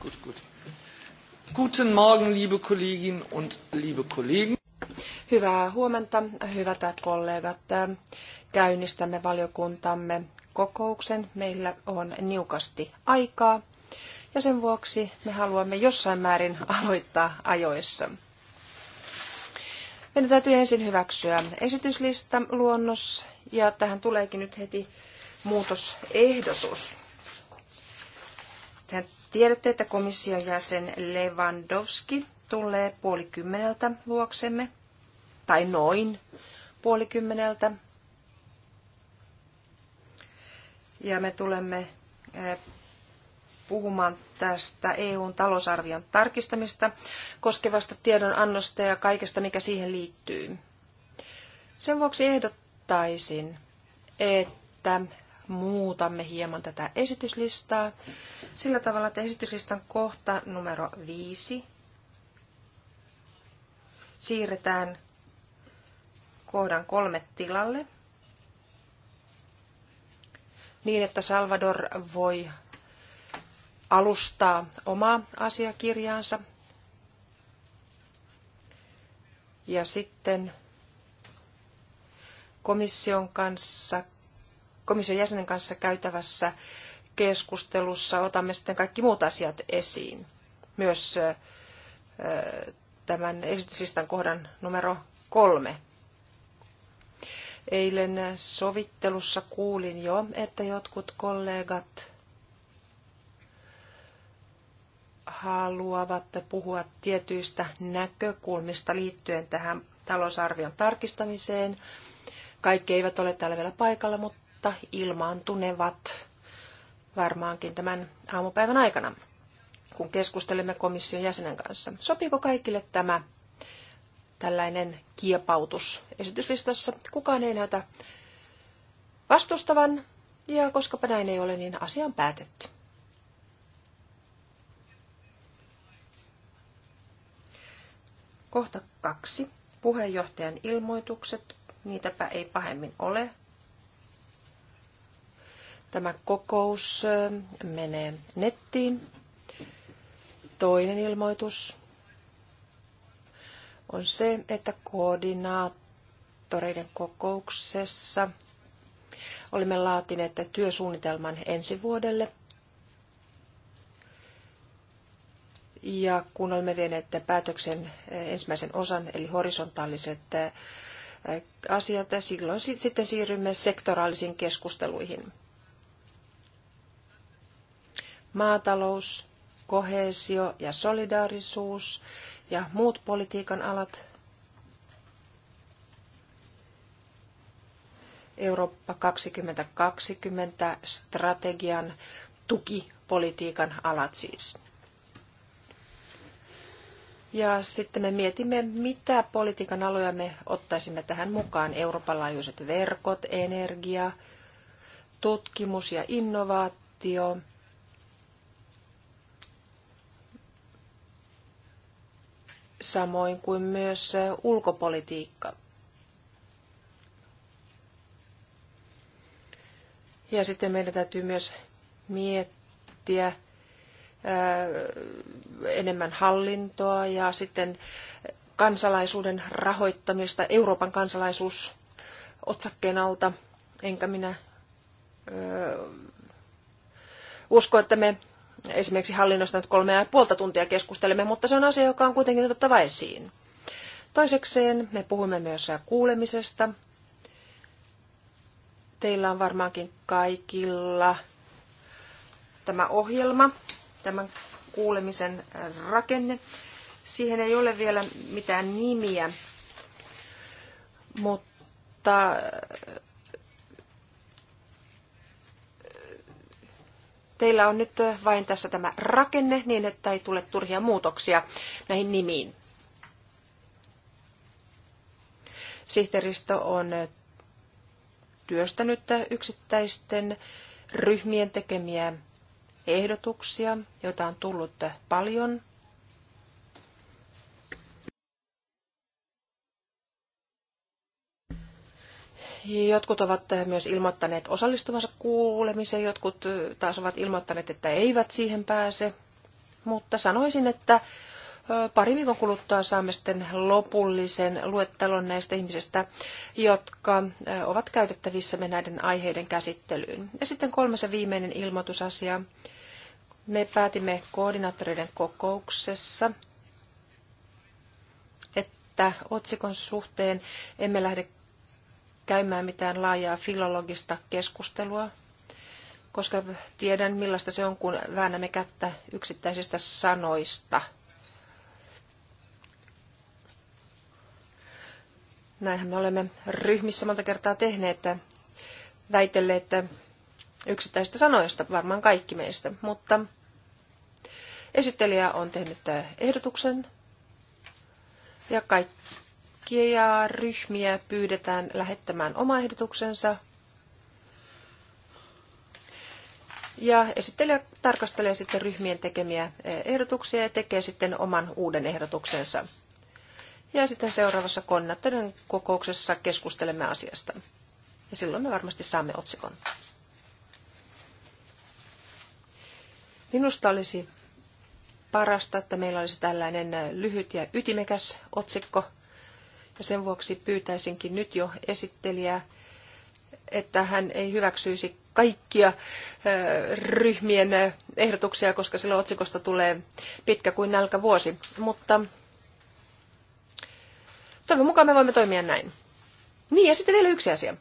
gut, gut, gut. Guten Morgen, liebe Kolleginnen und liebe Kollegen. Hyvää huomenta, hyvät kollegat. Käynnistämme valiokuntamme kokouksen. Meillä on niukasti aikaa ja sen vuoksi me haluamme jossain määrin aloittaa ajoissa. Meidän täytyy ensin hyväksyä esityslista, luonnos ja tähän tuleekin nyt heti muutosehdotus. Tähän Tiedätte, että komission jäsen Lewandowski tulee puolikymmeneltä luoksemme, tai noin puolikymmeneltä. Ja me tulemme eh, puhumaan tästä EUn talousarvion tarkistamista koskevasta tiedonannosta ja kaikesta, mikä siihen liittyy. Sen vuoksi ehdottaisin, että muutamme hieman tätä esityslistaa sillä tavalla, että esityslistan kohta numero viisi siirretään kohdan kolme tilalle niin, että Salvador voi alustaa omaa asiakirjaansa. Ja sitten komission kanssa komission jäsenen kanssa käytävässä keskustelussa otamme sitten kaikki muut asiat esiin. Myös tämän esityslistan kohdan numero kolme. Eilen sovittelussa kuulin jo, että jotkut kollegat haluavat puhua tietyistä näkökulmista liittyen tähän talousarvion tarkistamiseen. Kaikki eivät ole täällä vielä paikalla, mutta kautta ilmaantunevat varmaankin tämän aamupäivän aikana, kun keskustelemme komission jäsenen kanssa. Sopiiko kaikille tämä tällainen kiepautus esityslistassa? Kukaan ei näytä vastustavan, ja koskapa näin ei ole, niin asia on päätetty. Kohta kaksi. Puheenjohtajan ilmoitukset. Niitäpä ei pahemmin ole. Tämä kokous menee nettiin. Toinen ilmoitus on se, että koordinaattoreiden kokouksessa olimme laatineet työsuunnitelman ensi vuodelle. Ja kun olemme vieneet päätöksen ensimmäisen osan, eli horisontaaliset asiat, silloin sitten siirrymme sektoraalisiin keskusteluihin maatalous, kohesio ja solidaarisuus ja muut politiikan alat. Eurooppa 2020 strategian tukipolitiikan alat siis. Ja sitten me mietimme, mitä politiikan aloja me ottaisimme tähän mukaan. Euroopan laajuiset verkot, energia, tutkimus ja innovaatio – samoin kuin myös ulkopolitiikka. Ja sitten meidän täytyy myös miettiä enemmän hallintoa ja sitten kansalaisuuden rahoittamista Euroopan kansalaisuus otsakkeen alta. Enkä minä usko, että me esimerkiksi hallinnosta nyt kolme ja puolta tuntia keskustelemme, mutta se on asia, joka on kuitenkin otettava esiin. Toisekseen me puhumme myös kuulemisesta. Teillä on varmaankin kaikilla tämä ohjelma, tämän kuulemisen rakenne. Siihen ei ole vielä mitään nimiä, mutta Teillä on nyt vain tässä tämä rakenne niin, että ei tule turhia muutoksia näihin nimiin. Sihteeristö on työstänyt yksittäisten ryhmien tekemiä ehdotuksia, joita on tullut paljon. Jotkut ovat myös ilmoittaneet osallistuvansa kuulemiseen, jotkut taas ovat ilmoittaneet, että eivät siihen pääse. Mutta sanoisin, että pari viikon kuluttua saamme sitten lopullisen luettelon näistä ihmisistä, jotka ovat käytettävissä me näiden aiheiden käsittelyyn. Ja sitten kolmas ja viimeinen ilmoitusasia. Me päätimme koordinaattoreiden kokouksessa, että otsikon suhteen emme lähde käymään mitään laajaa filologista keskustelua, koska tiedän millaista se on, kun väännämme kättä yksittäisistä sanoista. Näinhän me olemme ryhmissä monta kertaa tehneet, että väitelleet että yksittäisistä sanoista, varmaan kaikki meistä, mutta esittelijä on tehnyt ehdotuksen ja kaikki kaikkia ryhmiä pyydetään lähettämään oma ehdotuksensa. Ja esittelijä tarkastelee sitten ryhmien tekemiä eh, ehdotuksia ja tekee sitten oman uuden ehdotuksensa. Ja sitten seuraavassa konnattelun kokouksessa keskustelemme asiasta. Ja silloin me varmasti saamme otsikon. Minusta olisi parasta, että meillä olisi tällainen eh, lyhyt ja ytimekäs otsikko – ja sen vuoksi pyytäisinkin nyt jo esittelijää, että hän ei hyväksyisi kaikkia ryhmien ehdotuksia, koska silloin otsikosta tulee pitkä kuin nälkävuosi. Mutta toivon mukaan me voimme toimia näin. Niin, ja sitten vielä yksi asia.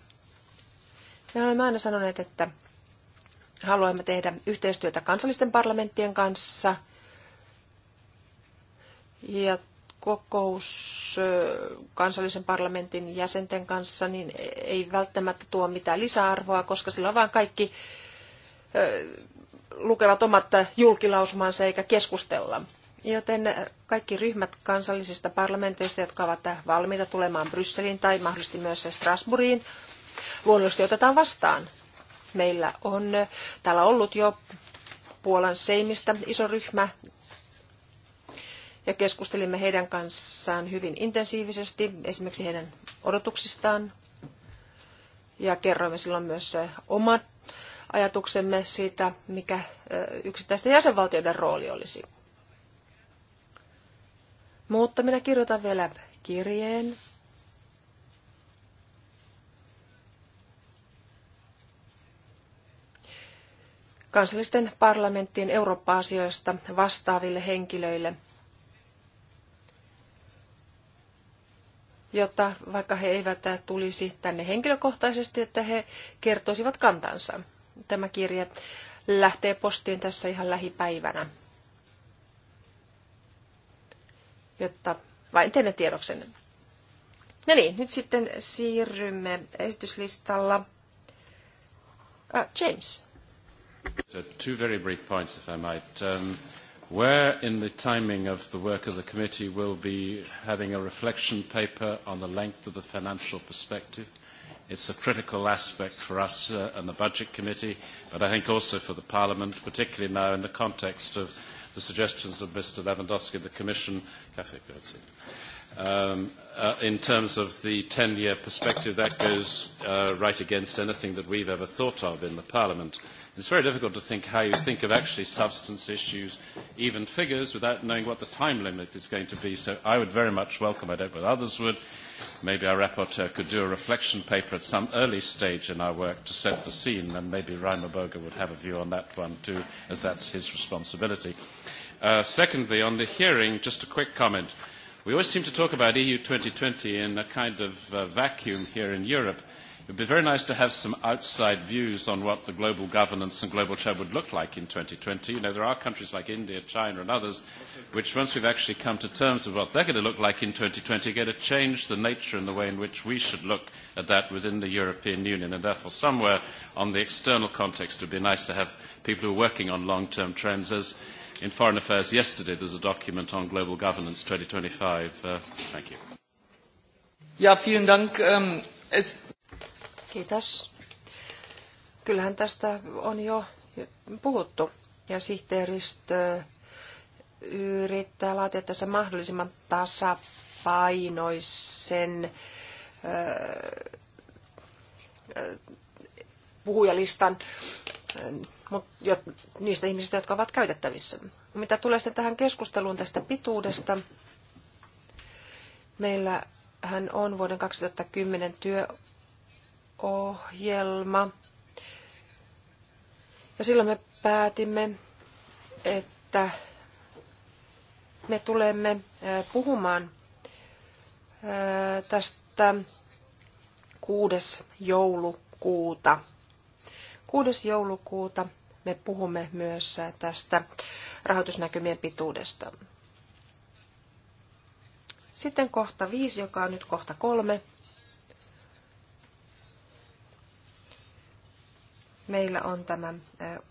Me olemme aina sanoneet, että haluamme tehdä yhteistyötä kansallisten parlamenttien kanssa. Ja kokous kansallisen parlamentin jäsenten kanssa, niin ei välttämättä tuo mitään lisäarvoa, koska silloin vain kaikki lukevat omat julkilausumansa eikä keskustella. Joten kaikki ryhmät kansallisista parlamenteista, jotka ovat valmiita tulemaan Brysseliin tai mahdollisesti myös Strasbourgiin, luonnollisesti otetaan vastaan. Meillä on täällä ollut jo Puolan Seimistä iso ryhmä, ja keskustelimme heidän kanssaan hyvin intensiivisesti, esimerkiksi heidän odotuksistaan. Ja kerroimme silloin myös eh, omat ajatuksemme siitä, mikä eh, yksittäisten jäsenvaltioiden rooli olisi. Mutta minä kirjoitan vielä kirjeen. kansallisten parlamenttien Eurooppa-asioista vastaaville henkilöille – jotta vaikka he eivät tulisi tänne henkilökohtaisesti, että he kertoisivat kantansa. Tämä kirje lähtee postiin tässä ihan lähipäivänä, jotta vain teidän tiedoksenne. No niin, nyt sitten siirrymme esityslistalla. Uh, James. Two very brief points, if I might. Um where in the timing of the work of the committee will be having a reflection paper on the length of the financial perspective. It's a critical aspect for us uh, and the Budget Committee, but I think also for the Parliament, particularly now in the context of the suggestions of Mr Lewandowski, the Commission, um, uh, in terms of the 10-year perspective, that goes uh, right against anything that we've ever thought of in the Parliament. It's very difficult to think how you think of actually substance issues, even figures, without knowing what the time limit is going to be. So I would very much welcome, I don't know others would, maybe our rapporteur could do a reflection paper at some early stage in our work to set the scene, and maybe Reimer Boger would have a view on that one too, as that's his responsibility. Uh, secondly, on the hearing, just a quick comment. We always seem to talk about EU 2020 in a kind of uh, vacuum here in Europe. It would be very nice to have some outside views on what the global governance and global trade would look like in 2020. You know, there are countries like India, China and others, which once we've actually come to terms with what they're going to look like in 2020, are going to change the nature and the way in which we should look at that within the European Union. And therefore, somewhere on the external context, it would be nice to have people who are working on long-term trends. As in Foreign Affairs yesterday, there's a document on global governance 2025. Uh, thank you. Ja, vielen Dank. Um, es Kiitos. Kyllähän tästä on jo puhuttu ja sihteeristö yrittää laatia tässä mahdollisimman tasapainoisen puhujalistan niistä ihmisistä, jotka ovat käytettävissä. Mitä tulee sitten tähän keskusteluun tästä pituudesta, meillä hän on vuoden 2010 työ ohjelma. Ja silloin me päätimme, että me tulemme puhumaan tästä 6. joulukuuta. 6. joulukuuta me puhumme myös tästä rahoitusnäkymien pituudesta. Sitten kohta 5, joka on nyt kohta kolme. meillä on tämä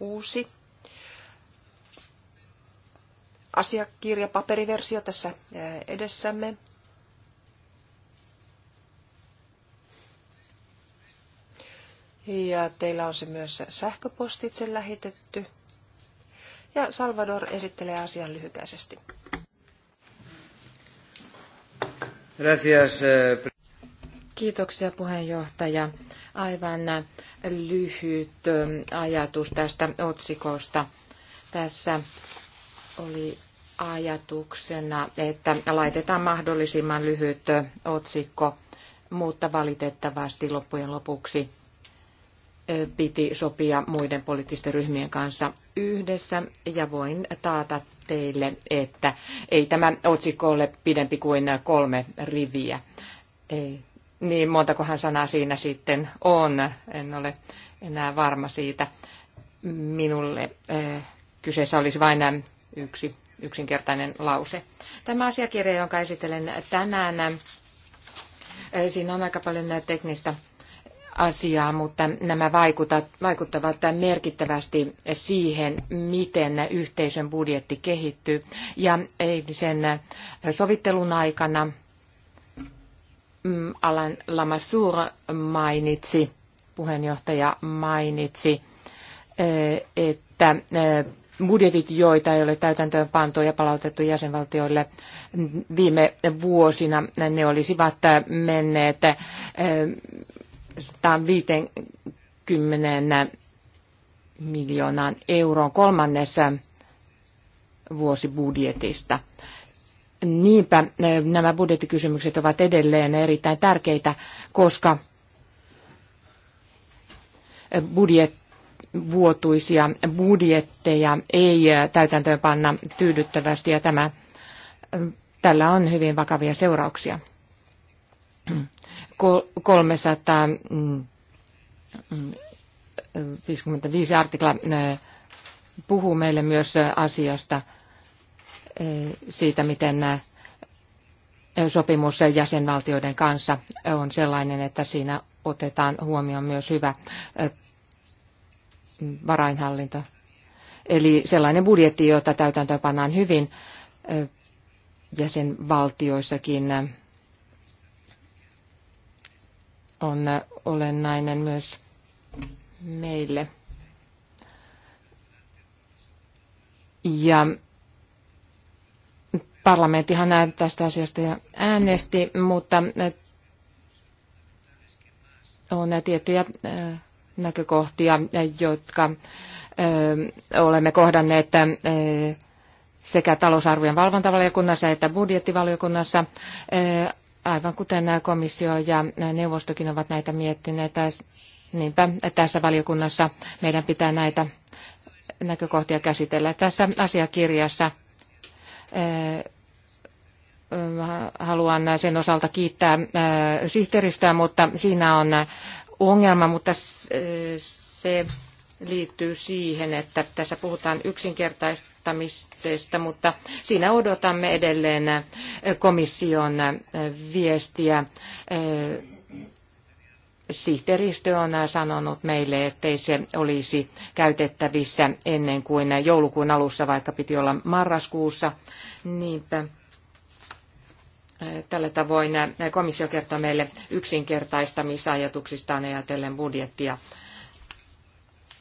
uusi asiakirja, paperiversio tässä edessämme. Ja teillä on se myös sähköpostitse lähetetty. Ja Salvador esittelee asian lyhykäisesti. Gracias, eh, Kiitoksia puheenjohtaja. Aivan lyhyt ähm, ajatus tästä otsikosta. Tässä oli ajatuksena, että laitetaan mahdollisimman lyhyt äh, otsikko, mutta valitettavasti loppujen lopuksi äh, piti sopia muiden poliittisten ryhmien kanssa yhdessä ja voin taata teille, että ei tämä otsikko ole pidempi kuin kolme riviä. Ei, niin montakohan sanaa siinä sitten on, en ole enää varma siitä. Minulle eh, kyseessä olisi vain eh, yksi yksinkertainen lause. Tämä asiakirja, jonka esittelen tänään, eh, siinä on aika paljon teknistä asiaa, mutta nämä vaikuttavat merkittävästi siihen, miten yhteisön budjetti kehittyy. Ja eilisen sovittelun aikana Mm, Alan Lamassur mainitsi, puheenjohtaja mainitsi, eh, että eh, budjetit, joita ei ole täytäntöön pantu ja palautettu jäsenvaltioille viime vuosina, ne olisivat eh, menneet 150 miljoonaan euroon kolmannessa vuosibudjetista. Niinpä eh, nämä budjettikysymykset ovat edelleen erittäin tärkeitä, koska eh, budjet, vuotuisia budjetteja ei eh, täytäntöönpanna tyydyttävästi ja tämä, tällä on hyvin vakavia seurauksia. 355 mm, mm, artikla puhuu meille myös asiasta – siitä, miten sopimus jäsenvaltioiden kanssa on sellainen, että siinä otetaan huomioon myös hyvä varainhallinta. Eli sellainen budjetti, jota täytäntöön pannaan hyvin jäsenvaltioissakin, on olennainen myös meille. Ja Parlamenttihan tästä asiasta jo äänesti, mutta on tiettyjä näkökohtia, jotka olemme kohdanneet sekä talousarvion valvontavaliokunnassa että budjettivaliokunnassa. Aivan kuten komissio ja neuvostokin ovat näitä miettineet, niinpä tässä valiokunnassa meidän pitää näitä näkökohtia käsitellä. Tässä asiakirjassa haluan sen osalta kiittää äh, sihteeristöä, mutta siinä on ongelma, mutta äh, se liittyy siihen, että tässä puhutaan yksinkertaistamisesta, mutta siinä odotamme edelleen komission viestiä. Äh, sihteeristö on sanonut meille, ettei se olisi käytettävissä ennen kuin joulukuun alussa, vaikka piti olla marraskuussa. Niinpä Tällä tavoin komissio kertoo meille yksinkertaistamisajatuksistaan ajatellen budjettia.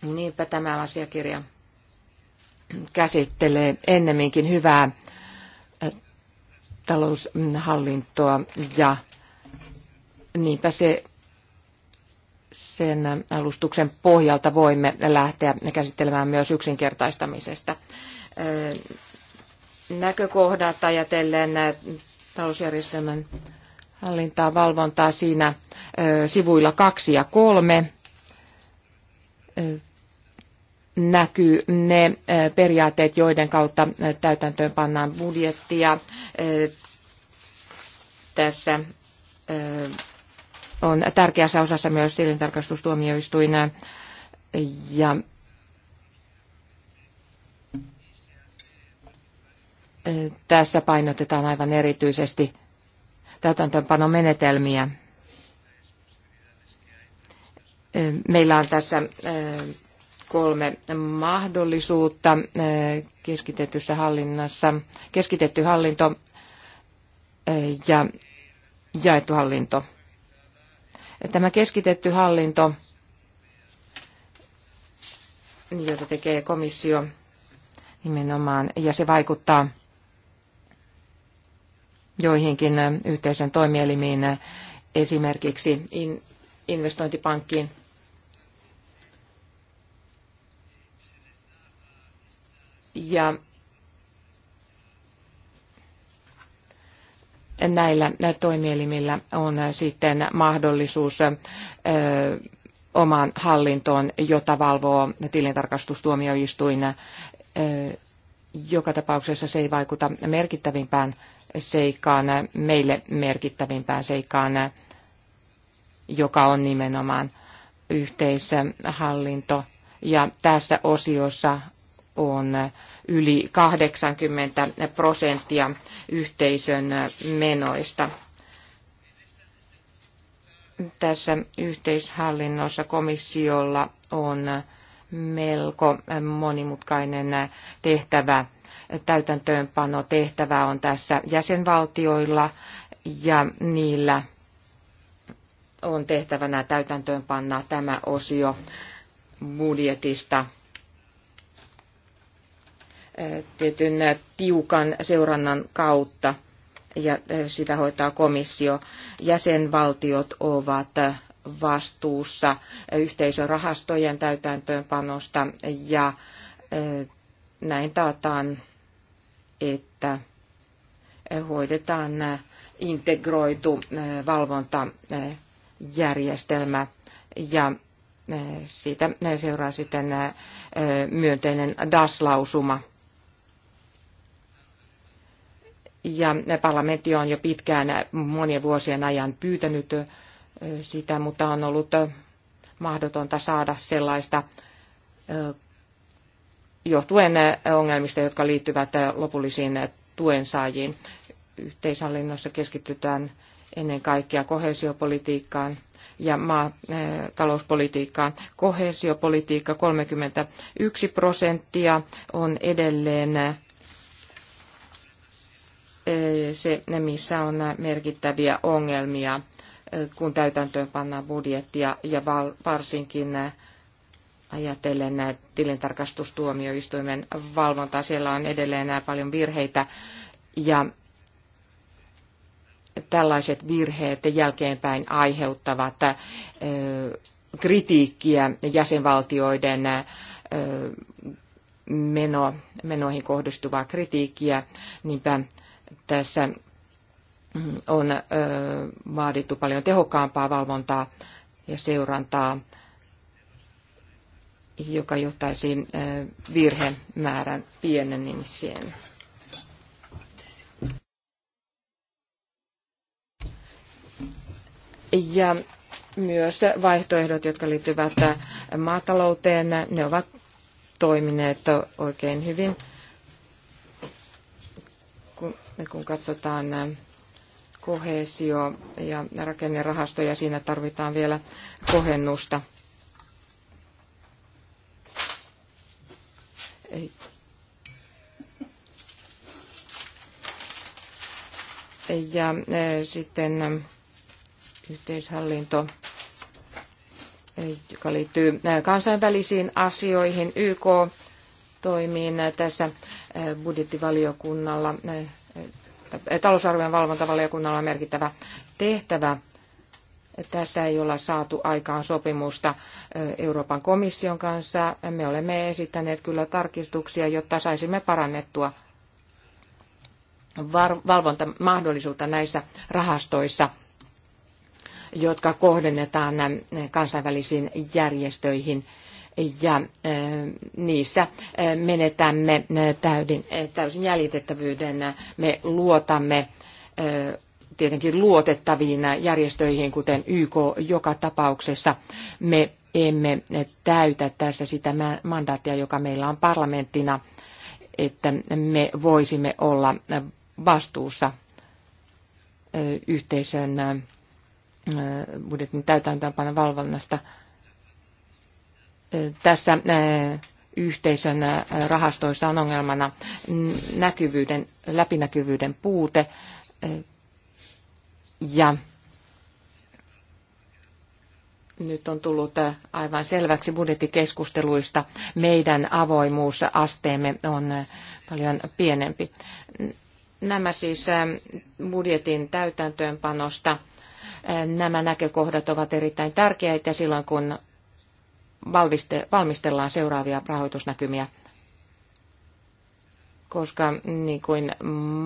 Niinpä tämä asiakirja käsittelee ennemminkin hyvää eh, taloushallintoa ja niinpä se sen alustuksen pohjalta voimme lähteä käsittelemään myös yksinkertaistamisesta. Eh, näkökohdat ajatellen talousjärjestelmän hallintaa, valvontaa siinä sivuilla kaksi ja kolme näkyy ne periaatteet, joiden kautta täytäntöön pannaan budjettia. Tässä on tärkeässä osassa myös tilintarkastustuomioistuin ja Tässä painotetaan aivan erityisesti täytäntöönpanomenetelmiä. Meillä on tässä kolme mahdollisuutta keskitetyssä hallinnassa. Keskitetty hallinto ja jaettu hallinto. Tämä keskitetty hallinto, jota tekee komissio nimenomaan, ja se vaikuttaa joihinkin yhteisön toimielimiin, esimerkiksi investointipankkiin. Ja näillä toimielimillä on sitten mahdollisuus omaan hallintoon, jota valvoo tilintarkastustuomioistuin. Joka tapauksessa se ei vaikuta merkittävimpään seikkaan, meille merkittävimpään seikkaan, joka on nimenomaan yhteishallinto. Ja tässä osiossa on yli 80 prosenttia yhteisön menoista. Tässä yhteishallinnossa komissiolla on melko monimutkainen tehtävä täytäntöönpano tehtävä on tässä jäsenvaltioilla ja niillä on tehtävänä täytäntöönpanna tämä osio budjetista tietyn tiukan seurannan kautta ja sitä hoitaa komissio. Jäsenvaltiot ovat vastuussa yhteisörahastojen täytäntöönpanosta ja eh, näin taataan että hoidetaan integroitu valvontajärjestelmä ja siitä seuraa sitten myönteinen DAS-lausuma. Ja parlamentti on jo pitkään monien vuosien ajan pyytänyt sitä, mutta on ollut mahdotonta saada sellaista johtuen eh, ongelmista, jotka liittyvät eh, lopullisiin eh, tuen saajiin. Yhteishallinnossa keskitytään ennen kaikkea kohesiopolitiikkaan ja maatalouspolitiikkaan. Kohesiopolitiikka 31 prosenttia on edelleen se, missä on merkittäviä ongelmia, kun täytäntöön pannaan budjettia ja varsinkin ajatellen tilintarkastustuomioistuimen valvontaa. Siellä on edelleen paljon virheitä ja tällaiset virheet jälkeenpäin aiheuttavat kritiikkiä jäsenvaltioiden meno, menoihin kohdistuvaa kritiikkiä. Niinpä tässä mm, on vaadittu paljon tehokkaampaa valvontaa ja seurantaa joka johtaisi virhemäärän pienenemiseen. Ja myös vaihtoehdot, jotka liittyvät maatalouteen, ne ovat toimineet oikein hyvin. Kun, kun katsotaan kohesio- ja rakennerahastoja, siinä tarvitaan vielä kohennusta Ja e, sitten yhteishallinto, e, joka liittyy kansainvälisiin asioihin, YK toimii tässä budjettivaliokunnalla, talousarvion valvontavaliokunnalla on merkittävä tehtävä tässä ei olla saatu aikaan sopimusta Euroopan komission kanssa. Me olemme esittäneet kyllä tarkistuksia, jotta saisimme parannettua valvontamahdollisuutta näissä rahastoissa, jotka kohdennetaan kansainvälisiin järjestöihin ja niissä menetämme täysin jäljitettävyyden. Me luotamme tietenkin luotettaviin järjestöihin, kuten YK joka tapauksessa. Me emme täytä tässä sitä mandaattia, joka meillä on parlamenttina, että me voisimme olla vastuussa yhteisön budjetin täytäntöönpanon valvonnasta. Tässä yhteisön rahastoissa on ongelmana näkyvyyden, läpinäkyvyyden puute ja nyt on tullut äh, aivan selväksi budjettikeskusteluista. Meidän avoimuusasteemme on äh, paljon pienempi. Nämä siis äh, budjetin täytäntöönpanosta. Nämä näkökohdat ovat erittäin tärkeitä silloin, kun valmistellaan seuraavia rahoitusnäkymiä koska niin kuin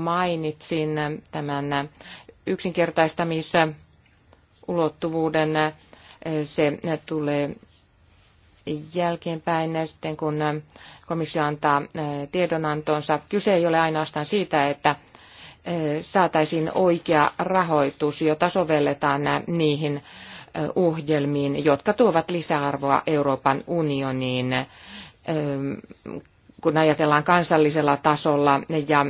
mainitsin tämän yksinkertaistamissa ulottuvuuden, eh, se tulee jälkeenpäin sitten, kun eh, komissio antaa eh, tiedonantonsa. Kyse ei ole ainoastaan siitä, että saataisiin oikea rahoitus, jota sovelletaan niihin ohjelmiin, jotka tuovat lisäarvoa Euroopan unioniin kun ajatellaan kansallisella tasolla ja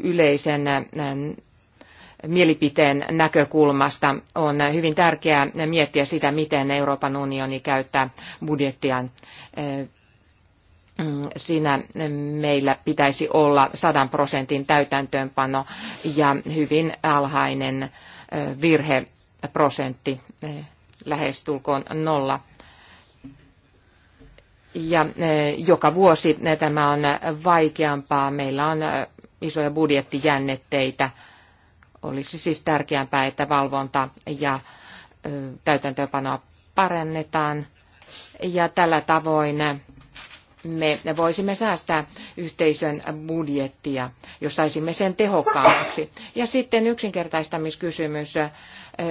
yleisen mielipiteen näkökulmasta on hyvin tärkeää miettiä sitä, miten Euroopan unioni käyttää budjettiaan. Siinä meillä pitäisi olla 100 prosentin täytäntöönpano ja hyvin alhainen virheprosentti lähestulkoon nolla ja eh, joka vuosi eh, tämä on vaikeampaa. Meillä on eh, isoja budjettijännitteitä. Olisi siis tärkeämpää, että valvonta ja täytäntöönpanoa parannetaan. Ja tällä tavoin me voisimme säästää yhteisön budjettia, jos saisimme sen tehokkaammaksi. Ja sitten yksinkertaistamiskysymys.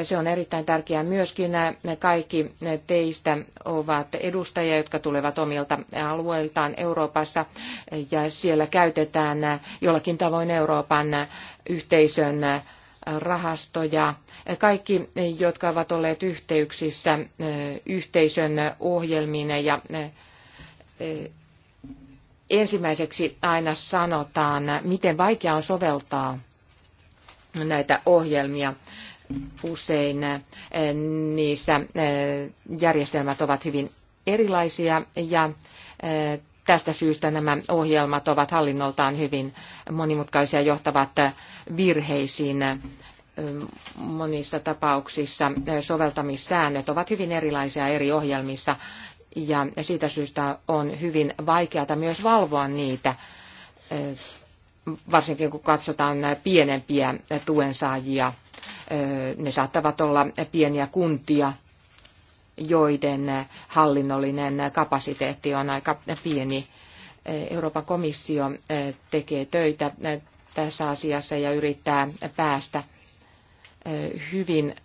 Se on erittäin tärkeää myöskin. Kaikki teistä ovat edustajia, jotka tulevat omilta alueiltaan Euroopassa ja siellä käytetään jollakin tavoin Euroopan yhteisön rahastoja. Kaikki, jotka ovat olleet yhteyksissä yhteisön ohjelmiin ja ensimmäiseksi aina sanotaan, miten vaikea on soveltaa näitä ohjelmia. Usein niissä järjestelmät ovat hyvin erilaisia ja tästä syystä nämä ohjelmat ovat hallinnoltaan hyvin monimutkaisia johtavat virheisiin. Monissa tapauksissa soveltamissäännöt ovat hyvin erilaisia eri ohjelmissa ja siitä syystä on hyvin vaikeaa myös valvoa niitä, varsinkin kun katsotaan pienempiä tuensaajia. Ne saattavat olla pieniä kuntia, joiden hallinnollinen kapasiteetti on aika pieni. Euroopan komissio tekee töitä tässä asiassa ja yrittää päästä hyvin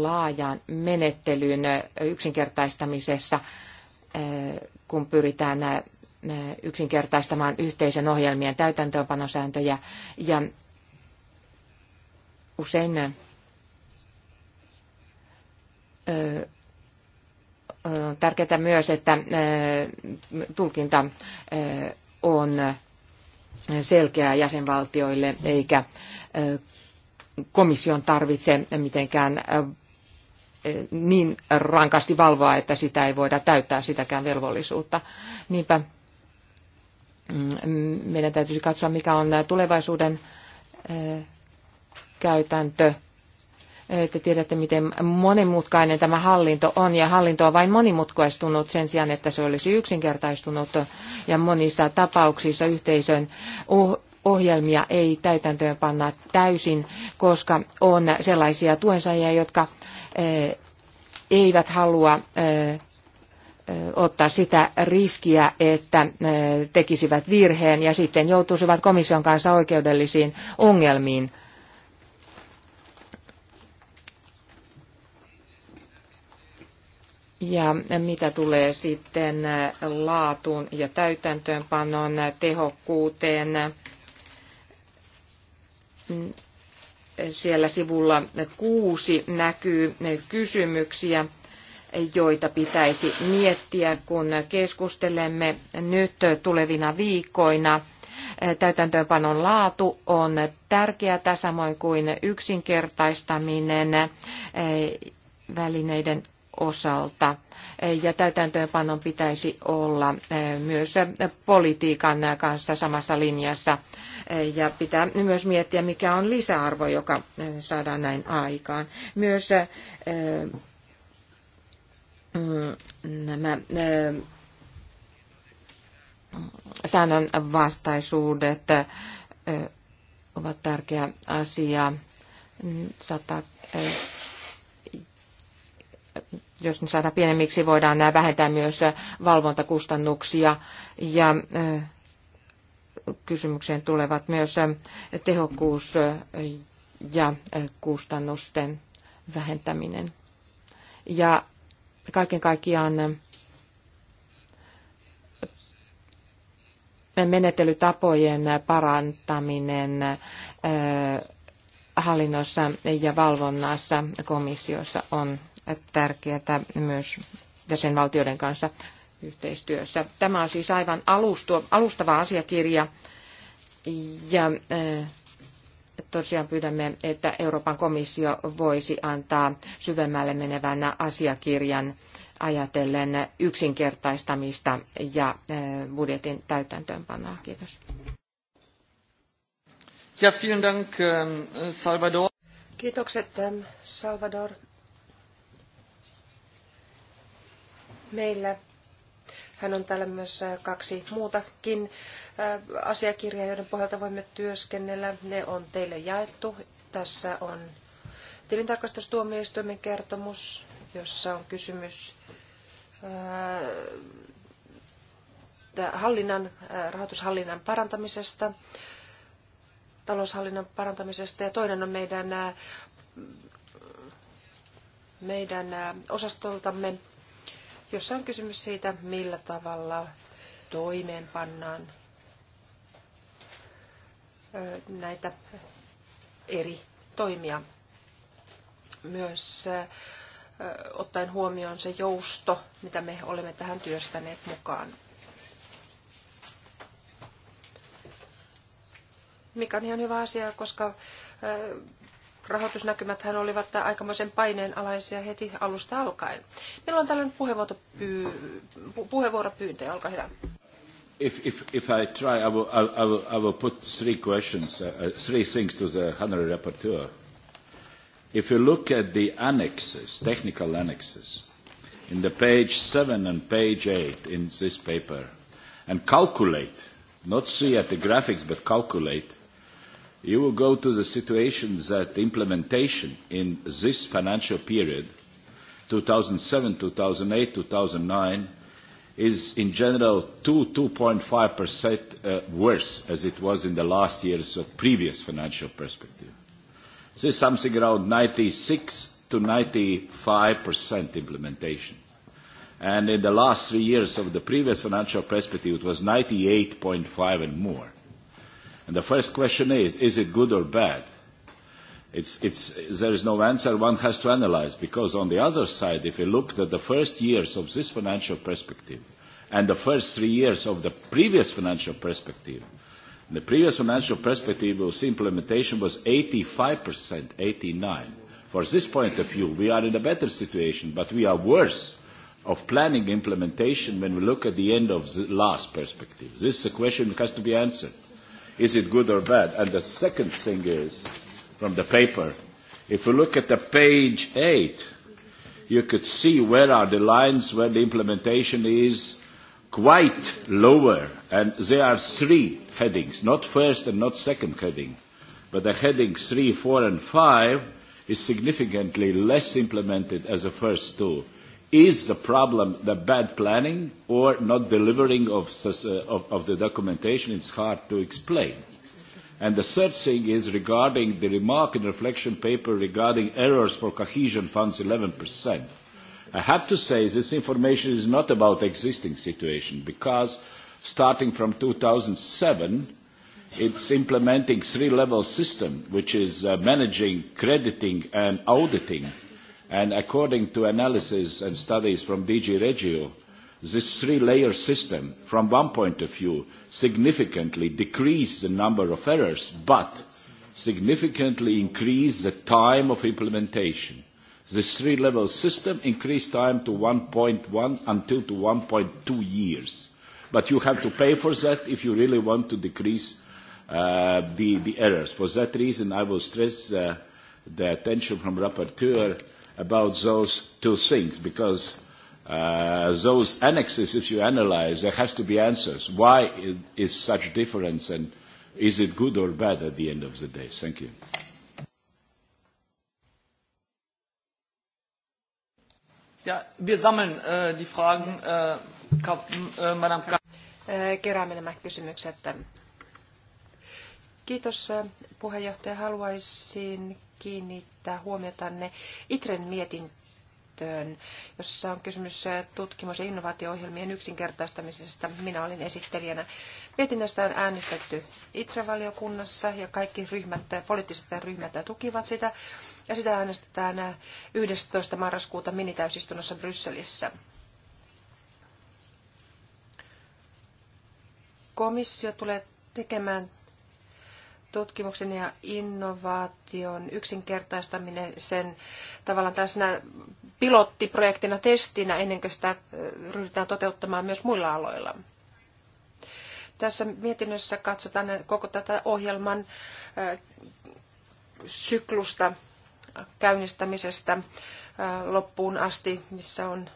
laajaan menettelyyn yksinkertaistamisessa Eh, kun pyritään eh, yksinkertaistamaan yhteisen ohjelmien täytäntöönpanosääntöjä. Ja usein eh, on tärkeää myös, että tulkinta on selkeää jäsenvaltioille, eikä komission tarvitse mitenkään niin rankasti valvoa, että sitä ei voida täyttää sitäkään velvollisuutta. Niinpä mm, meidän täytyisi katsoa, mikä on tulevaisuuden eh, käytäntö. Eh, te tiedätte, miten monimutkainen tämä hallinto on, ja hallinto on vain monimutkaistunut sen sijaan, että se olisi yksinkertaistunut, ja monissa tapauksissa yhteisön ohjelmia ei täytäntöön panna täysin, koska on sellaisia tuensaajia, jotka eivät halua ottaa sitä riskiä, että tekisivät virheen ja sitten joutuisivat komission kanssa oikeudellisiin ongelmiin. Ja mitä tulee sitten laatuun ja täytäntöönpanon tehokkuuteen, siellä sivulla kuusi näkyy kysymyksiä, joita pitäisi miettiä, kun keskustelemme nyt tulevina viikkoina. Täytäntöönpanon laatu on tärkeää, samoin kuin yksinkertaistaminen välineiden osalta. Ja täytäntöönpanon pitäisi olla eh, myös politiikan kanssa samassa linjassa. Eh, ja pitää myös miettiä, mikä on lisäarvo, joka eh, saadaan näin aikaan. Myös mm, nämä säännönvastaisuudet ovat tärkeä asia. Sata, jos ne saadaan pienemmiksi, voidaan nämä vähentää myös äh, valvontakustannuksia ja äh, kysymykseen tulevat myös äh, tehokkuus ja kustannusten vähentäminen. Ja kaiken kaikkiaan menettelytapojen parantaminen hallinnossa ja valvonnassa komissiossa on tärkeää myös jäsenvaltioiden kanssa yhteistyössä. Tämä on siis aivan alustu, alustava asiakirja ja äh, tosiaan pyydämme, että Euroopan komissio voisi antaa syvemmälle menevän asiakirjan ajatellen yksinkertaistamista ja äh, budjetin täytäntöönpanoa. Kiitos. Ja, vielen Dank, ähm, Salvador. Kiitokset, ähm, Salvador. meillä. Hän on täällä myös äh, kaksi muutakin äh, asiakirjaa, joiden pohjalta voimme työskennellä. Ne on teille jaettu. Tässä on tilintarkastustuomioistuimen kertomus, jossa on kysymys äh, hallinnan, rahoitushallinnan parantamisesta, taloushallinnan parantamisesta ja toinen on meidän, meidän osastoltamme jossa on kysymys siitä, millä tavalla toimeenpannaan näitä eri toimia. Myös ottaen huomioon se jousto, mitä me olemme tähän työstäneet mukaan. Mikä on ihan hyvä asia, koska rahoitusnäkymäthän olivat aikamoisen paineen alaisia heti alusta alkaen. Meillä on tällainen puheenvuoropyy, puheenvuoropyyntö, olkaa hyvä. If, if, if I try, I will, I, will, I will put three questions, uh, uh, three things to the Honorary Rapporteur. If you look at the annexes, technical annexes, in the page 7 and page 8 in this paper, and calculate, not see at the graphics, but calculate you will go to the situation that implementation in this financial period, 2007, 2008, 2009, is in general 2-2.5% uh, worse as it was in the last years of previous financial perspective. This is something around 96 to 95% implementation. And in the last three years of the previous financial perspective, it was 98.5 and more. And the first question is, is it good or bad? It's, it's, there is no answer one has to analyze because on the other side, if you look at the first years of this financial perspective and the first three years of the previous financial perspective, the previous financial perspective of implementation was 85%, 89. For this point of view, we are in a better situation, but we are worse of planning implementation when we look at the end of the last perspective. This is a question that has to be answered. Is it good or bad? And the second thing is, from the paper, if you look at the page 8, you could see where are the lines where the implementation is quite lower. And there are three headings, not first and not second heading. But the heading 3, 4, and 5 is significantly less implemented as the first two. Is the problem the bad planning or not delivering of, uh, of, of the documentation? It's hard to explain. And the third thing is regarding the remark and reflection paper regarding errors for cohesion funds 11%. I have to say this information is not about existing situation because starting from 2007, it's implementing three-level system, which is uh, managing, crediting, and auditing And according to analysis and studies from DG Regio, this three-layer system, from one point of view, significantly decreased the number of errors, but significantly increased the time of implementation. This three-level system increased time to 1.1 until to 1.2 years. But you have to pay for that if you really want to decrease uh, the, the errors. For that reason, I will stress uh, the attention from rapporteur about those two things because uh, those annexes, if you analyze, there has to be answers. Why is such difference and is it good or bad at the end of the day? Thank you. Ja, wir sammeln äh, die Fragen, äh, äh, Madame äh, Keräämme nämä kysymykset. Kiitos äh, puheenjohtaja. Haluaisin kiinnittää huomiotanne ITREN mietintöön, jossa on kysymys äh, tutkimus- ja innovaatio-ohjelmien yksinkertaistamisesta. Minä olin esittelijänä. Mietinnöstä on äänestetty ITRE-valiokunnassa ja kaikki ryhmät, äh, poliittiset ryhmät tukivat sitä. Ja sitä äänestetään 11. Äh, marraskuuta minitäysistunnossa Brysselissä. Komissio tulee tekemään tutkimuksen ja innovaation yksinkertaistaminen sen tavallaan tällaisena pilottiprojektina, testinä, ennen kuin sitä ryhdytään toteuttamaan myös muilla aloilla. Tässä mietinnössä katsotaan koko tätä ohjelman syklusta käynnistämisestä loppuun asti, missä on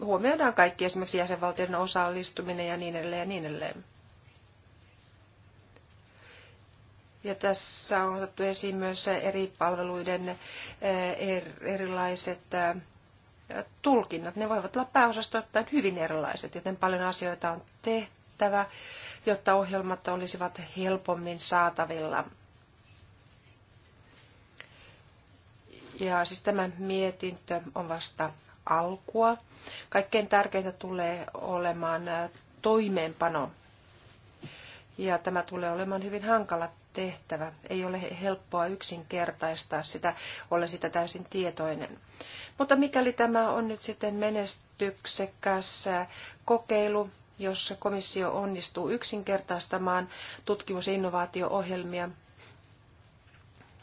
huomioidaan kaikki esimerkiksi jäsenvaltioiden osallistuminen ja niin edelleen ja niin edelleen. Ja tässä on otettu esiin myös eri palveluiden eh, er, erilaiset eh, tulkinnat. Ne voivat olla pääosastoittain hyvin erilaiset, joten paljon asioita on tehtävä, jotta ohjelmat olisivat helpommin saatavilla. Ja siis tämä mietintö on vasta alkua. Kaikkein tärkeintä tulee olemaan eh, toimeenpano. Ja tämä tulee olemaan hyvin hankala tehtävä. Ei ole helppoa yksinkertaistaa sitä, olla sitä täysin tietoinen. Mutta mikäli tämä on nyt sitten menestyksekäs kokeilu, jossa komissio onnistuu yksinkertaistamaan tutkimus- ja innovaatio-ohjelmia,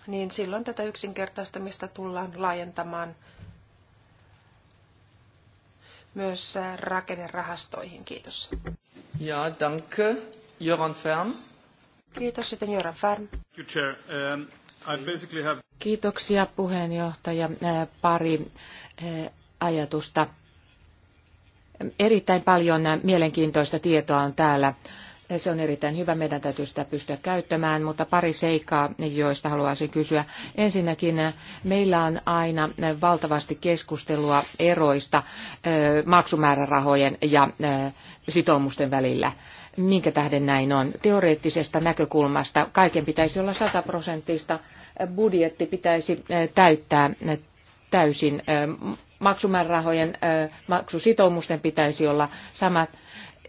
niin silloin tätä yksinkertaistamista tullaan laajentamaan myös rakennerahastoihin. Kiitos. Ja, danke. Joran Färm. Kiitos sitten Färm. Um, Kiitoksia puheenjohtaja. Äh, pari äh, ajatusta. Erittäin paljon äh, mielenkiintoista tietoa on täällä. Se on erittäin hyvä, meidän täytyy sitä pystyä käyttämään, mutta pari seikkaa, joista haluaisin kysyä. Ensinnäkin meillä on aina valtavasti keskustelua eroista maksumäärärahojen ja sitoumusten välillä minkä tähden näin on. Teoreettisesta näkökulmasta kaiken pitäisi olla sataprosenttista. Budjetti pitäisi eh, täyttää eh, täysin. Eh, maksumäärärahojen maksusitoumusten pitäisi olla samat.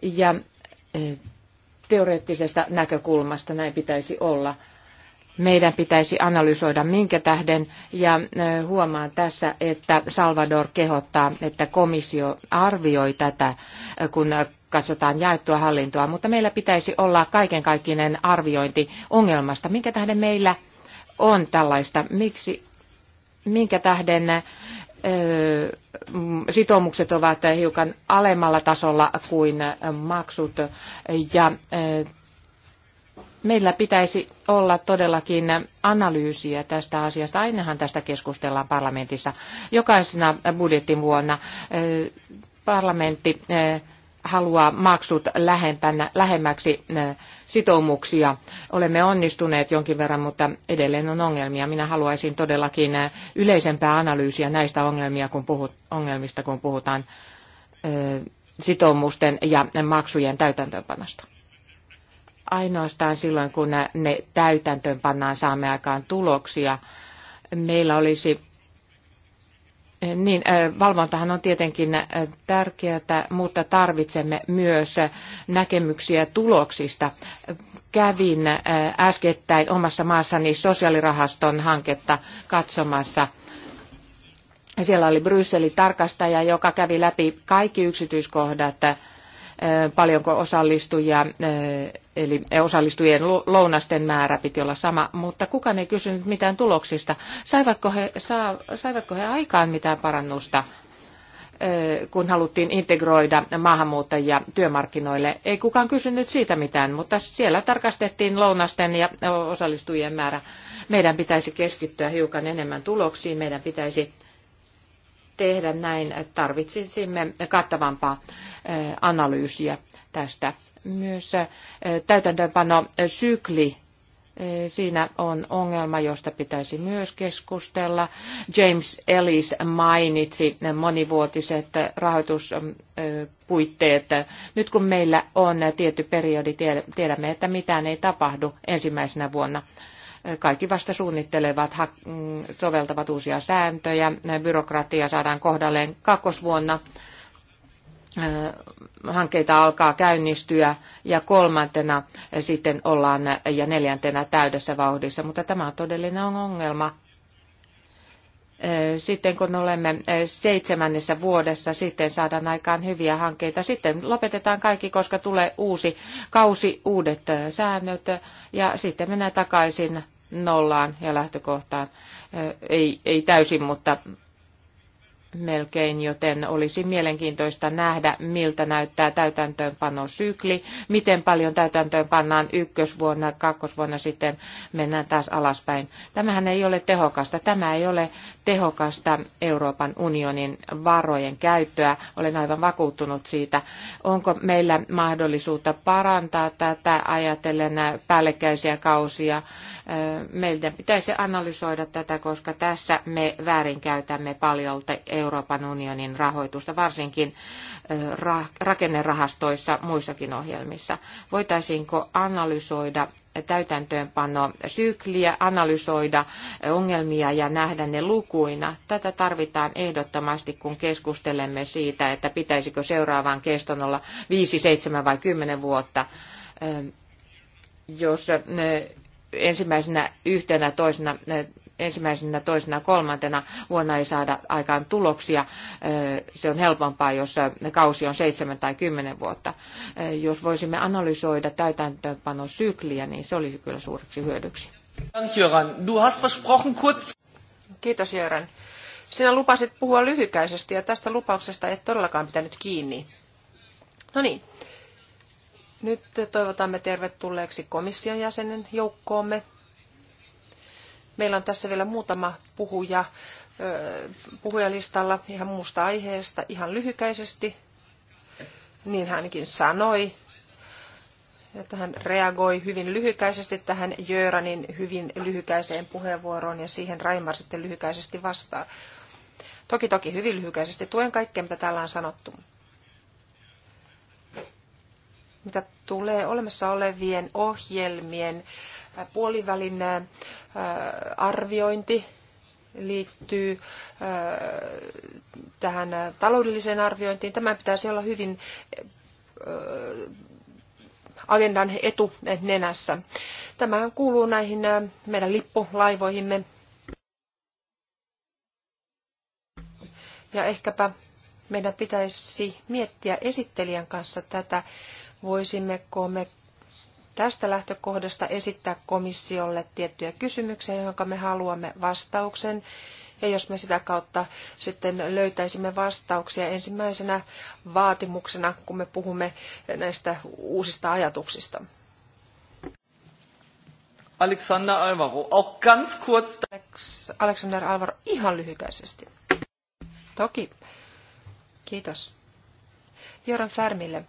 Ja teoreettisesta näkökulmasta näin pitäisi olla. Meidän pitäisi analysoida minkä tähden ja huomaan tässä, että Salvador kehottaa, että komissio arvioi tätä, kun katsotaan jaettua hallintoa, mutta meillä pitäisi olla kaiken kaikkinen arviointi ongelmasta. Minkä tähden meillä on tällaista? Miksi, minkä tähden sitoumukset ovat hiukan alemmalla tasolla kuin maksut ja meillä pitäisi olla todellakin analyysiä tästä asiasta. Ainahan tästä keskustellaan parlamentissa jokaisena budjettivuonna. Parlamentti haluaa maksut lähempänä, lähemmäksi sitoumuksia. Olemme onnistuneet jonkin verran, mutta edelleen on ongelmia. Minä haluaisin todellakin yleisempää analyysiä näistä ongelmia, kun puhut, ongelmista, kun puhutaan sitoumusten ja maksujen täytäntöönpanosta. Ainoastaan silloin, kun ne täytäntöönpannaan, saamme aikaan tuloksia. Meillä olisi niin, valvontahan on tietenkin tärkeää, mutta tarvitsemme myös näkemyksiä tuloksista. Kävin äskettäin omassa maassani sosiaalirahaston hanketta katsomassa. Siellä oli Brysselin tarkastaja, joka kävi läpi kaikki yksityiskohdat, paljonko osallistujia eli osallistujien lounasten määrä piti olla sama, mutta kukaan ei kysynyt mitään tuloksista. Saivatko he, saa, saivatko he aikaan mitään parannusta, kun haluttiin integroida maahanmuuttajia työmarkkinoille? Ei kukaan kysynyt siitä mitään, mutta siellä tarkastettiin lounasten ja osallistujien määrä. Meidän pitäisi keskittyä hiukan enemmän tuloksiin, meidän pitäisi tehdä näin, että tarvitsisimme kattavampaa analyysiä tästä. Myös täytäntöönpano sykli Siinä on ongelma, josta pitäisi myös keskustella. James Ellis mainitsi monivuotiset rahoituspuitteet. Nyt kun meillä on tietty periodi, tiedämme, että mitään ei tapahdu ensimmäisenä vuonna kaikki vasta suunnittelevat, soveltavat uusia sääntöjä, byrokratia saadaan kohdalleen kakkosvuonna hankkeita alkaa käynnistyä ja kolmantena sitten ollaan ja neljäntenä täydessä vauhdissa, mutta tämä on todellinen ongelma. Sitten kun olemme seitsemännessä vuodessa, sitten saadaan aikaan hyviä hankkeita. Sitten lopetetaan kaikki, koska tulee uusi kausi, uudet säännöt ja sitten mennään takaisin nollaan ja lähtökohtaan. Ei, ei täysin, mutta melkein, joten olisi mielenkiintoista nähdä, miltä näyttää täytäntöönpanosykli, miten paljon täytäntöön pannaan ykkösvuonna, kakkosvuonna sitten mennään taas alaspäin. Tämähän ei ole tehokasta. Tämä ei ole tehokasta Euroopan unionin varojen käyttöä. Olen aivan vakuuttunut siitä. Onko meillä mahdollisuutta parantaa tätä ajatellen päällekkäisiä kausia? Meidän pitäisi analysoida tätä, koska tässä me väärinkäytämme paljolta Euroopan unionin rahoitusta, varsinkin rakennerahastoissa muissakin ohjelmissa. Voitaisiinko analysoida täytäntöönpano sykliä, analysoida ongelmia ja nähdä ne lukuina. Tätä tarvitaan ehdottomasti, kun keskustelemme siitä, että pitäisikö seuraavaan keston olla 5, 7 vai 10 vuotta, jos ensimmäisenä yhtenä toisena ensimmäisenä, toisena, kolmantena vuonna ei saada aikaan tuloksia. Se on helpompaa, jos kausi on seitsemän tai kymmenen vuotta. Jos voisimme analysoida täytäntöönpanosykliä, niin se olisi kyllä suureksi hyödyksi. Kiitos Jöran. Sinä lupasit puhua lyhykäisesti ja tästä lupauksesta et todellakaan pitänyt kiinni. No niin. Nyt toivotamme tervetulleeksi komission jäsenen joukkoomme. Meillä on tässä vielä muutama puhuja puhujalistalla ihan muusta aiheesta, ihan lyhykäisesti. Niin hänkin sanoi, että hän reagoi hyvin lyhykäisesti tähän Jöranin hyvin lyhykäiseen puheenvuoroon ja siihen Raimar sitten lyhykäisesti vastaa. Toki toki hyvin lyhykäisesti tuen kaikkea, mitä täällä on sanottu. Mitä tulee olemassa olevien ohjelmien äh, puolivälin äh, arviointi liittyy äh, tähän äh, taloudelliseen arviointiin. Tämä pitäisi olla hyvin agendan etunenässä. Tämä kuuluu näihin meidän lippulaivoihimme. Ja ehkäpä meidän pitäisi miettiä esittelijän kanssa tätä, voisimmeko me tästä lähtökohdasta esittää komissiolle tiettyjä kysymyksiä, joihin me haluamme vastauksen. Ja jos me sitä kautta sitten löytäisimme vastauksia ensimmäisenä vaatimuksena, kun me puhumme näistä uusista ajatuksista. Alexander Alvaro, auch ganz kurz. Alexander Alvaro, ihan lyhykäisesti. Toki. Kiitos. Joran Färmille.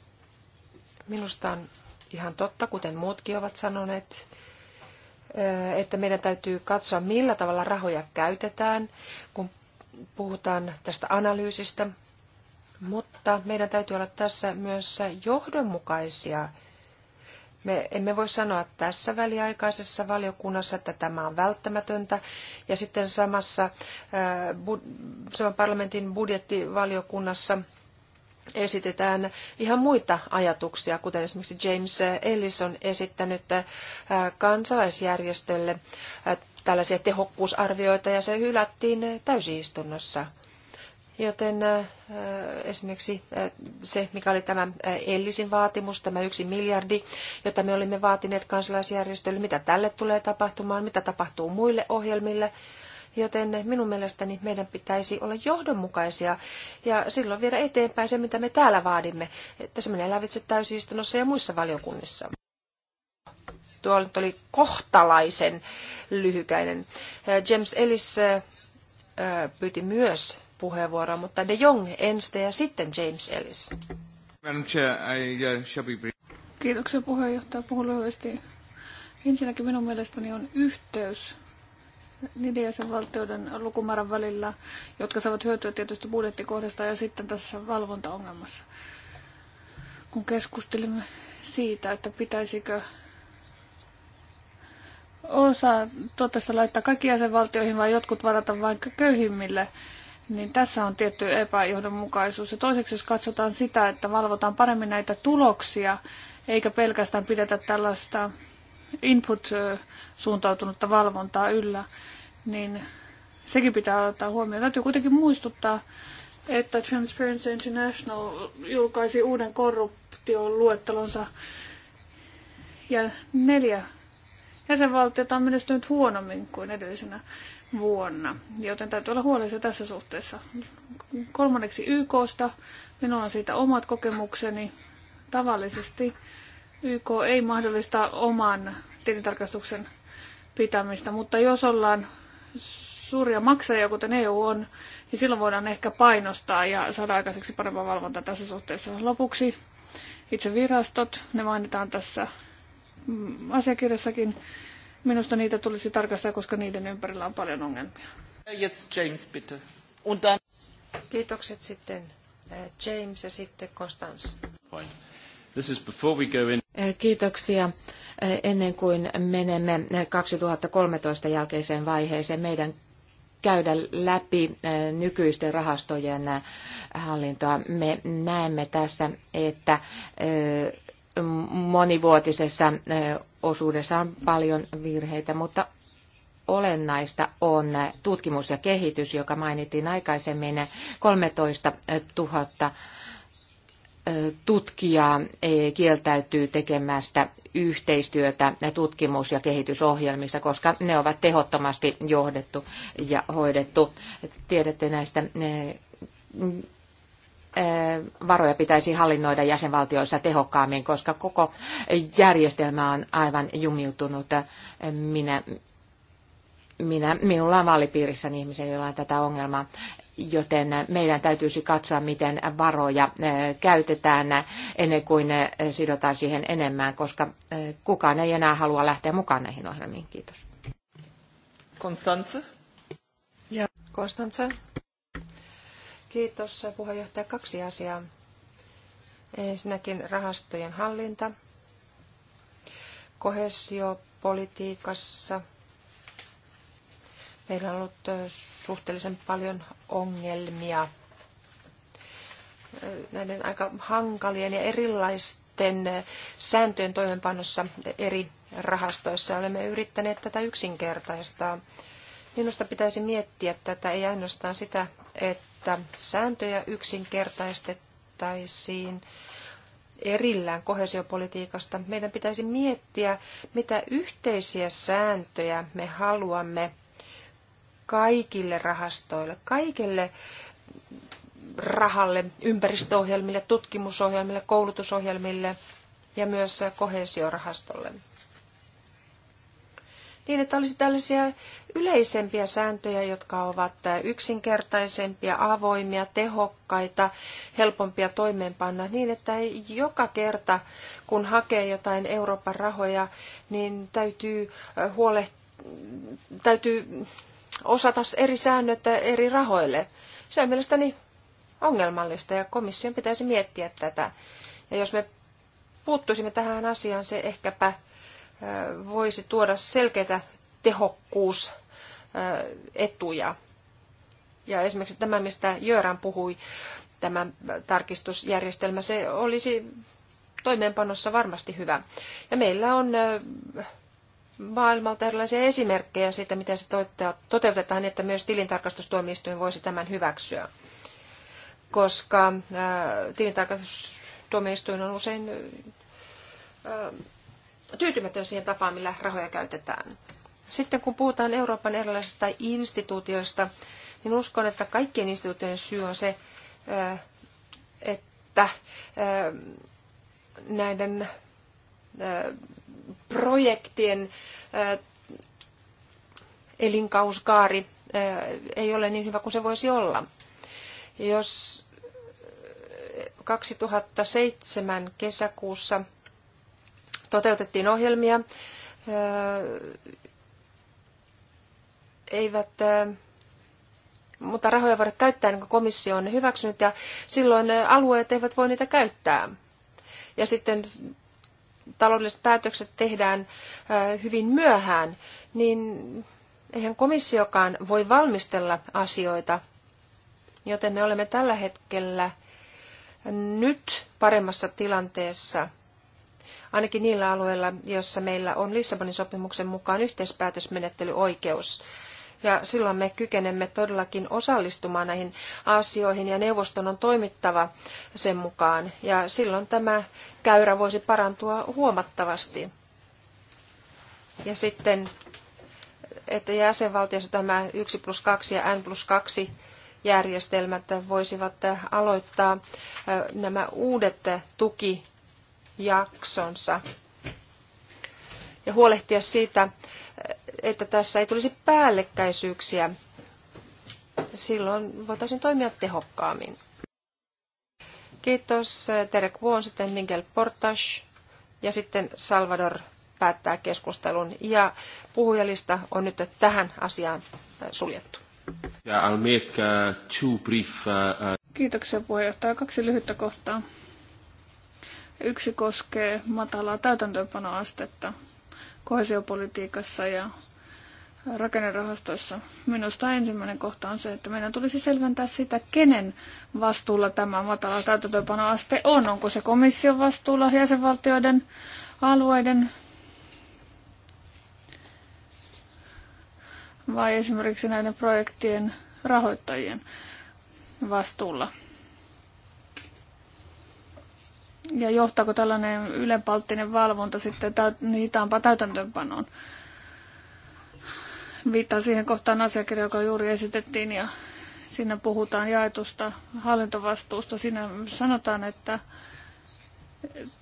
Minusta on ihan totta, kuten muutkin ovat sanoneet, että meidän täytyy katsoa, millä tavalla rahoja käytetään, kun puhutaan tästä analyysistä. Mutta meidän täytyy olla tässä myös johdonmukaisia. Me emme voi sanoa tässä väliaikaisessa valiokunnassa, että tämä on välttämätöntä, ja sitten samassa saman parlamentin budjettivaliokunnassa esitetään ihan muita ajatuksia, kuten esimerkiksi James Ellis on esittänyt äh, kansalaisjärjestölle äh, tällaisia tehokkuusarvioita ja se hylättiin täysistunnossa. Joten äh, esimerkiksi se, mikä oli tämä Ellisin vaatimus, tämä yksi miljardi, jota me olimme vaatineet kansalaisjärjestöille, mitä tälle tulee tapahtumaan, mitä tapahtuu muille ohjelmille, Joten minun mielestäni meidän pitäisi olla johdonmukaisia ja silloin viedä eteenpäin se, mitä me täällä vaadimme. Että se menee lävitse täysistunnossa ja muissa valiokunnissa. Tuo oli kohtalaisen lyhykäinen. Äh, James Ellis äh, pyyti myös puheenvuoroa, mutta De Jong ensin ja sitten James Ellis. Uh, Kiitoksia puheenjohtaja. Puhun lyhyesti. Ensinnäkin minun mielestäni on yhteys niiden jäsenvaltioiden lukumäärän välillä, jotka saavat hyötyä tietysti budjettikohdasta ja sitten tässä valvontaongelmassa. Kun keskustelimme siitä, että pitäisikö osa tuotteesta laittaa kaikkiin jäsenvaltioihin vai jotkut varata vain köyhimmille, niin tässä on tietty epäjohdonmukaisuus. Ja toiseksi, jos katsotaan sitä, että valvotaan paremmin näitä tuloksia, eikä pelkästään pidetä tällaista input-suuntautunutta valvontaa yllä, niin sekin pitää ottaa huomioon. Täytyy kuitenkin muistuttaa, että Transparency International julkaisi uuden korruption luettelonsa ja neljä jäsenvaltiota on menestynyt huonommin kuin edellisenä vuonna, joten täytyy olla huolissa tässä suhteessa. Kolmanneksi YKsta, minulla on siitä omat kokemukseni. Tavallisesti YK ei mahdollista oman tilintarkastuksen pitämistä, mutta jos ollaan suuria maksajia, kuten EU on, niin silloin voidaan ehkä painostaa ja saada aikaiseksi parempaa valvontaa tässä suhteessa. Lopuksi itse virastot, ne mainitaan tässä mm, asiakirjassakin. Minusta niitä tulisi tarkastaa, koska niiden ympärillä on paljon ongelmia. James, bitte. Und dann... Kiitokset sitten eh, James ja sitten Konstans. This is before we go in. Eh, kiitoksia. Eh, ennen kuin menemme 2013 eh, jälkeiseen vaiheeseen, meidän käydä läpi nykyisten rahastojen hallintoa. Me näemme tässä, että monivuotisessa osuudessa on paljon virheitä, mutta olennaista on tutkimus ja kehitys, joka mainittiin aikaisemmin, 13 000 tutkija e, kieltäytyy tekemästä yhteistyötä tutkimus- ja kehitysohjelmissa, koska ne ovat tehottomasti johdettu ja hoidettu. Tiedätte näistä varoja pitäisi hallinnoida jäsenvaltioissa tehokkaammin, koska koko järjestelmä on aivan jumiutunut. Minä, minä, minulla on vaalipiirissäni ihmisiä, joilla on tätä ongelmaa joten meidän täytyisi katsoa, miten varoja eh, käytetään ennen kuin ne eh, sidotaan siihen enemmän, koska eh, kukaan ei enää halua lähteä mukaan näihin ohjelmiin. Kiitos. Konstantse. Ja Konstantse. Kiitos puheenjohtaja. Kaksi asiaa. Ensinnäkin rahastojen hallinta. Kohesiopolitiikassa meillä on ollut suhteellisen paljon ongelmia näiden aika hankalien ja erilaisten sääntöjen toimenpanossa eri rahastoissa. Olemme yrittäneet tätä yksinkertaistaa. Minusta pitäisi miettiä tätä ei ainoastaan sitä, että sääntöjä yksinkertaistettaisiin erillään kohesiopolitiikasta. Meidän pitäisi miettiä, mitä yhteisiä sääntöjä me haluamme kaikille rahastoille, kaikille rahalle, ympäristöohjelmille, tutkimusohjelmille, koulutusohjelmille ja myös kohesiorahastolle. Niin, että olisi tällaisia yleisempiä sääntöjä, jotka ovat yksinkertaisempia, avoimia, tehokkaita, helpompia toimeenpanna, niin että joka kerta, kun hakee jotain Euroopan rahoja, niin täytyy huolehtia täytyy osata eri säännöt eri rahoille. Se on mielestäni ongelmallista ja komission pitäisi miettiä tätä. Ja jos me puuttuisimme tähän asiaan, se ehkäpä voisi tuoda selkeitä tehokkuusetuja. Ja esimerkiksi tämä, mistä Jöran puhui, tämä tarkistusjärjestelmä, se olisi toimeenpanossa varmasti hyvä. Ja meillä on maailmalta erilaisia esimerkkejä siitä, miten se toteutetaan, että myös tilintarkastustuomioistuin voisi tämän hyväksyä. Koska äh, tilintarkastustuomioistuin on usein äh, tyytymätön siihen tapaan, millä rahoja käytetään. Sitten kun puhutaan Euroopan erilaisista instituutioista, niin uskon, että kaikkien instituutioiden syy on se, äh, että näiden projektien elinkauskaari ei ole niin hyvä kuin se voisi olla. Jos 2007 kesäkuussa toteutettiin ohjelmia, eivät mutta rahoja voida käyttää, niin kuin komissio on hyväksynyt, ja silloin alueet eivät voi niitä käyttää. Ja sitten taloudelliset päätökset tehdään hyvin myöhään, niin eihän komissiokaan voi valmistella asioita, joten me olemme tällä hetkellä nyt paremmassa tilanteessa, ainakin niillä alueilla, joissa meillä on Lissabonin sopimuksen mukaan yhteispäätösmenettelyoikeus. oikeus ja silloin me kykenemme todellakin osallistumaan näihin asioihin ja neuvoston on toimittava sen mukaan ja silloin tämä käyrä voisi parantua huomattavasti. Ja sitten, että jäsenvaltiossa tämä 1 plus 2 ja N plus 2 järjestelmät voisivat aloittaa nämä uudet tukijaksonsa ja huolehtia siitä, että tässä ei tulisi päällekkäisyyksiä. Silloin voitaisiin toimia tehokkaammin. Kiitos Terek Vuon, sitten Miguel Portas ja sitten Salvador päättää keskustelun. Ja puhujalista on nyt tähän asiaan suljettu. Uh, uh, uh, Kiitoksia puheenjohtaja. Kaksi lyhyttä kohtaa. Yksi koskee matalaa täytäntöönpanoastetta kohesiopolitiikassa ja rakennerahastoissa. Minusta ensimmäinen kohta on se, että meidän tulisi selventää sitä, kenen vastuulla tämä matala täytäntöönpanoaste on. Onko se komission vastuulla, jäsenvaltioiden, alueiden vai esimerkiksi näiden projektien rahoittajien vastuulla. Ja johtaako tällainen ylenpalttinen valvonta sitten hitaampaan täytäntöönpanoon? Viittaan siihen kohtaan asiakirja, joka juuri esitettiin ja siinä puhutaan jaetusta hallintovastuusta. Siinä sanotaan, että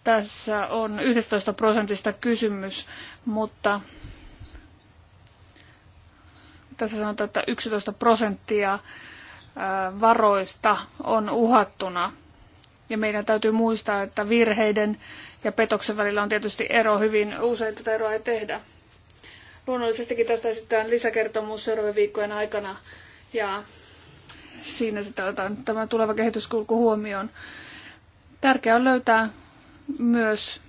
tässä on 11 prosentista kysymys, mutta tässä sanotaan, että 11 prosenttia varoista on uhattuna. Ja meidän täytyy muistaa, että virheiden ja petoksen välillä on tietysti ero hyvin usein tätä eroa ei tehdä. Luonnollisestikin tästä esitetään lisäkertomus seuraavien viikkojen aikana ja siinä sitten otan tämä tuleva kehityskulku huomioon. Tärkeää on löytää myös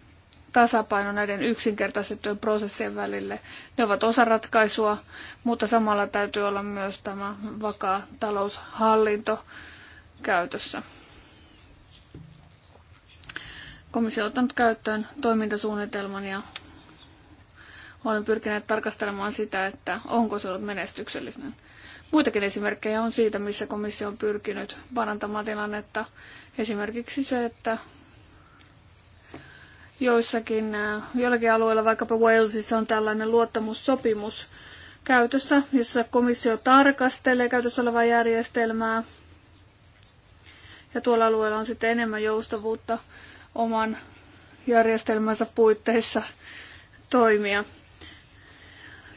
tasapaino näiden yksinkertaistettujen prosessien välille. Ne ovat osa ratkaisua, mutta samalla täytyy olla myös tämä vakaa taloushallinto käytössä. Komissio on ottanut käyttöön toimintasuunnitelman ja olemme pyrkineet tarkastelemaan sitä, että onko se ollut menestyksellinen. Muitakin esimerkkejä on siitä, missä komissio on pyrkinyt parantamaan tilannetta. Esimerkiksi se, että joissakin, äh, joillakin alueilla, vaikkapa Walesissa, on tällainen luottamussopimus käytössä, jossa komissio tarkastelee käytössä olevaa järjestelmää. Ja tuolla alueella on sitten enemmän joustavuutta oman järjestelmänsä puitteissa toimia.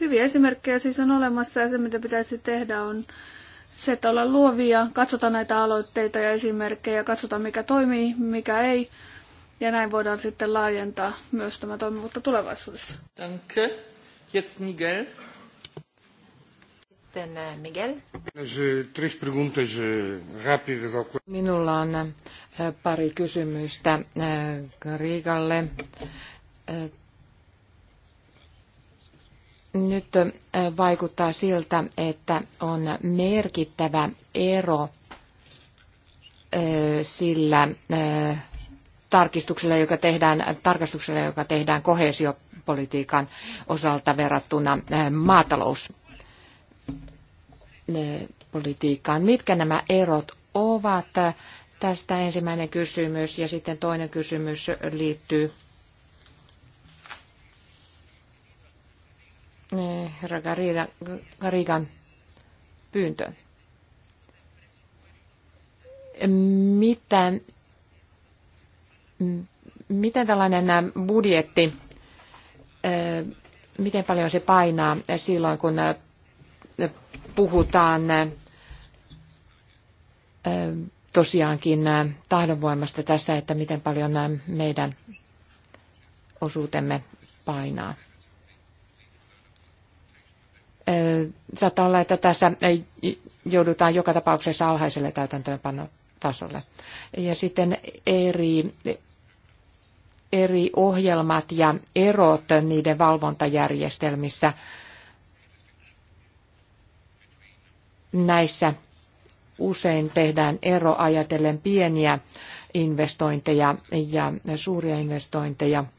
Hyviä esimerkkejä siis on olemassa ja se mitä pitäisi tehdä on se, että ollaan luovia, katsotaan näitä aloitteita ja esimerkkejä, katsotaan mikä toimii, mikä ei. Ja näin voidaan sitten laajentaa myös tämä toimivuutta tulevaisuudessa. Danke. Jetzt Miguel. Sitten äh, Miguel. Minulla on äh, pari kysymystä äh, Riikalle nyt vaikuttaa siltä, että on merkittävä ero sillä tarkistuksella, joka tehdään, tarkastuksella, joka tehdään kohesiopolitiikan osalta verrattuna maatalouspolitiikkaan. Mitkä nämä erot ovat? Tästä ensimmäinen kysymys ja sitten toinen kysymys liittyy Eh, herra Garigan pyyntöön. Miten, miten tällainen budjetti, eh, miten paljon se painaa silloin, kun eh, puhutaan tosiaankin tahdonvoimasta tässä, että miten paljon meidän osuutemme painaa saattaa olla, että tässä joudutaan joka tapauksessa alhaiselle täytäntöönpanotasolle. Ja sitten eri, eri ohjelmat ja erot niiden valvontajärjestelmissä näissä usein tehdään ero ajatellen pieniä investointeja ja suuria investointeja –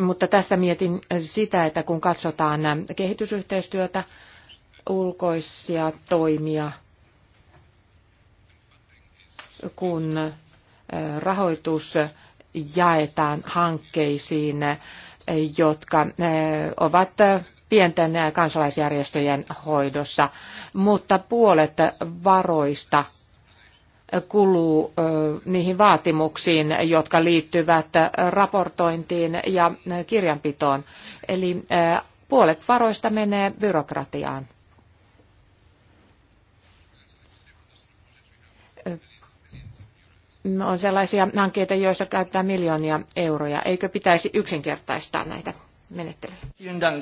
mutta tässä mietin sitä, että kun katsotaan kehitysyhteistyötä, ulkoisia toimia, kun rahoitus jaetaan hankkeisiin, jotka ovat pienten kansalaisjärjestöjen hoidossa, mutta puolet varoista kuluu niihin vaatimuksiin, jotka liittyvät raportointiin ja kirjanpitoon. Eli puolet varoista menee byrokratiaan. On sellaisia hankkeita, joissa käytetään miljoonia euroja. Eikö pitäisi yksinkertaistaa näitä menettelyjä? Ähm,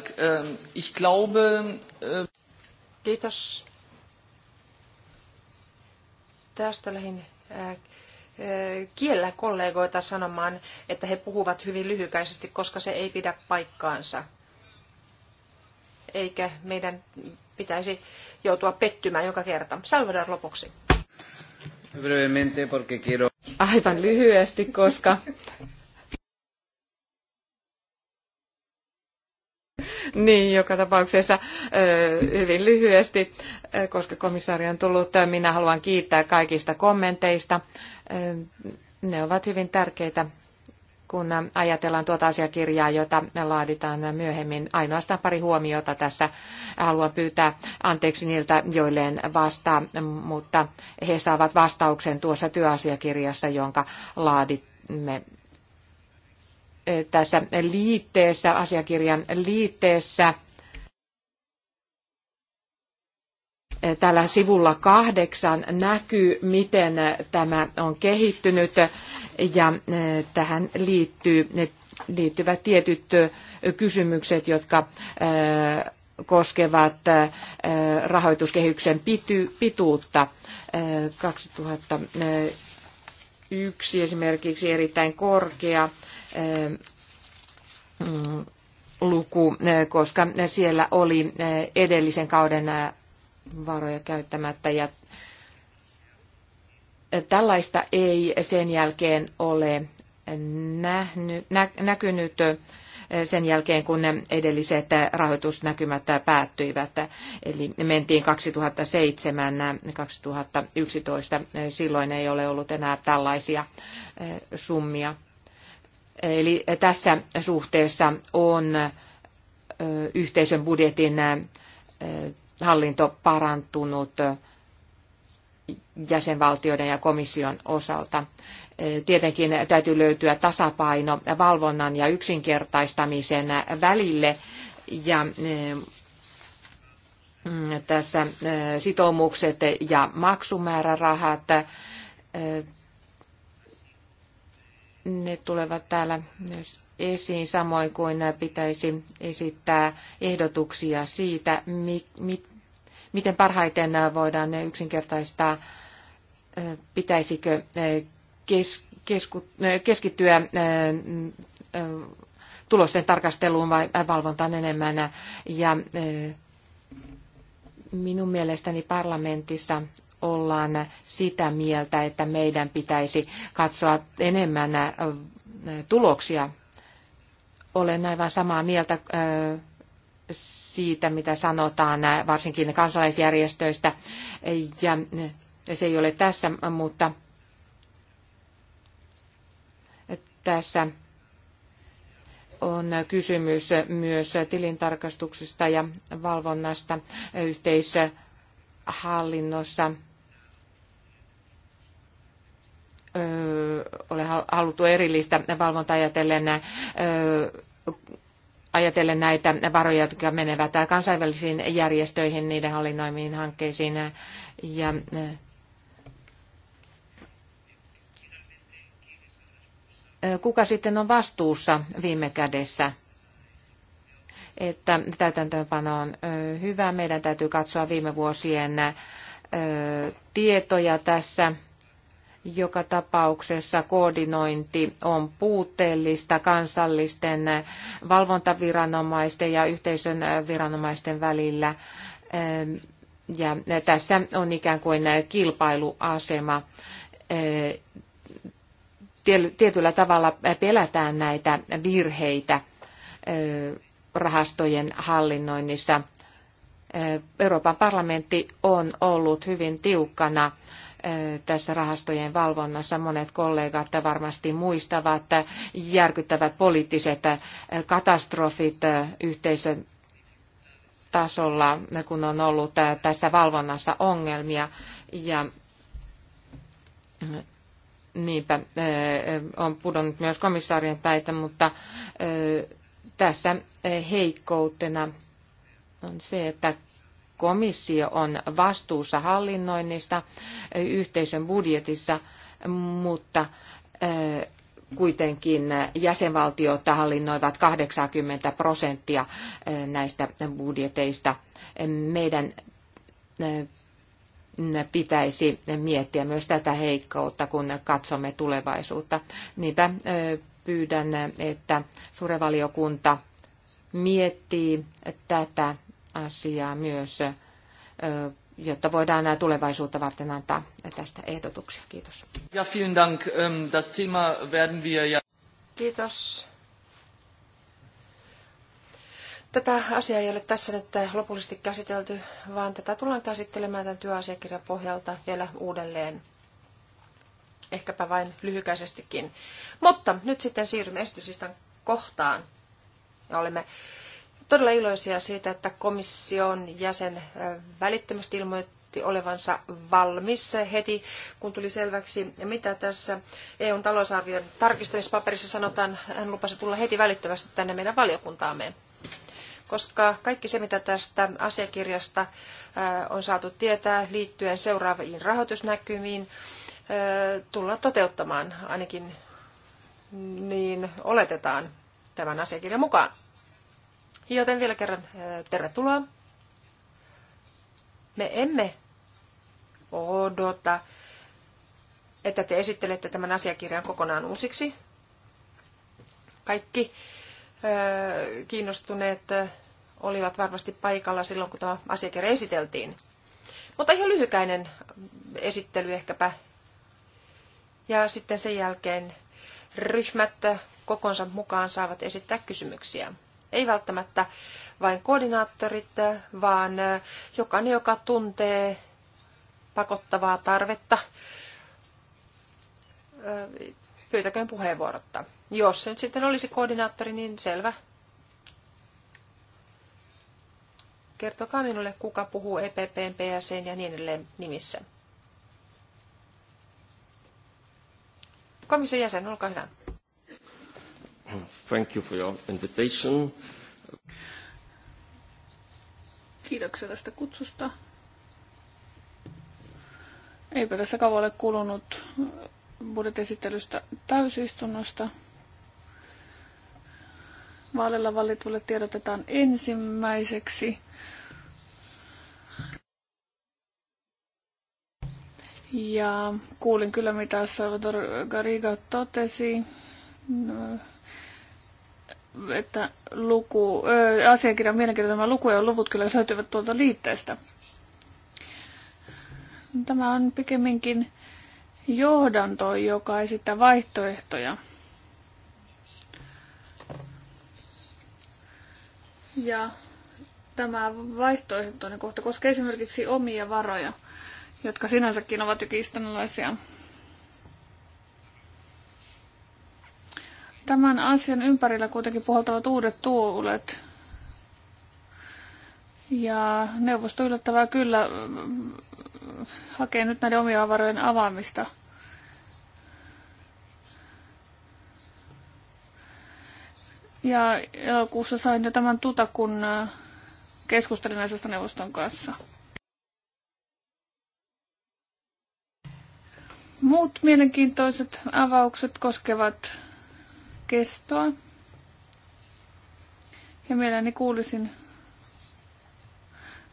äh, Kiitos. Tästä lähin kiellä kollegoita sanomaan, että he puhuvat hyvin lyhykäisesti, koska se ei pidä paikkaansa. Eikä meidän pitäisi joutua pettymään joka kerta. Salvador lopuksi. Aivan lyhyesti, koska niin, joka tapauksessa hyvin lyhyesti, koska komissaari on tullut. Minä haluan kiittää kaikista kommenteista. Ne ovat hyvin tärkeitä kun ajatellaan tuota asiakirjaa, jota laaditaan myöhemmin. Ainoastaan pari huomiota tässä haluan pyytää anteeksi niiltä, joille en vastaa, mutta he saavat vastauksen tuossa työasiakirjassa, jonka laadimme tässä liitteessä, asiakirjan liitteessä, Tällä sivulla kahdeksan näkyy, miten tämä on kehittynyt ja tähän liittyy, ne liittyvät tietyt kysymykset, jotka koskevat rahoituskehyksen pituutta 2001 esimerkiksi erittäin korkea Mm, luku, koska siellä oli edellisen kauden varoja käyttämättä ja tällaista ei sen jälkeen ole nähnyt, nä, näkynyt sen jälkeen, kun edelliset rahoitusnäkymät päättyivät. Eli mentiin 2007-2011. Silloin ei ole ollut enää tällaisia summia. Eli tässä suhteessa on yhteisön budjetin hallinto parantunut jäsenvaltioiden ja komission osalta. Tietenkin täytyy löytyä tasapaino valvonnan ja yksinkertaistamisen välille. Ja tässä sitoumukset ja maksumäärärahat ne tulevat täällä myös esiin, samoin kuin pitäisi esittää ehdotuksia siitä, mi, mi, miten parhaiten voidaan ne yksinkertaistaa, pitäisikö kes, kesku, keskittyä tulosten tarkasteluun vai valvontaan enemmän. Ja minun mielestäni parlamentissa ollaan sitä mieltä, että meidän pitäisi katsoa enemmän äh, tuloksia. Olen aivan samaa mieltä äh, siitä, mitä sanotaan äh, varsinkin kansalaisjärjestöistä. Ja se ei ole tässä, mutta tässä on kysymys myös tilintarkastuksesta ja valvonnasta yhteishallinnossa ole haluttu erillistä valvontaa ajatellen ajatellen näitä varoja, jotka menevät kansainvälisiin järjestöihin, niiden hallinnoimiin hankkeisiin. Ja, kuka sitten on vastuussa viime kädessä? Että täytäntöönpano on hyvä. Meidän täytyy katsoa viime vuosien tietoja tässä joka tapauksessa koordinointi on puutteellista kansallisten valvontaviranomaisten ja yhteisön viranomaisten välillä. Ja tässä on ikään kuin kilpailuasema. Tietyllä tavalla pelätään näitä virheitä rahastojen hallinnoinnissa. Euroopan parlamentti on ollut hyvin tiukkana tässä rahastojen valvonnassa. Monet kollegat varmasti muistavat järkyttävät poliittiset katastrofit yhteisön tasolla, kun on ollut tässä valvonnassa ongelmia. Ja niinpä on pudonnut myös komissaarien päitä, mutta tässä heikkoutena on se, että komissio on vastuussa hallinnoinnista eh, yhteisön budjetissa, mutta eh, kuitenkin jäsenvaltiot hallinnoivat 80 prosenttia eh, näistä budjeteista. Meidän pitäisi miettiä myös tätä heikkoutta, kun katsomme tulevaisuutta. Niinpä pyydän, että surevaliokunta miettii tätä asiaa myös, jotta voidaan nämä tulevaisuutta varten antaa tästä ehdotuksia. Kiitos. Ja vielen dank. Ähm, das Thema werden wir ja... Kiitos. Tätä asiaa ei ole tässä nyt äh, lopullisesti käsitelty, vaan tätä tullaan käsittelemään tämän työasiakirjan pohjalta vielä uudelleen. Ehkäpä vain lyhykäisestikin. Mutta nyt sitten siirrymme esityslistan kohtaan. Ja olemme todella iloisia siitä, että komission jäsen välittömästi ilmoitti olevansa valmis heti, kun tuli selväksi, mitä tässä EUn talousarvion tarkistamispaperissa sanotaan. Hän lupasi tulla heti välittömästi tänne meidän valiokuntaamme koska kaikki se, mitä tästä asiakirjasta on saatu tietää liittyen seuraaviin rahoitusnäkymiin, tullaan toteuttamaan, ainakin niin oletetaan tämän asiakirjan mukaan. Joten vielä kerran eh, tervetuloa. Me emme odota, että te esittelette tämän asiakirjan kokonaan uusiksi. Kaikki eh, kiinnostuneet eh, olivat varmasti paikalla silloin, kun tämä asiakirja esiteltiin. Mutta ihan lyhykäinen esittely ehkäpä. Ja sitten sen jälkeen ryhmät kokonsa mukaan saavat esittää kysymyksiä ei välttämättä vain koordinaattorit, vaan jokainen, joka tuntee pakottavaa tarvetta, pyytäköön puheenvuorotta. Jos se nyt sitten olisi koordinaattori, niin selvä. Kertokaa minulle, kuka puhuu EPPn, PSN ja niin edelleen nimissä. Komission jäsen, olkaa hyvä. Thank you for your invitation. Kiitoksia tästä kutsusta. Eipä tässä kauan ole kulunut budjetesittelystä täysistunnosta. Vaalilla valitulle tiedotetaan ensimmäiseksi. Ja kuulin kyllä, mitä Salvador Garriga totesi että luku, asiakirjan mielenkiintoinen luku ja luvut kyllä löytyvät tuolta liitteestä. Tämä on pikemminkin johdanto, joka esittää vaihtoehtoja. Ja tämä vaihtoehtoinen kohta koskee esimerkiksi omia varoja, jotka sinänsäkin ovat jo kiistanalaisia. Tämän asian ympärillä kuitenkin puhaltavat uudet tuulet. Ja neuvosto yllättävää kyllä mm, hakee nyt näiden omia avarojen avaamista. Ja elokuussa sain jo tämän tuta, kun äh, keskustelin asiasta neuvoston kanssa. Muut mielenkiintoiset avaukset koskevat kestoa. Ja mielelläni kuulisin,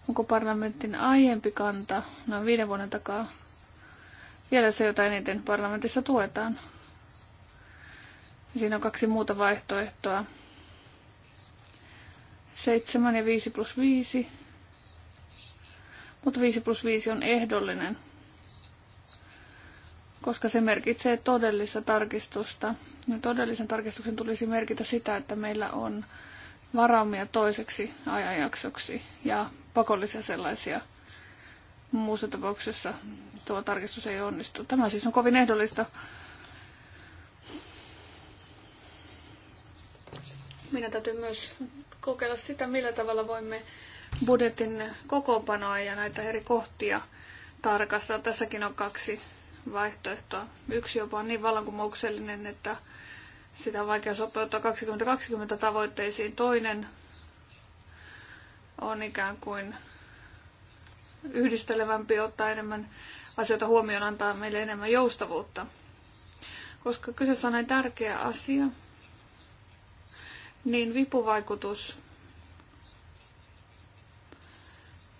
onko parlamentin aiempi kanta noin viiden vuoden takaa vielä se, jota eniten parlamentissa tuetaan. Ja siinä on kaksi muuta vaihtoehtoa. 7 ja 5 plus 5. Mutta 5 plus 5 on ehdollinen koska se merkitsee todellista tarkistusta. Ja todellisen tarkistuksen tulisi merkitä sitä, että meillä on varaumia toiseksi ajanjaksoksi ja pakollisia sellaisia. Muussa tapauksessa tuo tarkistus ei onnistu. Tämä siis on kovin ehdollista. Minä täytyy myös kokeilla sitä, millä tavalla voimme budjetin kokoonpanoa ja näitä eri kohtia tarkastaa. Tässäkin on kaksi vaihtoehtoa. Yksi jopa on niin vallankumouksellinen, että sitä on vaikea sopeuttaa 2020 tavoitteisiin. Toinen on ikään kuin yhdistelevämpi, ottaa enemmän asioita huomioon, antaa meille enemmän joustavuutta. Koska kyseessä on näin tärkeä asia, niin vipuvaikutus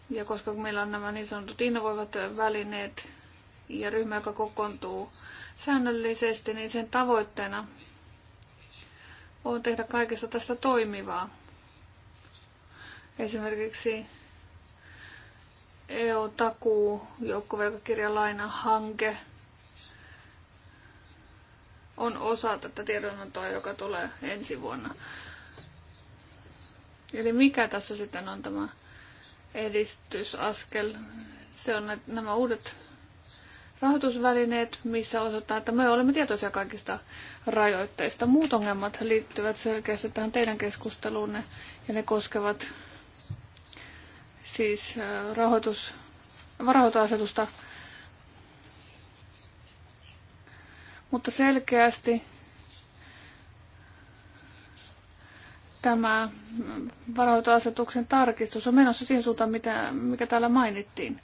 ja koska meillä on nämä niin sanotut innovoivat välineet, ja ryhmä, joka kokoontuu säännöllisesti, niin sen tavoitteena on tehdä kaikesta tästä toimivaa. Esimerkiksi EU-takuu, hanke on osa tätä tiedonantoa, joka tulee ensi vuonna. Eli mikä tässä sitten on tämä edistysaskel? Se on nämä uudet rahoitusvälineet, missä osoittaa, että me olemme tietoisia kaikista rajoitteista. Muut ongelmat liittyvät selkeästi tähän teidän keskusteluunne ja ne koskevat siis rahoitus, varahoitoasetusta. Mutta selkeästi tämä varoitusasetuksen tarkistus on menossa siihen suuntaan, mitä, mikä täällä mainittiin.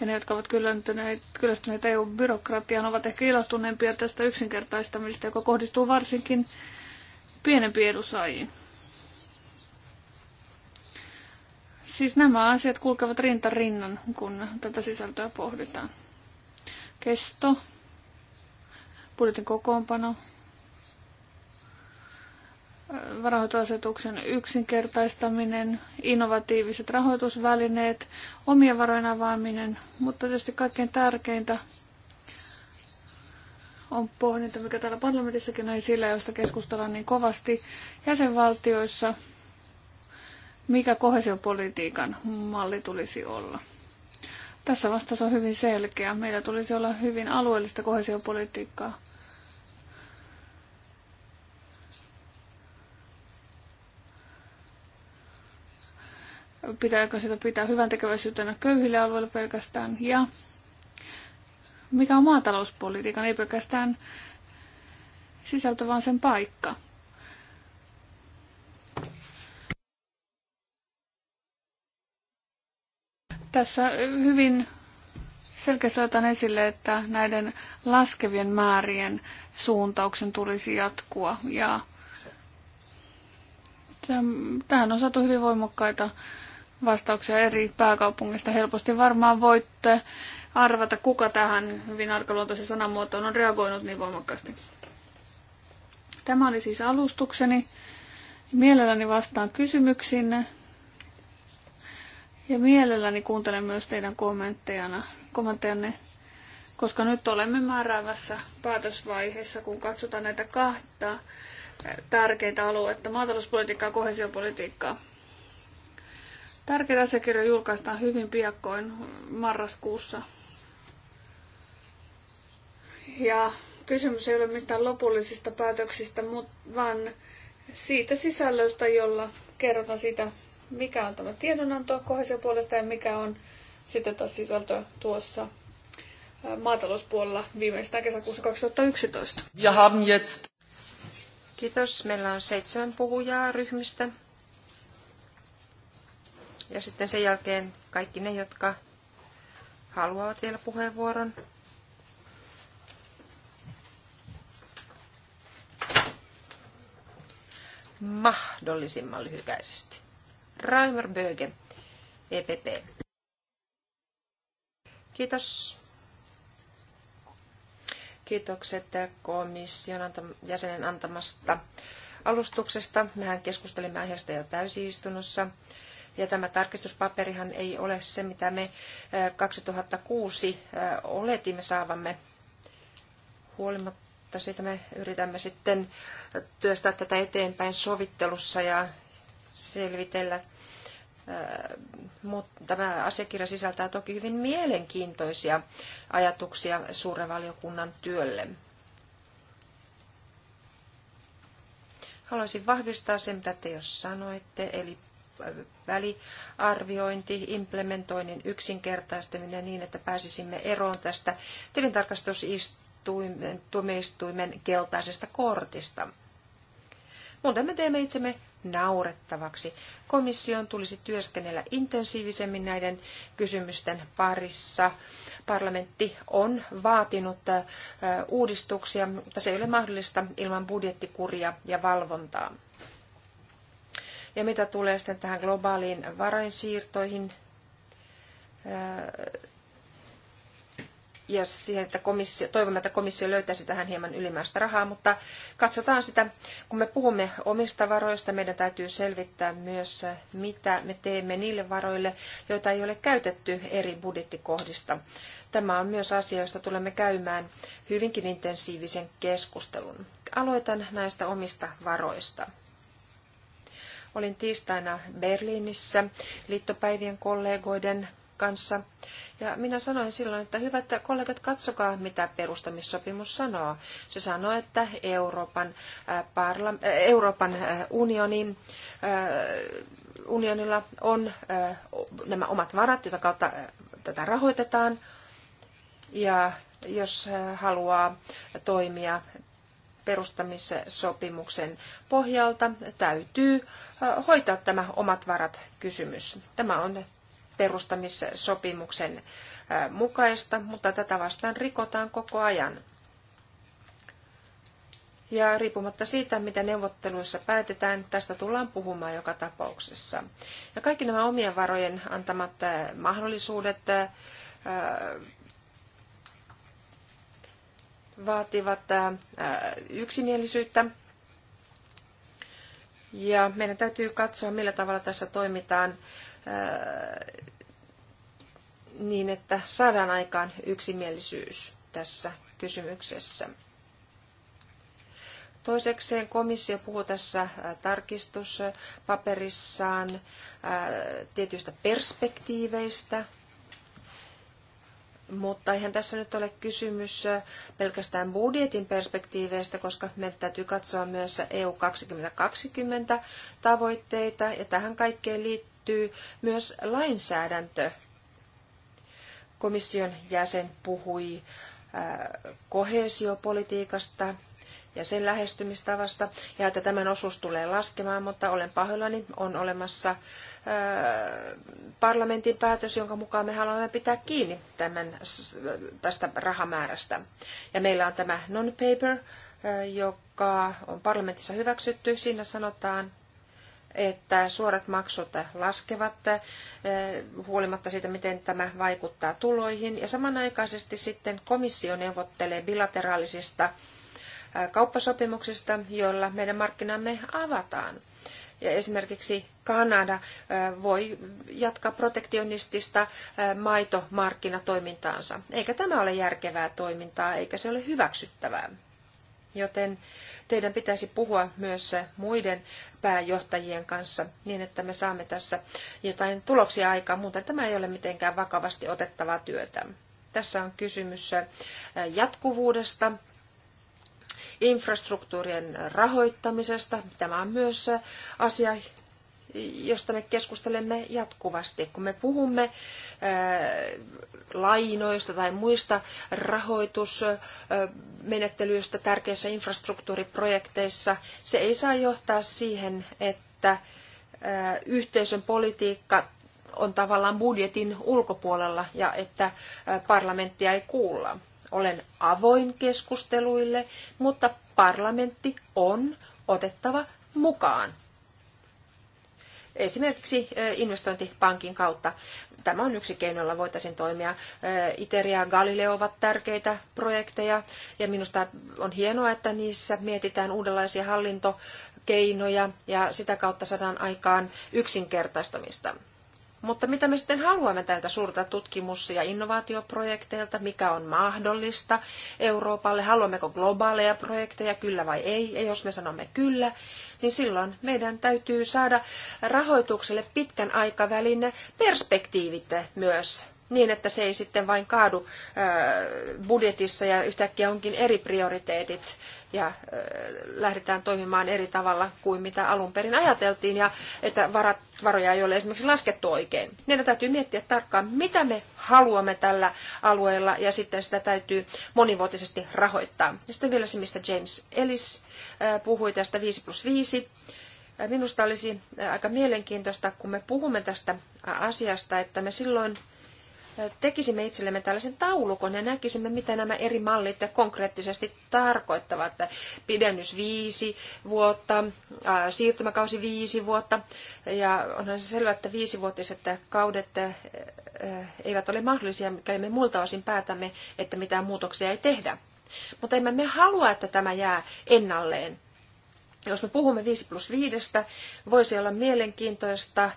Ja ne, jotka ovat kyllästyneet EU-byrokratiaan, ovat ehkä ilahtuneempia tästä yksinkertaistamista, joka kohdistuu varsinkin pienempiin edusaajiin. Siis nämä asiat kulkevat rinta rinnan, kun tätä sisältöä pohditaan. Kesto, budjetin kokoonpano, varahoitoasetuksen yksinkertaistaminen, innovatiiviset rahoitusvälineet, omien varojen avaaminen, mutta tietysti kaikkein tärkeintä on pohdinta, mikä täällä parlamentissakin on esillä, josta keskustellaan niin kovasti jäsenvaltioissa, mikä kohesiopolitiikan malli tulisi olla. Tässä vastaus on hyvin selkeä. Meillä tulisi olla hyvin alueellista kohesiopolitiikkaa, pitääkö sitä pitää hyvän tekeväisyytenä köyhille alueille pelkästään ja mikä on maatalouspolitiikan, ei pelkästään sisältö, vaan sen paikka. Tässä hyvin selkeästi otan esille, että näiden laskevien määrien suuntauksen tulisi jatkua. Ja tähän on saatu hyvin voimakkaita vastauksia eri pääkaupungista. Helposti varmaan voitte arvata, kuka tähän hyvin arkaluontoisen sanamuotoon on reagoinut niin voimakkaasti. Tämä oli siis alustukseni. Mielelläni vastaan kysymyksiinne. Ja mielelläni kuuntelen myös teidän kommenttejanne, koska nyt olemme määräävässä päätösvaiheessa, kun katsotaan näitä kahta tärkeintä aluetta, maatalouspolitiikkaa ja kohesiopolitiikkaa. Tärkeä asiakirja julkaistaan hyvin piakkoin marraskuussa. Ja kysymys ei ole mitään lopullisista päätöksistä, vaan siitä sisällöstä, jolla kerrotaan sitä, mikä on tämä tiedonanto kohdisen puolesta ja mikä on sitten taas sisältö tuossa maatalouspuolella viimeistään kesäkuussa 2011. Ja haben jetzt. Kiitos. Meillä on seitsemän puhujaa ryhmistä. Ja sitten sen jälkeen kaikki ne, jotka haluavat vielä puheenvuoron. Mahdollisimman lyhykäisesti. Raimer Böge, EPP. Kiitos. Kiitokset komission jäsenen antamasta alustuksesta. Mehän keskustelimme aiheesta jo täysistunnossa. Ja tämä tarkistuspaperihan ei ole se, mitä me 2006 oletimme saavamme huolimatta siitä me yritämme sitten työstää tätä eteenpäin sovittelussa ja selvitellä. Mutta tämä asiakirja sisältää toki hyvin mielenkiintoisia ajatuksia suuren valiokunnan työlle. Haluaisin vahvistaa sen, mitä te jo sanoitte, eli väliarviointi, implementoinnin yksinkertaistaminen niin, että pääsisimme eroon tästä tilintarkastustuomioistuimen keltaisesta kortista. Muuten me teemme itsemme naurettavaksi. Komission tulisi työskennellä intensiivisemmin näiden kysymysten parissa. Parlamentti on vaatinut äh, uudistuksia, mutta se ei ole mahdollista ilman budjettikuria ja valvontaa. Ja mitä tulee sitten tähän globaaliin varainsiirtoihin ja siihen, että komissio, toivomme, että komissio löytäisi tähän hieman ylimääräistä rahaa, mutta katsotaan sitä. Kun me puhumme omista varoista, meidän täytyy selvittää myös, mitä me teemme niille varoille, joita ei ole käytetty eri budjettikohdista. Tämä on myös asia, josta tulemme käymään hyvinkin intensiivisen keskustelun. Aloitan näistä omista varoista. Olin tiistaina Berliinissä liittopäivien kollegoiden kanssa. Ja minä sanoin silloin, että hyvät kollegat, katsokaa mitä perustamissopimus sanoo. Se sanoo, että Euroopan, äh, parla, äh, Euroopan äh, unioni, unionilla on nämä omat varat, joita kautta tätä rahoitetaan. Ja jos haluaa toimia perustamissopimuksen pohjalta täytyy hoitaa tämä omat varat kysymys. Tämä on perustamissopimuksen mukaista, mutta tätä vastaan rikotaan koko ajan. Ja riippumatta siitä, mitä neuvotteluissa päätetään, tästä tullaan puhumaan joka tapauksessa. Ja kaikki nämä omien varojen antamat mahdollisuudet vaativat yksimielisyyttä. Ja meidän täytyy katsoa, millä tavalla tässä toimitaan niin, että saadaan aikaan yksimielisyys tässä kysymyksessä. Toisekseen komissio puhuu tässä tarkistuspaperissaan tietyistä perspektiiveistä, mutta eihän tässä nyt ole kysymys pelkästään budjetin perspektiiveistä, koska meidän täytyy katsoa myös EU 2020 tavoitteita ja tähän kaikkeen liittyy myös lainsäädäntö. Komission jäsen puhui kohesiopolitiikasta ja sen lähestymistavasta, ja että tämän osuus tulee laskemaan, mutta olen pahoillani, on olemassa parlamentin päätös, jonka mukaan me haluamme pitää kiinni tämän, tästä rahamäärästä. Ja meillä on tämä non-paper, joka on parlamentissa hyväksytty. Siinä sanotaan, että suorat maksut laskevat huolimatta siitä, miten tämä vaikuttaa tuloihin. Ja samanaikaisesti sitten komissio neuvottelee bilateraalisista kauppasopimuksista, joilla meidän markkinamme avataan. Ja esimerkiksi Kanada voi jatkaa protektionistista maitomarkkinatoimintaansa. Eikä tämä ole järkevää toimintaa, eikä se ole hyväksyttävää. Joten teidän pitäisi puhua myös muiden pääjohtajien kanssa niin, että me saamme tässä jotain tuloksia aikaan. Muuten tämä ei ole mitenkään vakavasti otettavaa työtä. Tässä on kysymys jatkuvuudesta infrastruktuurien rahoittamisesta. Tämä on myös asia, josta me keskustelemme jatkuvasti. Kun me puhumme lainoista tai muista rahoitusmenettelyistä tärkeissä infrastruktuuriprojekteissa, se ei saa johtaa siihen, että yhteisön politiikka on tavallaan budjetin ulkopuolella ja että parlamenttia ei kuulla. Olen avoin keskusteluille, mutta parlamentti on otettava mukaan. Esimerkiksi investointipankin kautta. Tämä on yksi keino, jolla voitaisiin toimia. Iteria ja Galileo ovat tärkeitä projekteja ja minusta on hienoa, että niissä mietitään uudenlaisia hallintokeinoja ja sitä kautta saadaan aikaan yksinkertaistamista. Mutta mitä me sitten haluamme tältä suurta tutkimus- ja innovaatioprojekteilta, mikä on mahdollista Euroopalle, haluammeko globaaleja projekteja, kyllä vai ei, ja jos me sanomme kyllä, niin silloin meidän täytyy saada rahoitukselle pitkän aikavälin perspektiivit myös niin, että se ei sitten vain kaadu budjetissa ja yhtäkkiä onkin eri prioriteetit ja lähdetään toimimaan eri tavalla kuin mitä alun perin ajateltiin ja että varat, varoja ei ole esimerkiksi laskettu oikein. Meidän niin, täytyy miettiä tarkkaan, mitä me haluamme tällä alueella ja sitten sitä täytyy monivuotisesti rahoittaa. Ja sitten vielä se, mistä James Ellis puhui tästä 5 plus 5. Minusta olisi aika mielenkiintoista, kun me puhumme tästä asiasta, että me silloin tekisimme itsellemme tällaisen taulukon ja näkisimme, mitä nämä eri mallit konkreettisesti tarkoittavat. Pidennys viisi vuotta, siirtymäkausi viisi vuotta ja onhan se selvää, että viisivuotiset kaudet eivät ole mahdollisia, mikäli me muilta osin päätämme, että mitään muutoksia ei tehdä. Mutta emme me halua, että tämä jää ennalleen. Jos me puhumme 5 plus 5, voisi olla mielenkiintoista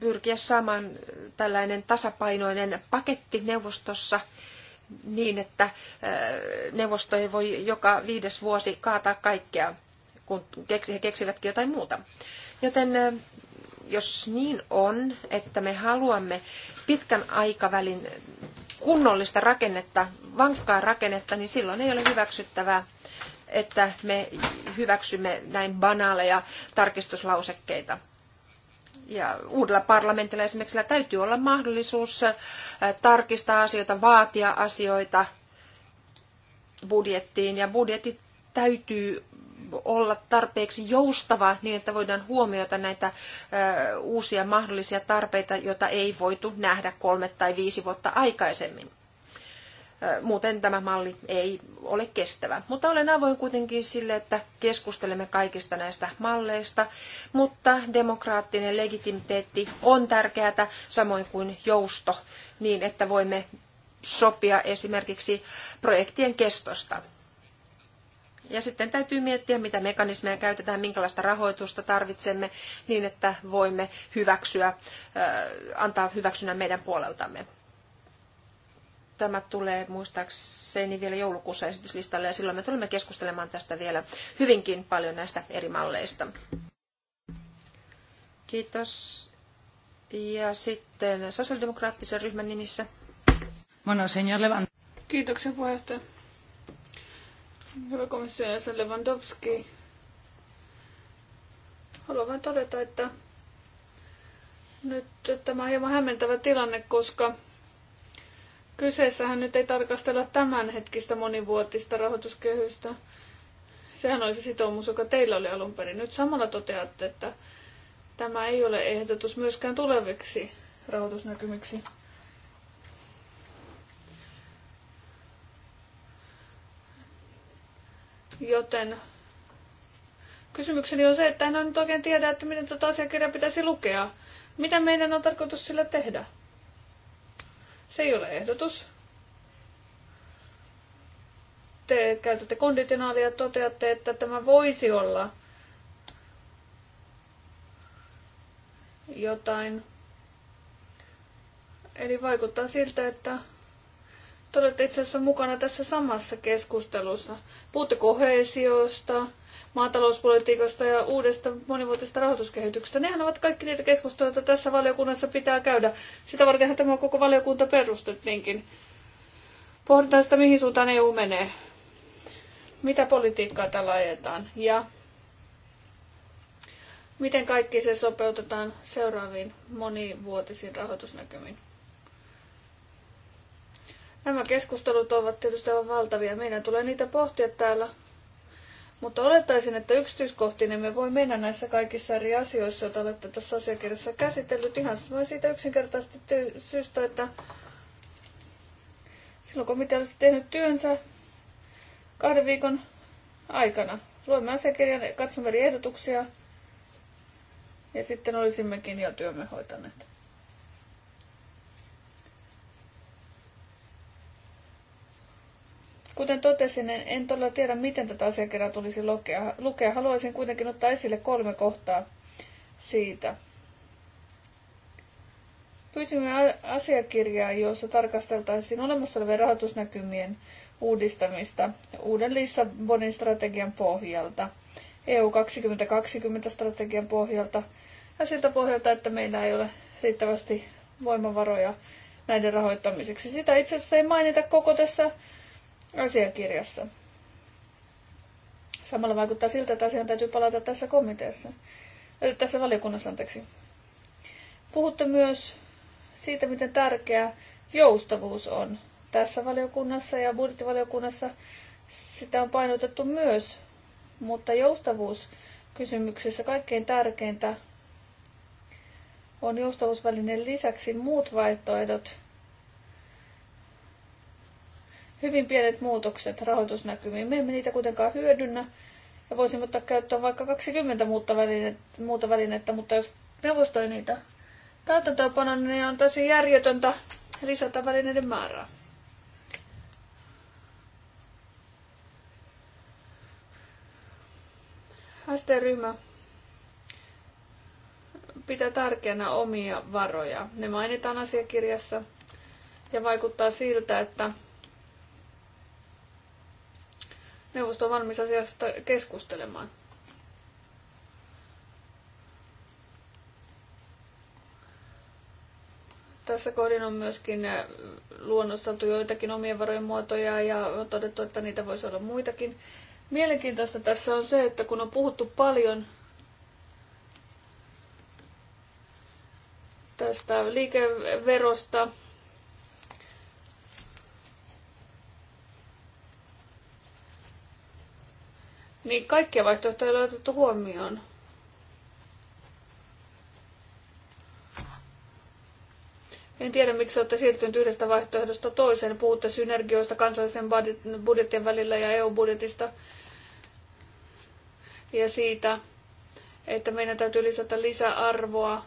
pyrkiä saamaan tällainen tasapainoinen paketti neuvostossa niin, että neuvosto ei voi joka viides vuosi kaataa kaikkea, kun he keksivätkin jotain muuta. Joten jos niin on, että me haluamme pitkän aikavälin kunnollista rakennetta, vankkaa rakennetta, niin silloin ei ole hyväksyttävää että me hyväksymme näin banaaleja tarkistuslausekkeita. Ja uudella parlamentilla esimerkiksi täytyy olla mahdollisuus äh, tarkistaa asioita, vaatia asioita budjettiin. Ja budjetti täytyy olla tarpeeksi joustava niin, että voidaan huomioida näitä äh, uusia mahdollisia tarpeita, joita ei voitu nähdä kolme tai viisi vuotta aikaisemmin. Muuten tämä malli ei ole kestävä. Mutta olen avoin kuitenkin sille, että keskustelemme kaikista näistä malleista, mutta demokraattinen legitimiteetti on tärkeää, samoin kuin jousto, niin että voimme sopia esimerkiksi projektien kestosta. Ja sitten täytyy miettiä, mitä mekanismeja käytetään, minkälaista rahoitusta tarvitsemme, niin että voimme hyväksyä, antaa hyväksynnän meidän puoleltamme tämä tulee muistaakseni vielä joulukuussa esityslistalle ja silloin me tulemme keskustelemaan tästä vielä hyvinkin paljon näistä eri malleista. Kiitos. Ja sitten sosiaalidemokraattisen ryhmän nimissä. Mono senior Levan. Kiitoksia puheenjohtaja. Hyvä komissio jäsen Lewandowski. Haluan vain todeta, että nyt tämä on hieman hämmentävä tilanne, koska Kyseessähän nyt ei tarkastella tämänhetkistä monivuotista rahoituskehystä. Sehän olisi sitoumus, joka teillä oli alun perin. Nyt samalla toteatte, että tämä ei ole ehdotus myöskään tuleviksi rahoitusnäkymiksi. Joten kysymykseni on se, että en ole nyt oikein tiedä, että miten tätä asiakirjaa pitäisi lukea. Mitä meidän on tarkoitus sillä tehdä? Se ei ole ehdotus. Te käytätte konditionaalia ja toteatte, että tämä voisi olla jotain. Eli vaikuttaa siltä, että te olette itse asiassa mukana tässä samassa keskustelussa. Puhutte kohesiosta, maatalouspolitiikasta ja uudesta monivuotisesta rahoituskehityksestä. Nehän ovat kaikki niitä keskusteluja, joita tässä valiokunnassa pitää käydä. Sitä vartenhan tämä koko valiokunta perustettiinkin. Pohditaan sitä, mihin suuntaan EU menee. Mitä politiikkaa tällä ajetaan ja miten kaikki se sopeutetaan seuraaviin monivuotisiin rahoitusnäkymiin. Nämä keskustelut ovat tietysti aivan valtavia. Meidän tulee niitä pohtia täällä mutta olettaisin, että yksityiskohtiin me voi mennä näissä kaikissa eri asioissa, joita olette tässä asiakirjassa käsitellyt ihan vain siitä yksinkertaisesti syystä, että silloin komitea olisi tehnyt työnsä kahden viikon aikana. Luemme asiakirjan, katsomme eri ehdotuksia ja sitten olisimmekin jo työmme hoitaneet. Kuten totesin, en, en todella tiedä, miten tätä asiakirjaa tulisi lukea. lukea. Haluaisin kuitenkin ottaa esille kolme kohtaa siitä. Pyysimme asiakirjaa, jossa tarkasteltaisiin olemassa olevien rahoitusnäkymien uudistamista uuden Lissabonin strategian pohjalta, EU 2020-strategian pohjalta ja siltä pohjalta, että meillä ei ole riittävästi voimavaroja näiden rahoittamiseksi. Sitä itse asiassa ei mainita koko tässä asiakirjassa. Samalla vaikuttaa siltä, että asiaan täytyy palata tässä komiteassa, tässä valiokunnassa, anteeksi. Puhutte myös siitä, miten tärkeä joustavuus on tässä valiokunnassa ja budjettivaliokunnassa. Sitä on painotettu myös, mutta joustavuus kysymyksessä kaikkein tärkeintä on joustavuusvälineen lisäksi muut vaihtoehdot – hyvin pienet muutokset rahoitusnäkymiin. Me emme niitä kuitenkaan hyödynnä ja voisimme ottaa käyttöön vaikka 20 muuta välinettä, muuta välinettä mutta jos neuvosto ei niitä täytäntöönpano, niin on täysin järjetöntä lisätä välineiden määrää. st ryhmä pitää tärkeänä omia varoja. Ne mainitaan asiakirjassa ja vaikuttaa siltä, että neuvosto on valmis asiasta keskustelemaan. Tässä kohdin on myöskin äh, luonnosteltu joitakin omien varojen muotoja ja on todettu, että niitä voisi olla muitakin. Mielenkiintoista tässä on se, että kun on puhuttu paljon tästä liikeverosta, niin kaikkia vaihtoehtoja ei ole otettu huomioon. En tiedä, miksi olette siirtynyt yhdestä vaihtoehdosta toiseen. Puhutte synergioista kansallisen budjettien välillä ja EU-budjetista ja siitä, että meidän täytyy lisätä lisäarvoa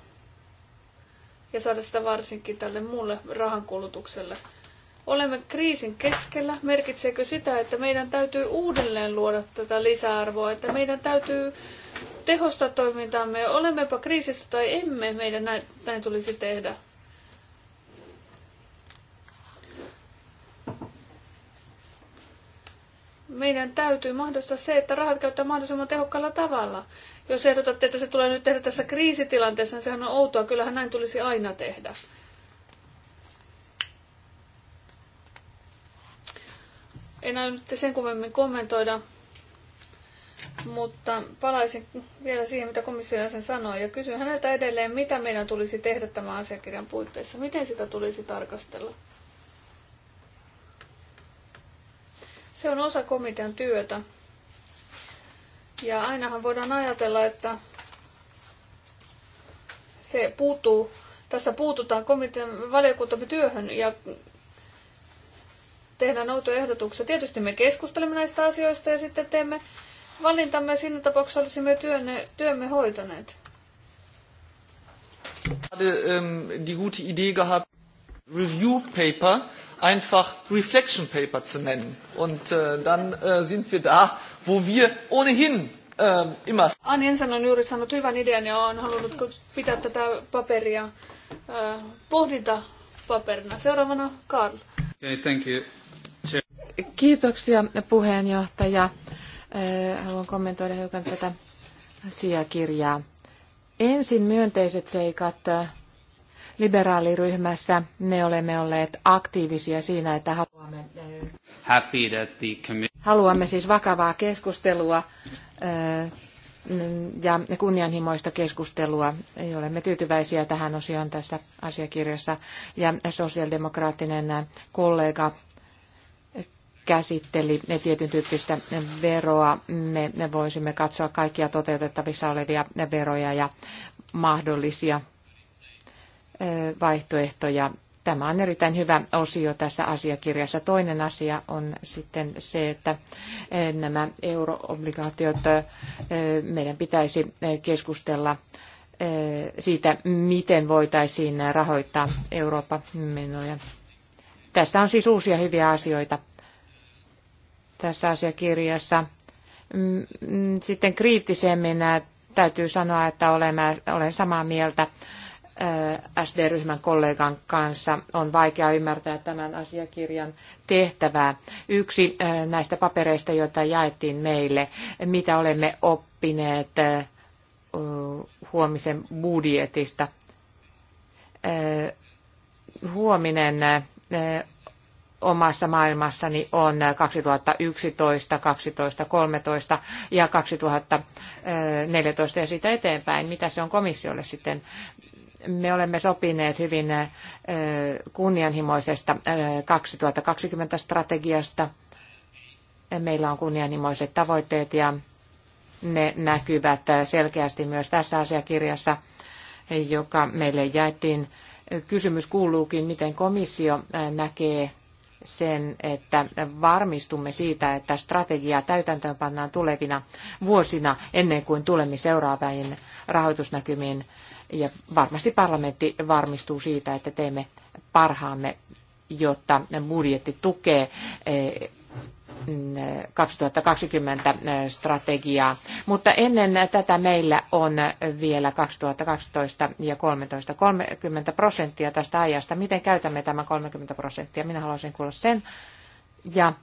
ja saada sitä varsinkin tälle muulle rahankulutukselle olemme kriisin keskellä, merkitseekö sitä, että meidän täytyy uudelleen luoda tätä lisäarvoa, että meidän täytyy tehostaa toimintaamme, olemmepa kriisissä tai emme, meidän näin, näin tulisi tehdä. Meidän täytyy mahdollistaa se, että rahat käyttää mahdollisimman tehokkaalla tavalla. Jos ehdotatte, että se tulee nyt tehdä tässä kriisitilanteessa, niin sehän on outoa. Kyllähän näin tulisi aina tehdä. En nyt sen kummemmin kommentoida, mutta palaisin vielä siihen, mitä komissio sen sanoi, ja kysyn häneltä edelleen, mitä meidän tulisi tehdä tämän asiakirjan puitteissa, miten sitä tulisi tarkastella. Se on osa komitean työtä. Ja ainahan voidaan ajatella, että se puutuu tässä puututaan komitean valiokuntamme työhön ja tehdään outoja ehdotuksia. Tietysti me keskustelemme näistä asioista ja sitten teemme valintamme siinä tapauksessa olisimme työnne, työmme hoitaneet. Gerade ähm, die gute Idee gehabt, Review Paper einfach Reflection Paper zu nennen. Und äh, dann äh, sind wir da, wo wir ohnehin äh, immer... Anni Jensen on juuri sanonut hyvän idean ja on halunnut pitää tätä paperia äh, pohdintapaperina. Seuraavana Karl. Okay, thank you. Kiitoksia puheenjohtaja. Eh, haluan kommentoida hiukan tätä asiakirjaa. Ensin myönteiset seikat liberaaliryhmässä. Me olemme olleet aktiivisia siinä, että haluamme, eh, haluamme siis vakavaa keskustelua eh, ja kunnianhimoista keskustelua. Olemme tyytyväisiä tähän osioon tässä asiakirjassa. Ja sosiaalidemokraattinen kollega käsitteli tietyn tyyppistä veroa. Me voisimme katsoa kaikkia toteutettavissa olevia veroja ja mahdollisia vaihtoehtoja. Tämä on erittäin hyvä osio tässä asiakirjassa. Toinen asia on sitten se, että nämä euroobligaatiot, meidän pitäisi keskustella siitä, miten voitaisiin rahoittaa Eurooppa-menoja. Tässä on siis uusia hyviä asioita tässä asiakirjassa. Mm, mm, sitten kriittisemmin täytyy sanoa, että olen samaa mieltä SD-ryhmän kollegan kanssa. On vaikea ymmärtää tämän asiakirjan tehtävää. Yksi näistä papereista, joita jaettiin meille, mitä olemme oppineet huomisen budjetista. Huominen omassa maailmassani on 2011, 2013 ja 2014 ja siitä eteenpäin. Mitä se on komissiolle sitten? Me olemme sopineet hyvin kunnianhimoisesta 2020 strategiasta. Meillä on kunnianhimoiset tavoitteet ja ne näkyvät selkeästi myös tässä asiakirjassa, joka meille jaettiin. Kysymys kuuluukin, miten komissio näkee sen, että varmistumme siitä, että strategiaa täytäntöön pannaan tulevina vuosina ennen kuin tulemme seuraaviin rahoitusnäkymiin. Ja varmasti parlamentti varmistuu siitä, että teemme parhaamme, jotta budjetti tukee eh, 2020 eh, strategiaa. Mutta ennen tätä meillä on vielä 2012 ja 13 30 prosenttia tästä ajasta. Miten käytämme tämä 30 prosenttia? Minä haluaisin kuulla sen. Ja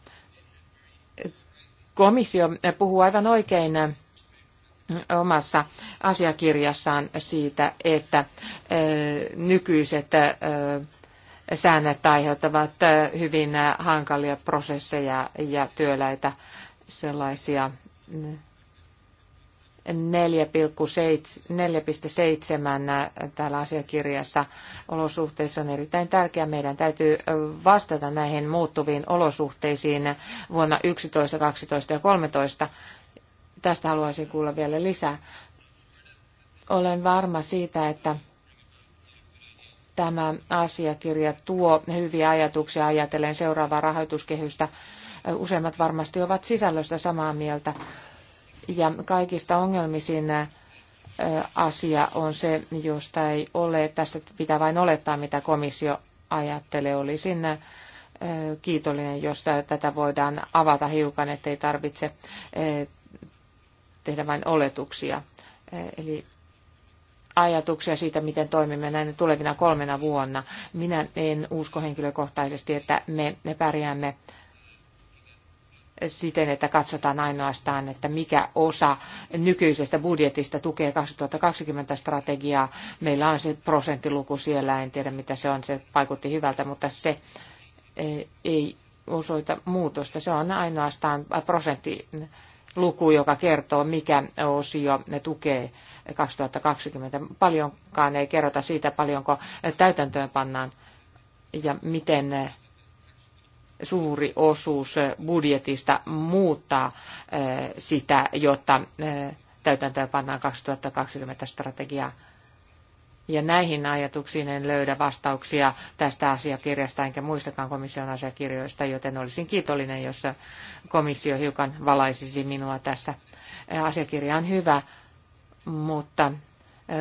komissio puhuu aivan oikein eh, omassa asiakirjassaan siitä, että eh, nykyiset säännöt aiheuttavat hyvin hankalia prosesseja ja työläitä sellaisia 4,7 mm, täällä asiakirjassa olosuhteissa on erittäin tärkeää. Meidän täytyy vastata näihin muuttuviin olosuhteisiin vuonna 11, 12 ja 13. Tästä haluaisin kuulla vielä lisää. Olen varma siitä, että tämä asiakirja tuo hyviä ajatuksia ajatellen seuraavaa rahoituskehystä. Useimmat varmasti ovat sisällöstä samaa mieltä. Ja kaikista ongelmisin asia on se, josta ei ole, tässä pitää vain olettaa, mitä komissio ajattelee. Olisin kiitollinen, jos tätä voidaan avata hiukan, ettei tarvitse tehdä vain oletuksia. Eli ajatuksia siitä, miten toimimme näinä tulevina kolmena vuonna. Minä en usko henkilökohtaisesti, että me, me pärjäämme siten, että katsotaan ainoastaan, että mikä osa nykyisestä budjetista tukee 2020 strategiaa. Meillä on se prosenttiluku siellä, en tiedä mitä se on, se vaikutti hyvältä, mutta se eh, ei osoita muutosta. Se on ainoastaan prosentti luku, joka kertoo, mikä osio ne tukee 2020. Paljonkaan ei kerrota siitä, paljonko täytäntöön pannaan ja miten suuri osuus budjetista muuttaa eh, sitä, jotta eh, täytäntöön pannaan 2020 strategiaa ja näihin ajatuksiin en löydä vastauksia tästä asiakirjasta enkä muistakaan komission asiakirjoista, joten olisin kiitollinen, jos komissio hiukan valaisisi minua tässä. Asiakirja on hyvä, mutta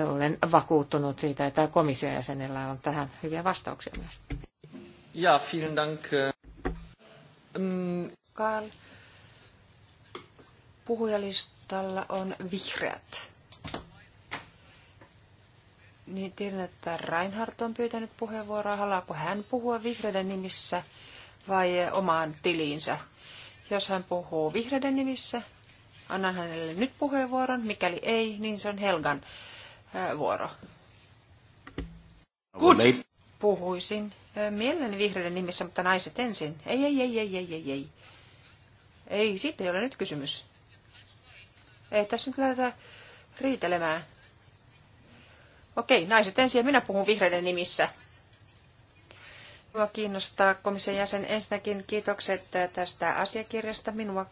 olen vakuuttunut siitä, että komission jäsenellä on tähän hyviä vastauksia myös. Ja, vielen dank. Puhujalistalla on vihreät. Niin tiedän, että Reinhardt on pyytänyt puheenvuoroa. Haluaako hän puhua vihreiden nimissä vai omaan tiliinsä? Jos hän puhuu vihreiden nimissä, annan hänelle nyt puheenvuoron. Mikäli ei, niin se on Helgan äh, vuoro. Good. Puhuisin äh, mielelläni vihreiden nimissä, mutta naiset ensin. Ei, ei, ei, ei, ei, ei, ei. Ei, siitä ei ole nyt kysymys. Ei tässä nyt lähdetä riitelemään. Okei, naiset ensin ja minä puhun vihreiden nimissä. Minua kiinnostaa komission jäsen. Ensinnäkin kiitokset tästä asiakirjasta. Minua,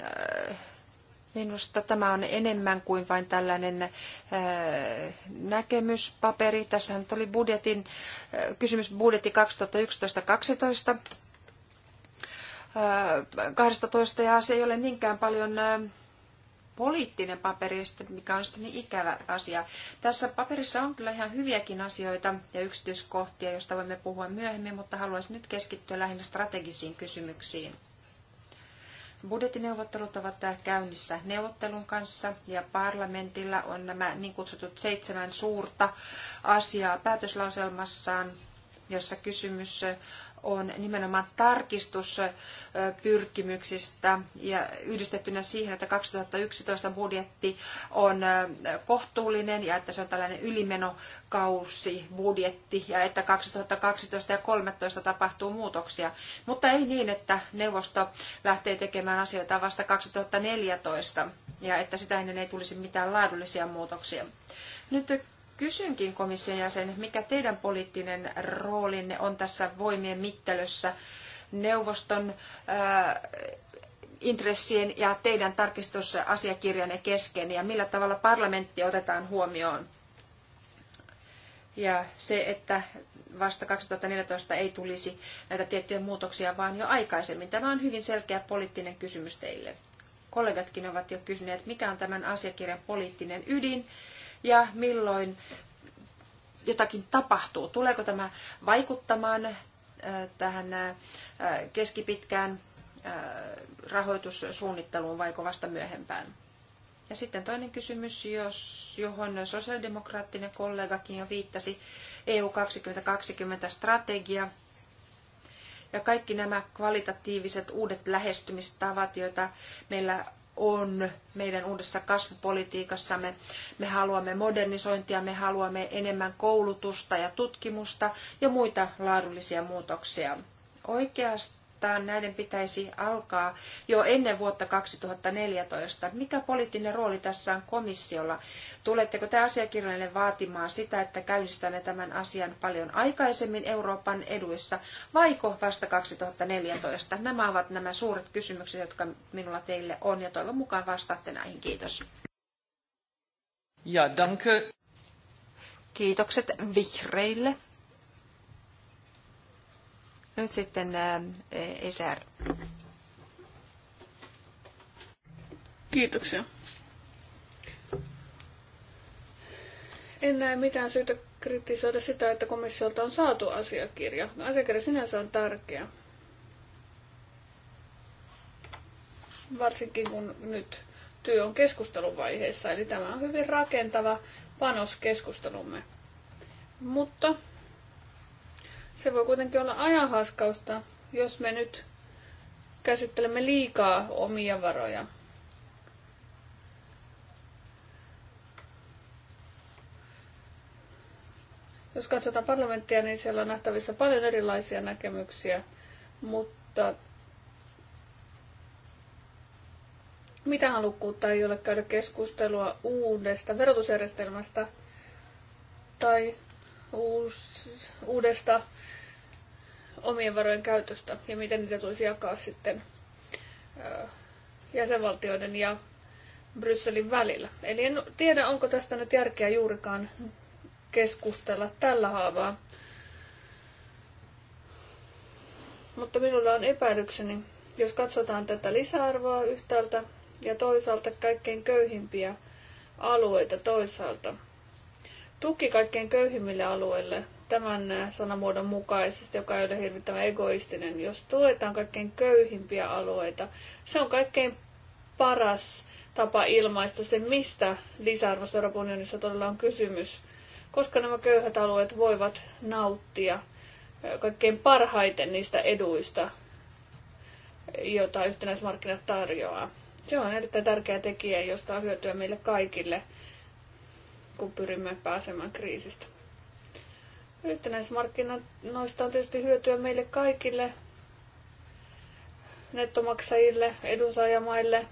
äh, minusta tämä on enemmän kuin vain tällainen äh, näkemyspaperi. Tässähän nyt oli budjetin, äh, kysymys budjetti 2011-2012. 12 ja se ei ole niinkään paljon poliittinen paperi, mikä on sitten niin ikävä asia. Tässä paperissa on kyllä ihan hyviäkin asioita ja yksityiskohtia, joista voimme puhua myöhemmin, mutta haluaisin nyt keskittyä lähinnä strategisiin kysymyksiin. Budjettineuvottelut ovat käynnissä neuvottelun kanssa ja parlamentilla on nämä niin kutsutut seitsemän suurta asiaa päätöslauselmassaan, jossa kysymys on nimenomaan tarkistuspyrkimyksistä ja yhdistettynä siihen, että 2011 budjetti on kohtuullinen ja että se on tällainen ylimenokausi budjetti ja että 2012 ja 2013 tapahtuu muutoksia. Mutta ei niin, että neuvosto lähtee tekemään asioita vasta 2014 ja että sitä ennen ei tulisi mitään laadullisia muutoksia. Nyt Kysynkin komission jäsen, mikä teidän poliittinen roolinne on tässä voimien mittelössä neuvoston ää, äh, intressien ja teidän tarkistusasiakirjanne kesken ja millä tavalla parlamentti otetaan huomioon. Ja se, että vasta 2014 ei tulisi näitä tiettyjä muutoksia, vaan jo aikaisemmin. Tämä on hyvin selkeä poliittinen kysymys teille. Kollegatkin ovat jo kysyneet, mikä on tämän asiakirjan poliittinen ydin ja milloin jotakin tapahtuu. Tuleeko tämä vaikuttamaan äh, tähän äh, keskipitkään äh, rahoitussuunnitteluun vaiko vasta myöhempään? Ja sitten toinen kysymys, jos, johon sosiaalidemokraattinen kollegakin jo viittasi, EU 2020 strategia ja kaikki nämä kvalitatiiviset uudet lähestymistavat, joita meillä on meidän uudessa kasvupolitiikassamme. Me haluamme modernisointia, me haluamme enemmän koulutusta ja tutkimusta ja muita laadullisia muutoksia. Oikeastaan suuntaan näiden pitäisi alkaa jo ennen vuotta 2014. Mikä poliittinen rooli tässä on komissiolla? Tuletteko te asiakirjoille vaatimaan sitä, että käynnistämme tämän asian paljon aikaisemmin Euroopan eduissa, vaiko vasta 2014? Nämä ovat nämä suuret kysymykset, jotka minulla teille on, ja toivon mukaan vastaatte näihin. Kiitos. Ja, danke. Kiitokset vihreille. Nyt sitten Esär. Kiitoksia. En näe mitään syytä kritisoida sitä, että komissiolta on saatu asiakirja. No, asiakirja sinänsä on tärkeä. Varsinkin kun nyt työ on keskusteluvaiheessa, eli tämä on hyvin rakentava panos keskustelumme. Mutta se voi kuitenkin olla ajanhaskausta, jos me nyt käsittelemme liikaa omia varoja. Jos katsotaan parlamenttia, niin siellä on nähtävissä paljon erilaisia näkemyksiä, mutta mitä halukkuutta ei ole käydä keskustelua uudesta verotusjärjestelmästä tai uus, uudesta omien varojen käytöstä ja miten niitä tulisi jakaa sitten jäsenvaltioiden ja Brysselin välillä. Eli en tiedä, onko tästä nyt järkeä juurikaan keskustella tällä haavaa. Mutta minulla on epäilykseni, jos katsotaan tätä lisäarvoa yhtäältä ja toisaalta kaikkein köyhimpiä alueita toisaalta. Tuki kaikkein köyhimmille alueille tämän sanamuodon mukaisesti, joka ei ole hirvittävän egoistinen. Jos tuetaan kaikkein köyhimpiä alueita, se on kaikkein paras tapa ilmaista sen, mistä lisäarvosta Euroopan unionissa todella on kysymys, koska nämä köyhät alueet voivat nauttia kaikkein parhaiten niistä eduista, joita yhtenäismarkkinat tarjoaa. Se on erittäin tärkeä tekijä, josta on hyötyä meille kaikille, kun pyrimme pääsemään kriisistä. Yhtenäismarkkinoista on tietysti hyötyä meille kaikille nettomaksajille, edunsaajamaille.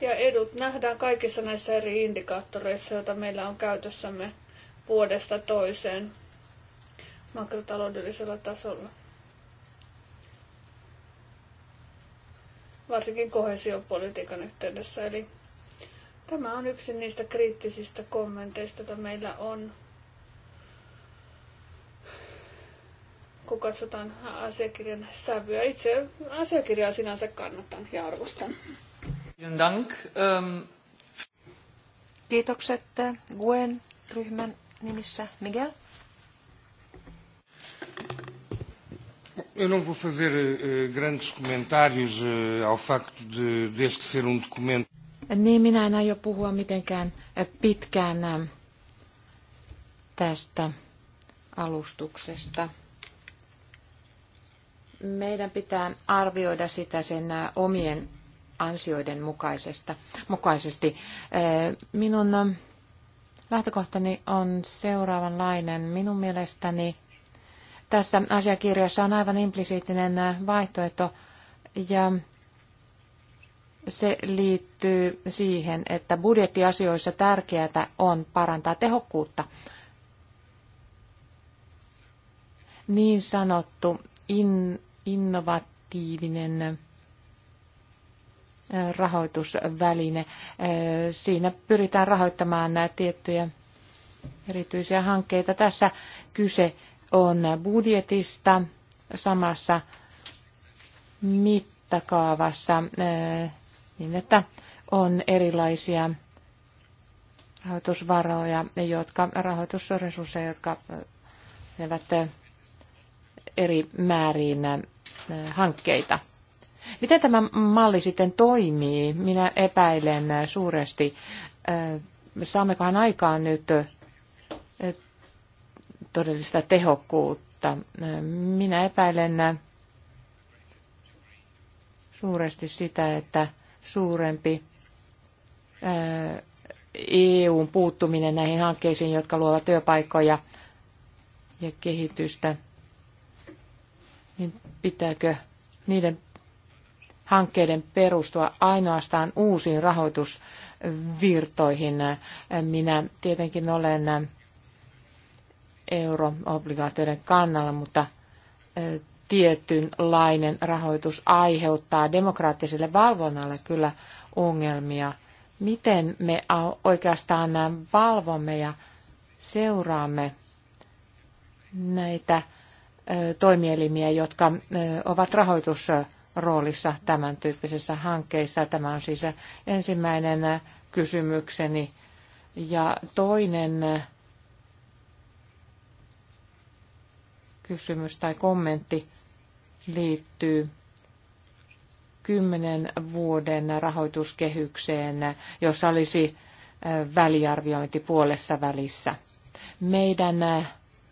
Ja edut nähdään kaikissa näissä eri indikaattoreissa, joita meillä on käytössämme vuodesta toiseen makrotaloudellisella tasolla. Varsinkin kohesiopolitiikan yhteydessä. Eli tämä on yksi niistä kriittisistä kommenteista, joita meillä on kun katsotaan asiakirjan sävyä. Itse asiakirjaa sinänsä kannatan ja arvostan. Ähm, Kiitokset äh, Guen ryhmän nimissä. Miguel? Eu não vou fazer eh, eh, grandes comentários eh, ao facto de deste ser um documento. Niin, minä en aio puhua mitenkään pitkään tästä alustuksesta meidän pitää arvioida sitä sen omien ansioiden mukaisesta, mukaisesti. Minun lähtökohtani on seuraavanlainen. Minun mielestäni tässä asiakirjassa on aivan implisiittinen vaihtoehto ja se liittyy siihen, että budjettiasioissa tärkeää on parantaa tehokkuutta. Niin sanottu in, innovatiivinen rahoitusväline. Siinä pyritään rahoittamaan nämä tiettyjä erityisiä hankkeita. Tässä kyse on budjetista samassa mittakaavassa niin, että on erilaisia rahoitusvaroja, jotka, rahoitusresursseja, jotka menevät eri määriin Eh, hankkeita. Miten tämä malli sitten toimii? Minä epäilen suuresti. Eh, saammekohan aikaan nyt eh, todellista tehokkuutta? Minä epäilen suuresti sitä, että suurempi EUn e puuttuminen näihin hankkeisiin, jotka luovat työpaikkoja ja kehitystä, pitääkö niiden hankkeiden perustua ainoastaan uusiin rahoitusvirtoihin. Minä tietenkin olen euroobligaatioiden kannalla, mutta tietynlainen rahoitus aiheuttaa demokraattiselle valvonnalle kyllä ongelmia. Miten me oikeastaan valvomme ja seuraamme näitä toimielimiä, jotka ovat rahoitusroolissa tämän tyyppisissä hankkeissa. Tämä on siis ensimmäinen kysymykseni. Ja toinen kysymys tai kommentti liittyy kymmenen vuoden rahoituskehykseen, jossa olisi väliarviointi puolessa välissä. Meidän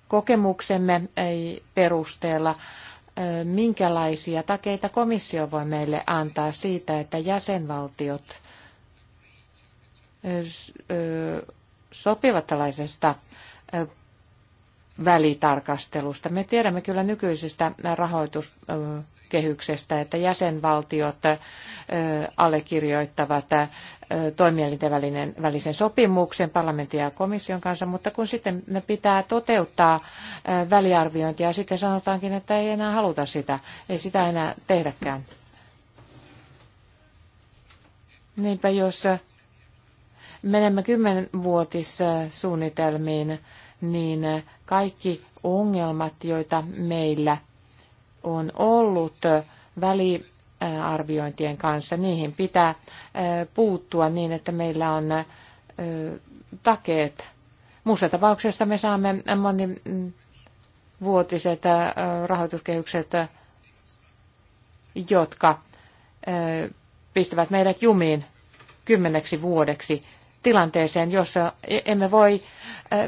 kokemuksemme perusteella, minkälaisia takeita komissio voi meille antaa siitä, että jäsenvaltiot sopivat tällaisesta välitarkastelusta. Me tiedämme kyllä nykyisestä rahoituskehyksestä, että jäsenvaltiot allekirjoittavat toimielinten välinen, välisen sopimuksen parlamentin ja komission kanssa, mutta kun sitten ne pitää toteuttaa väliarviointia, sitten sanotaankin, että ei enää haluta sitä, ei sitä enää tehdäkään. Niinpä jos menemme kymmenvuotissuunnitelmiin, suunnitelmiin niin kaikki ongelmat, joita meillä on ollut väliarviointien kanssa, niihin pitää puuttua niin, että meillä on takeet. Muussa tapauksessa me saamme monivuotiset mm, rahoituskehykset, jotka pistävät meidät jumiin kymmeneksi vuodeksi tilanteeseen, jossa emme voi eh,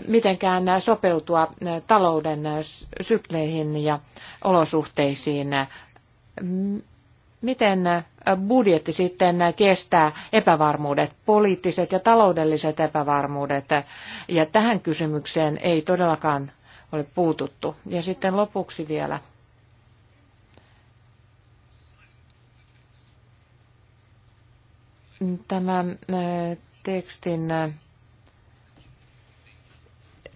mitenkään sopeutua eh, talouden eh, sykleihin ja olosuhteisiin. Miten budjetti sitten kestää epävarmuudet, poliittiset ja taloudelliset epävarmuudet? Ja tähän kysymykseen ei todellakaan ole puututtu. Ja sitten lopuksi vielä tämä tekstin.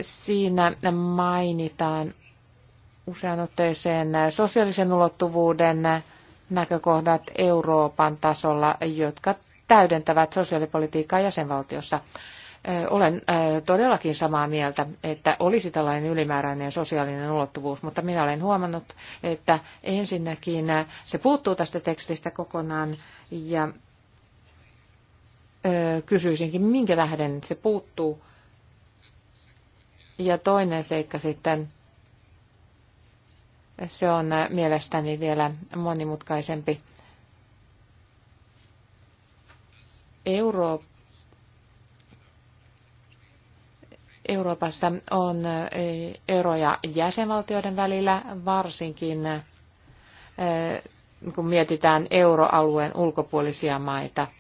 Siinä mainitaan usean otteeseen sosiaalisen ulottuvuuden näkökohdat Euroopan tasolla, jotka täydentävät sosiaalipolitiikkaa jäsenvaltiossa. Olen todellakin samaa mieltä, että olisi tällainen ylimääräinen sosiaalinen ulottuvuus, mutta minä olen huomannut, että ensinnäkin se puuttuu tästä tekstistä kokonaan ja kysyisinkin, minkä tähden se puuttuu. Ja toinen seikka sitten, se on mielestäni vielä monimutkaisempi. Euro... Euroopassa on eroja jäsenvaltioiden välillä, varsinkin kun mietitään euroalueen ulkopuolisia maita –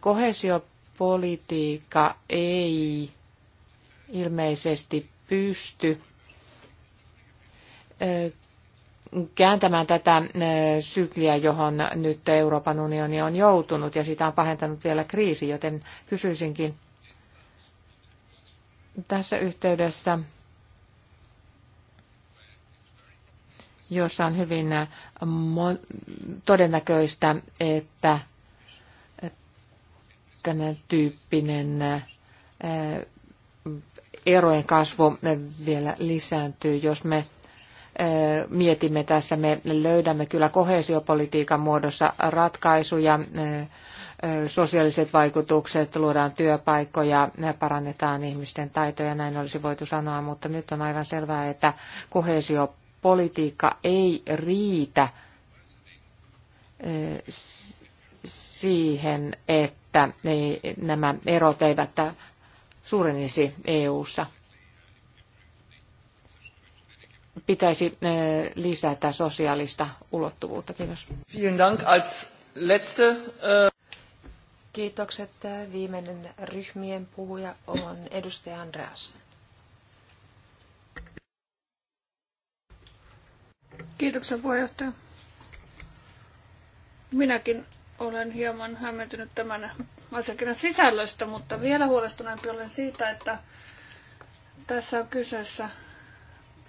Kohesiopolitiikka ei ilmeisesti pysty kääntämään tätä sykliä, johon nyt Euroopan unioni on joutunut, ja sitä on pahentanut vielä kriisi, joten kysyisinkin tässä yhteydessä, jossa on hyvin todennäköistä, että tämän tyyppinen eh, erojen kasvu vielä lisääntyy, jos me eh, mietimme tässä, me löydämme kyllä kohesiopolitiikan muodossa ratkaisuja, eh, sosiaaliset vaikutukset, luodaan työpaikkoja, parannetaan ihmisten taitoja, näin olisi voitu sanoa, mutta nyt on aivan selvää, että kohesiopolitiikka ei riitä siihen, että että nämä erot eivät suurenisi EU-ssa. Pitäisi eh, lisätä sosiaalista ulottuvuutta. Kiitos. Eh, Kiitokset. Viimeinen ryhmien puhuja on edustaja Andreas. Kiitoksia puheenjohtaja. Minäkin olen hieman hämmentynyt tämän asiakirjan sisällöstä, mutta vielä huolestuneempi olen siitä, että tässä on kyseessä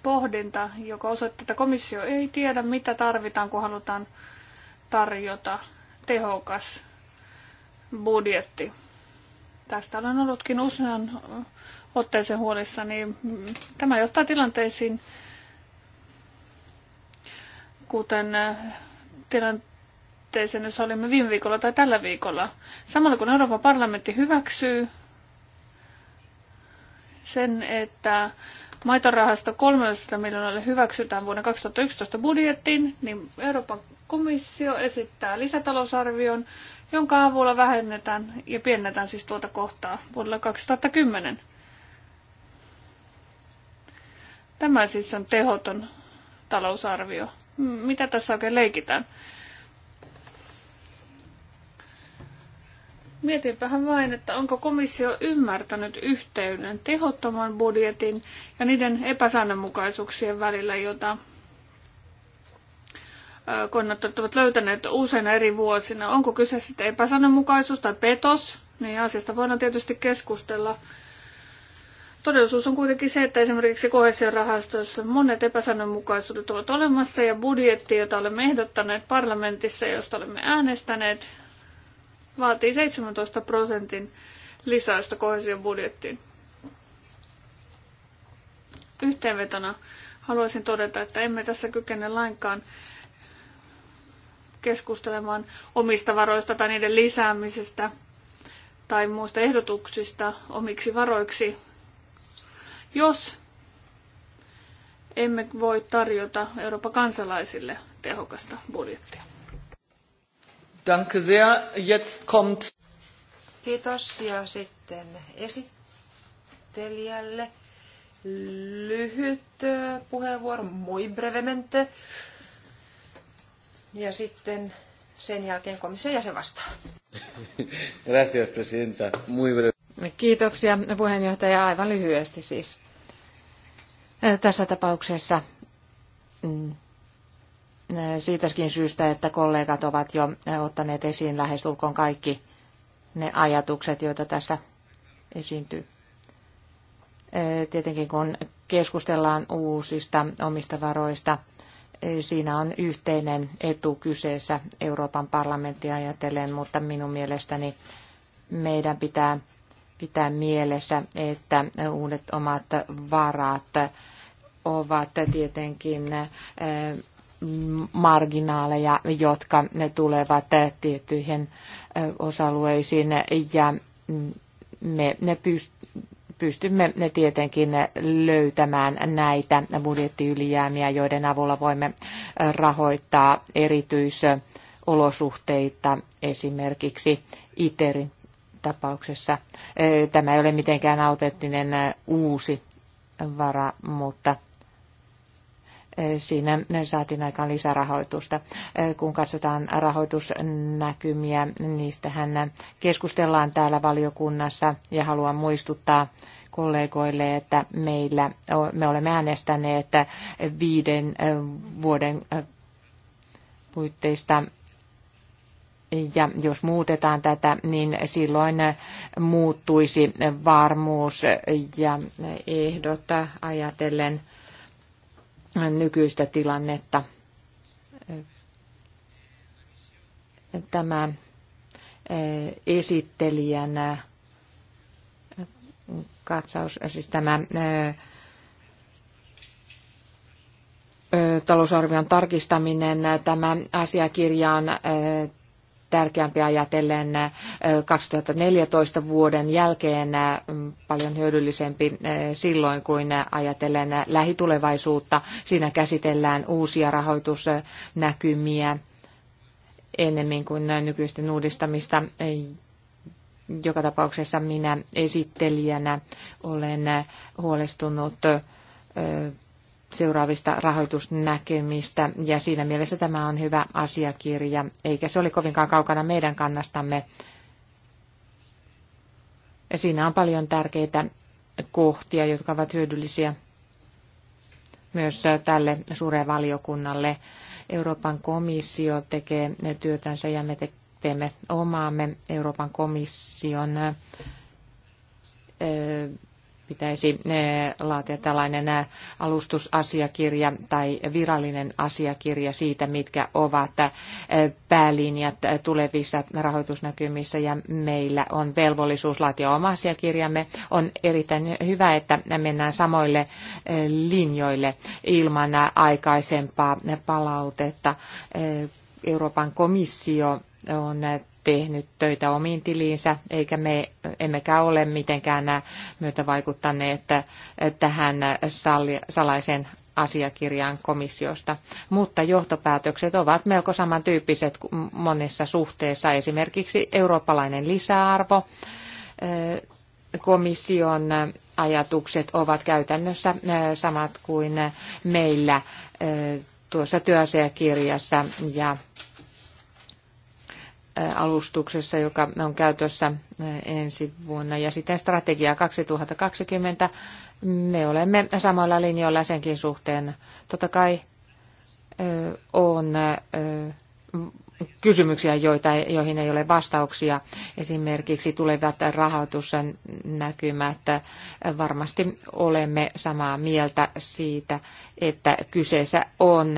pohdinta, joka osoittaa, että komissio ei tiedä, mitä tarvitaan, kun halutaan tarjota tehokas budjetti. Tästä olen ollutkin usean otteeseen huolissa, niin tämä johtaa tilanteisiin, kuten eh, tilan, otteeseen, jos olimme viime viikolla tai tällä viikolla. Samalla kun Euroopan parlamentti hyväksyy sen, että maitorahasto 300 miljoonalle hyväksytään vuonna 2011 budjettiin, niin Euroopan komissio esittää lisätalousarvion, jonka avulla vähennetään ja pienennetään siis tuota kohtaa vuodella 2010. Tämä siis on tehoton talousarvio. Mitä tässä oikein leikitään? Mietinpähän vain, että onko komissio ymmärtänyt yhteyden tehottoman budjetin ja niiden epäsäännönmukaisuuksien välillä, jota kannattajat ovat löytäneet useina eri vuosina. Onko kyse sitten epäsäännönmukaisuus tai petos, niin asiasta voidaan tietysti keskustella. Todellisuus on kuitenkin se, että esimerkiksi kohesiorahastoissa monet epäsäännönmukaisuudet ovat olemassa ja budjetti, jota olemme ehdottaneet parlamentissa, josta olemme äänestäneet, vaatii 17 prosentin lisäystä kohesion budjettiin. Yhteenvetona haluaisin todeta, että emme tässä kykene lainkaan keskustelemaan omista varoista tai niiden lisäämisestä tai muista ehdotuksista omiksi varoiksi, jos emme voi tarjota Euroopan kansalaisille tehokasta budjettia. Danke sehr. Jetzt kommt... Kiitos. Ja sitten esittelijälle lyhyt puheenvuoro, muy brevemente. Ja sitten sen jälkeen komission jäsen vastaa. Gracias, presidenta. Muy breve. Kiitoksia puheenjohtaja, aivan lyhyesti siis. Tässä tapauksessa mm, siitäkin syystä, että kollegat ovat jo ottaneet esiin lähestulkoon kaikki ne ajatukset, joita tässä esiintyy. Tietenkin kun keskustellaan uusista omista varoista, siinä on yhteinen etu kyseessä Euroopan parlamentti ajatellen, mutta minun mielestäni meidän pitää pitää mielessä, että uudet omat varat ovat tietenkin marginaaleja, jotka ne tulevat tiettyihin osa-alueisiin ja me ne pystymme ne tietenkin löytämään näitä budjettiylijäämiä, joiden avulla voimme rahoittaa erityisolosuhteita esimerkiksi ITERin tapauksessa. Tämä ei ole mitenkään autenttinen uusi vara, mutta – Siinä saatiin aikaan lisärahoitusta. Kun katsotaan rahoitusnäkymiä, niistähän keskustellaan täällä valiokunnassa ja haluan muistuttaa kollegoille, että meillä, me olemme äänestäneet viiden vuoden puitteista ja jos muutetaan tätä, niin silloin muuttuisi varmuus ja ehdot ajatellen nykyistä tilannetta. Tämä esittelijänä katsaus, siis tämä talousarvion tarkistaminen. Tämä asiakirja on tärkeämpi ajatellen 2014 vuoden jälkeen paljon hyödyllisempi silloin kuin ajatellen lähitulevaisuutta. Siinä käsitellään uusia rahoitusnäkymiä ennemmin kuin nykyisten uudistamista. Joka tapauksessa minä esittelijänä olen huolestunut seuraavista rahoitusnäkymistä ja siinä mielessä tämä on hyvä asiakirja, eikä se ole kovinkaan kaukana meidän kannastamme. Siinä on paljon tärkeitä kohtia, jotka ovat hyödyllisiä myös tälle suureen valiokunnalle. Euroopan komissio tekee työtänsä ja me teemme omaamme Euroopan komission pitäisi eh, laatia tällainen eh, alustusasiakirja tai virallinen asiakirja siitä, mitkä ovat eh, päälinjat tulevissa rahoitusnäkymissä ja meillä on velvollisuus laatia oma asiakirjamme. On erittäin hyvä, että mennään samoille linjoille ilman aikaisempaa palautetta. Euroopan komissio on tehnyt töitä omiin tiliinsä, eikä me emmekä ole mitenkään myötä vaikuttaneet tähän salaisen asiakirjaan komissiosta, mutta johtopäätökset ovat melko samantyyppiset monessa suhteessa. Esimerkiksi eurooppalainen lisäarvo, eh, komission ajatukset ovat käytännössä eh, samat kuin meillä eh, tuossa työasiakirjassa ja alustuksessa, joka on käytössä eh, ensi vuonna, ja sitten strategia 2020. Me olemme samoilla linjoilla senkin suhteen. Totta kai eh, on eh, kysymyksiä, joita, joihin ei ole vastauksia. Esimerkiksi tulevat rahoituksen näkymät. Varmasti olemme samaa mieltä siitä, että kyseessä on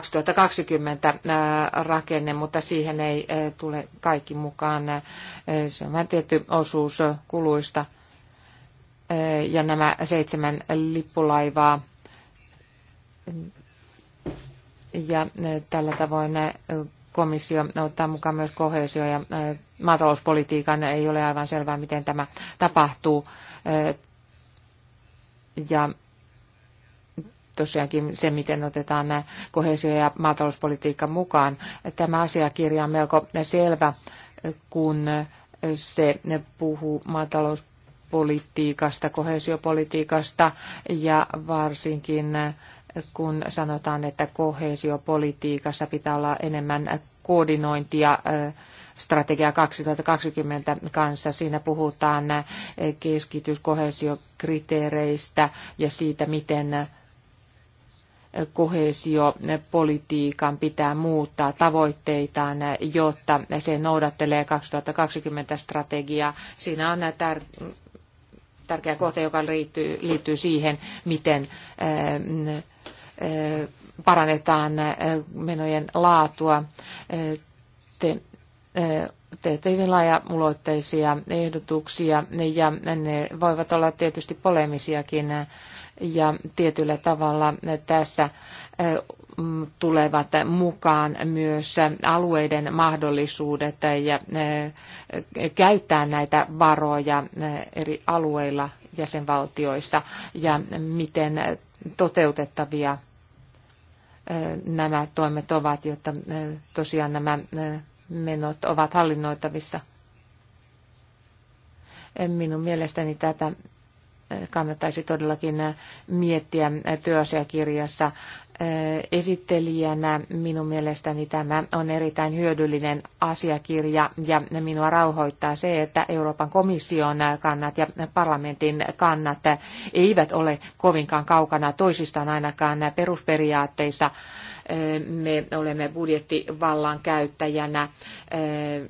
2020 rakenne, mutta siihen ei tule kaikki mukaan. Se on vain tietty osuus kuluista. Ja nämä seitsemän lippulaivaa. Ja tällä tavoin komissio ottaa mukaan myös kohesio ja maatalouspolitiikan. Ei ole aivan selvää, miten tämä tapahtuu. Ja tosiaankin se, miten otetaan kohesio- ja maatalouspolitiikka mukaan. Tämä asiakirja on melko selvä, kun se puhuu maatalouspolitiikasta, kohesiopolitiikasta ja varsinkin kun sanotaan, että kohesiopolitiikassa pitää olla enemmän koordinointia äh, strategia 2020 kanssa. Siinä puhutaan äh, keskitys kohesiokriteereistä ja siitä, miten kohesiopolitiikan pitää muuttaa tavoitteitaan, jotta se noudattelee 2020 strategiaa. Siinä on tär- tärkeä kohta, joka liittyy, liittyy siihen, miten äh, parannetaan äh, menojen laatua. Äh, te, teette hyvin laajamuloitteisia ehdotuksia ja ne voivat olla tietysti polemisiakin ja tietyllä tavalla tässä tulevat mukaan myös alueiden mahdollisuudet ja käyttää näitä varoja eri alueilla jäsenvaltioissa ja miten toteutettavia nämä toimet ovat, jotta tosiaan nämä menot ovat hallinnoitavissa. Minun mielestäni tätä kannattaisi todellakin miettiä työasiakirjassa esittelijänä. Minun mielestäni tämä on erittäin hyödyllinen asiakirja ja minua rauhoittaa se, että Euroopan komission kannat ja parlamentin kannat eivät ole kovinkaan kaukana toisistaan ainakaan perusperiaatteissa. Me olemme budjettivallan käyttäjänä.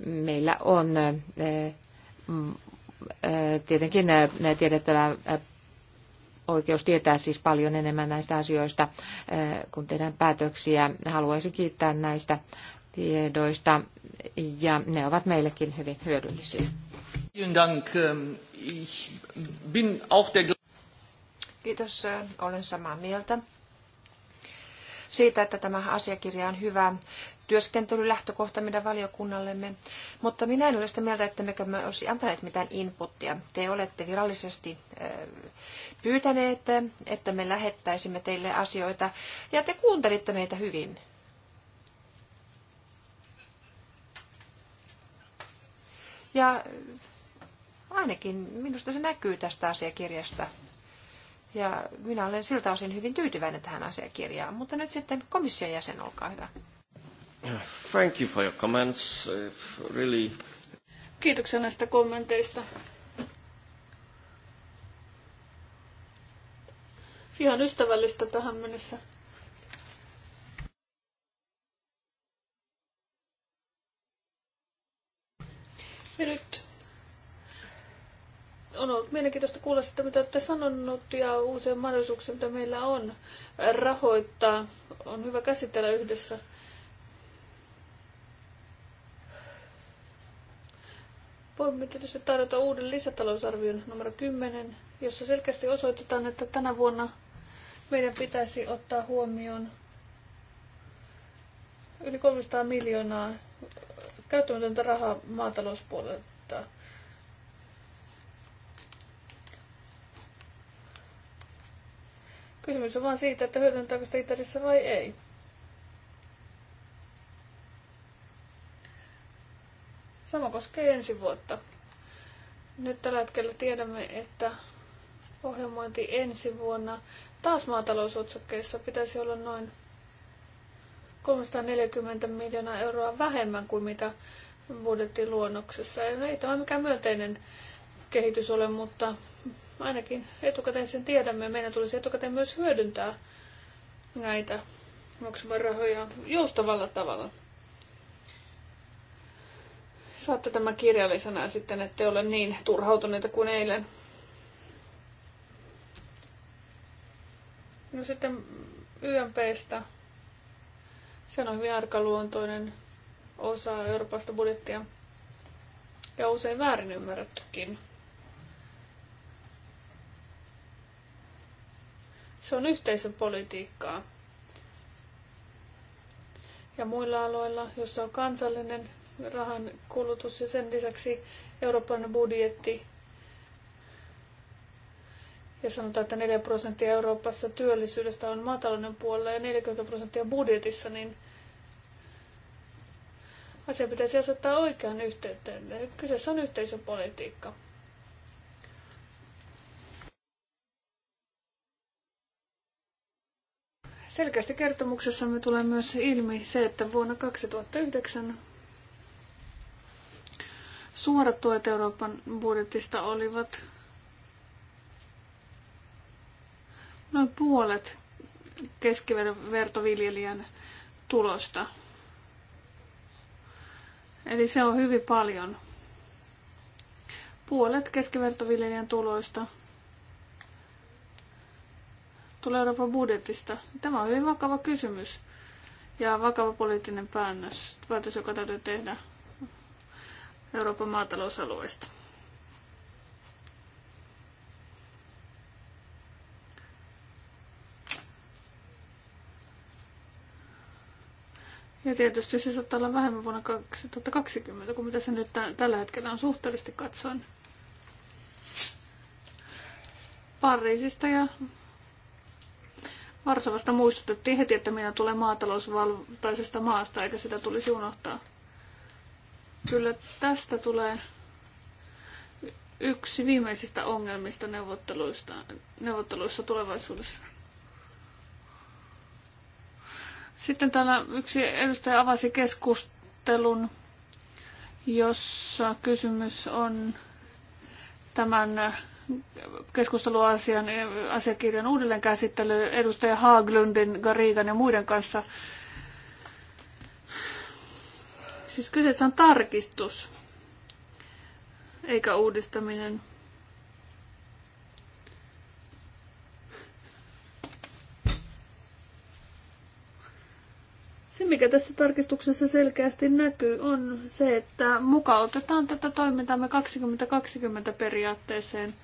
Meillä on tietenkin tiedettävä oikeus tietää siis paljon enemmän näistä asioista, kun tehdään päätöksiä. Haluaisin kiittää näistä tiedoista ja ne ovat meillekin hyvin hyödyllisiä. Ähm, Kiitos, olen samaa mieltä siitä, että tämä asiakirja on hyvä työskentelylähtökohta meidän valiokunnallemme, mutta minä en ole sitä mieltä, että me olisi antaneet mitään inputtia. Te olette virallisesti pyytäneet, että me lähettäisimme teille asioita, ja te kuuntelitte meitä hyvin. Ja ainakin minusta se näkyy tästä asiakirjasta. Ja minä olen siltä osin hyvin tyytyväinen tähän asiakirjaan. Mutta nyt sitten komission jäsen, olkaa hyvä. Thank you for your comments. Uh, really... Kiitoksia näistä kommenteista. Ihan ystävällistä tähän mennessä. Ja nyt on ollut mielenkiintoista kuulla sitä, mitä olette sanonut ja uusia mahdollisuuksia, mitä meillä on rahoittaa. On hyvä käsitellä yhdessä. Voimme tietysti tarjota uuden lisätalousarvion numero 10, jossa selkeästi osoitetaan, että tänä vuonna meidän pitäisi ottaa huomioon yli 300 miljoonaa käyttämätöntä rahaa maatalouspuolelta. Kysymys on vain siitä, että hyödyntääkö sitä Itärissä vai ei. Sama koskee ensi vuotta. Nyt tällä hetkellä tiedämme, että ohjelmointi ensi vuonna taas maatalousotsakkeissa pitäisi olla noin 340 miljoonaa euroa vähemmän kuin mitä budjettiluonnoksessa. Ei tämä mikään myönteinen kehitys ole, mutta ainakin etukäteen sen tiedämme. Meidän tulisi etukäteen myös hyödyntää näitä maksumarahoja joustavalla tavalla. Saatte tämä kirjallisena sitten, ettei ole niin turhautuneita kuin eilen. No sitten YMPstä. Se on hyvin arkaluontoinen osa Euroopasta budjettia ja usein väärin ymmärrettykin. Se on yhteisön politiikkaa. Ja muilla aloilla, jossa on kansallinen rahan kulutus ja sen lisäksi Euroopan budjetti. Ja sanotaan, että 4 prosenttia Euroopassa työllisyydestä on maatalouden puolella ja 40 prosenttia budjetissa, niin asia pitäisi asettaa oikean yhteyteen. Kyseessä on yhteisöpolitiikka. Selkeästi kertomuksessa me tulee myös ilmi se, että vuonna 2009 Suorat tuet Euroopan budjetista olivat noin puolet keskivertoviljelijän tulosta. Eli se on hyvin paljon. Puolet keskivertoviljelijän tuloista tulee Euroopan budjetista. Tämä on hyvin vakava kysymys ja vakava poliittinen päännös, päätös, joka täytyy tehdä. Euroopan maatalousalueista. Ja tietysti se saattaa olla vähemmän vuonna 2020 kuin mitä se nyt tällä hetkellä on suhteellisesti katsoen. Pariisista ja Varsovasta muistutettiin heti, että minä tulee maatalousvaltaisesta maasta, eikä sitä tulisi unohtaa. Kyllä tästä tulee yksi viimeisistä ongelmista neuvotteluista, neuvotteluissa tulevaisuudessa. Sitten täällä yksi edustaja avasi keskustelun, jossa kysymys on tämän keskusteluasian asiakirjan uudelleenkäsittely edustaja Haaglundin, Garigan ja muiden kanssa Siis kyseessä on tarkistus, eikä uudistaminen. Se, mikä tässä tarkistuksessa selkeästi näkyy, on se, että mukautetaan tätä toimintaamme 2020 periaatteeseen.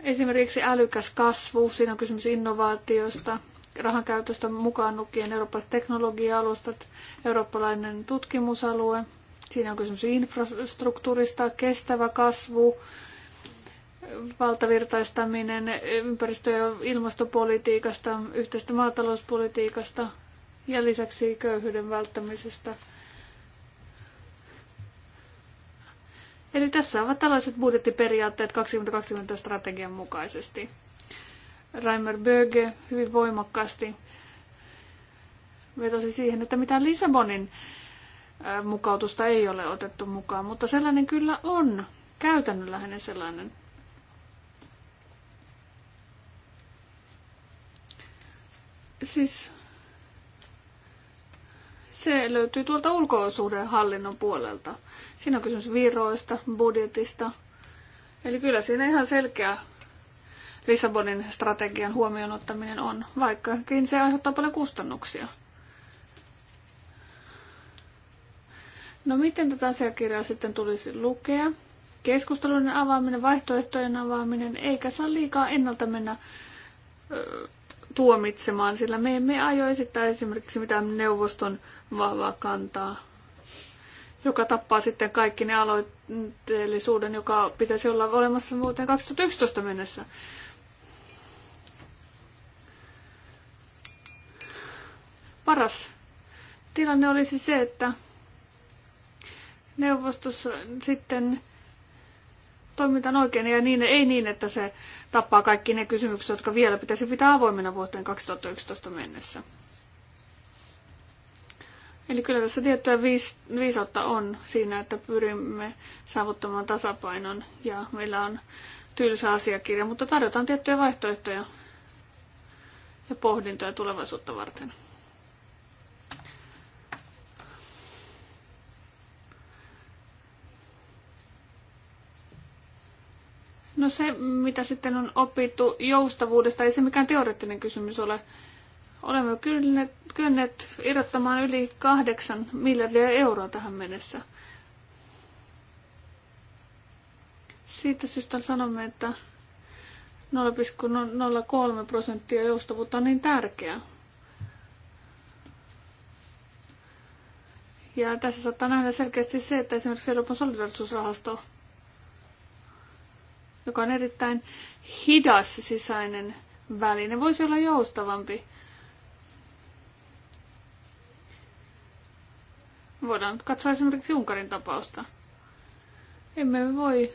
Esimerkiksi älykäs kasvu, siinä on kysymys innovaatiosta, rahan käytöstä mukaan lukien eurooppalaiset teknologia-alustat, eurooppalainen tutkimusalue. Siinä on kysymys infrastruktuurista, kestävä kasvu, valtavirtaistaminen, ympäristö- ja ilmastopolitiikasta, yhteistä maatalouspolitiikasta ja lisäksi köyhyyden välttämisestä. Eli tässä ovat tällaiset budjettiperiaatteet 2020 strategian mukaisesti. Raimer Böge hyvin voimakkaasti vetosi siihen, että mitään Lissabonin mukautusta ei ole otettu mukaan, mutta sellainen kyllä on, käytännönläheinen sellainen. Siis se löytyy tuolta hallinnon puolelta. Siinä on kysymys viroista, budjetista. Eli kyllä siinä ihan selkeä Lissabonin strategian huomioon ottaminen on, vaikkakin se aiheuttaa paljon kustannuksia. No miten tätä asiakirjaa sitten tulisi lukea? Keskustelujen avaaminen, vaihtoehtojen avaaminen, eikä saa liikaa ennalta mennä ö, tuomitsemaan, sillä me emme aio esittää esimerkiksi mitään neuvoston vahvaa kantaa, joka tappaa sitten kaikki ne aloitteellisuuden, joka pitäisi olla olemassa vuoteen 2011 mennessä. Paras tilanne olisi se, että neuvostus sitten toimitaan oikein ja niin, ei niin, että se tappaa kaikki ne kysymykset, jotka vielä pitäisi pitää avoimena vuoteen 2011 mennessä. Eli kyllä tässä tiettyä viis- viisautta on siinä, että pyrimme saavuttamaan tasapainon ja meillä on tylsä asiakirja, mutta tarjotaan tiettyjä vaihtoehtoja ja pohdintoja tulevaisuutta varten. No se, mitä sitten on opittu joustavuudesta, ei se mikään teoreettinen kysymys ole. Olemme kyenneet irrottamaan yli kahdeksan miljardia euroa tähän mennessä. Siitä syystä sanomme, että 0,03 prosenttia joustavuutta on niin tärkeää. Ja tässä saattaa nähdä selkeästi se, että esimerkiksi Euroopan solidarisuusrahasto joka on erittäin hidas sisäinen väline, voisi olla joustavampi. Voidaan katsoa esimerkiksi Unkarin tapausta. Emme voi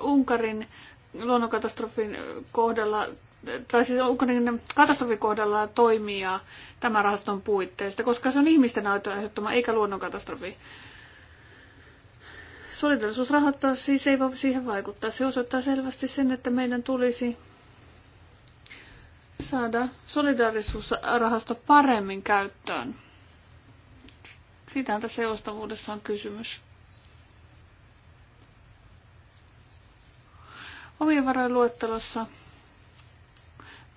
Unkarin luonnonkatastrofin kohdalla tai siis Ukrainan katastrofin kohdalla toimia tämän rahaston puitteista, koska se on ihmisten aiheuttama eikä luonnonkatastrofi. Solidarisuusrahoittaa siis ei voi siihen vaikuttaa. Se osoittaa selvästi sen, että meidän tulisi saada solidaarisuusrahasto paremmin käyttöön. Siitähän tässä joustavuudessa on kysymys. Omien varojen luettelossa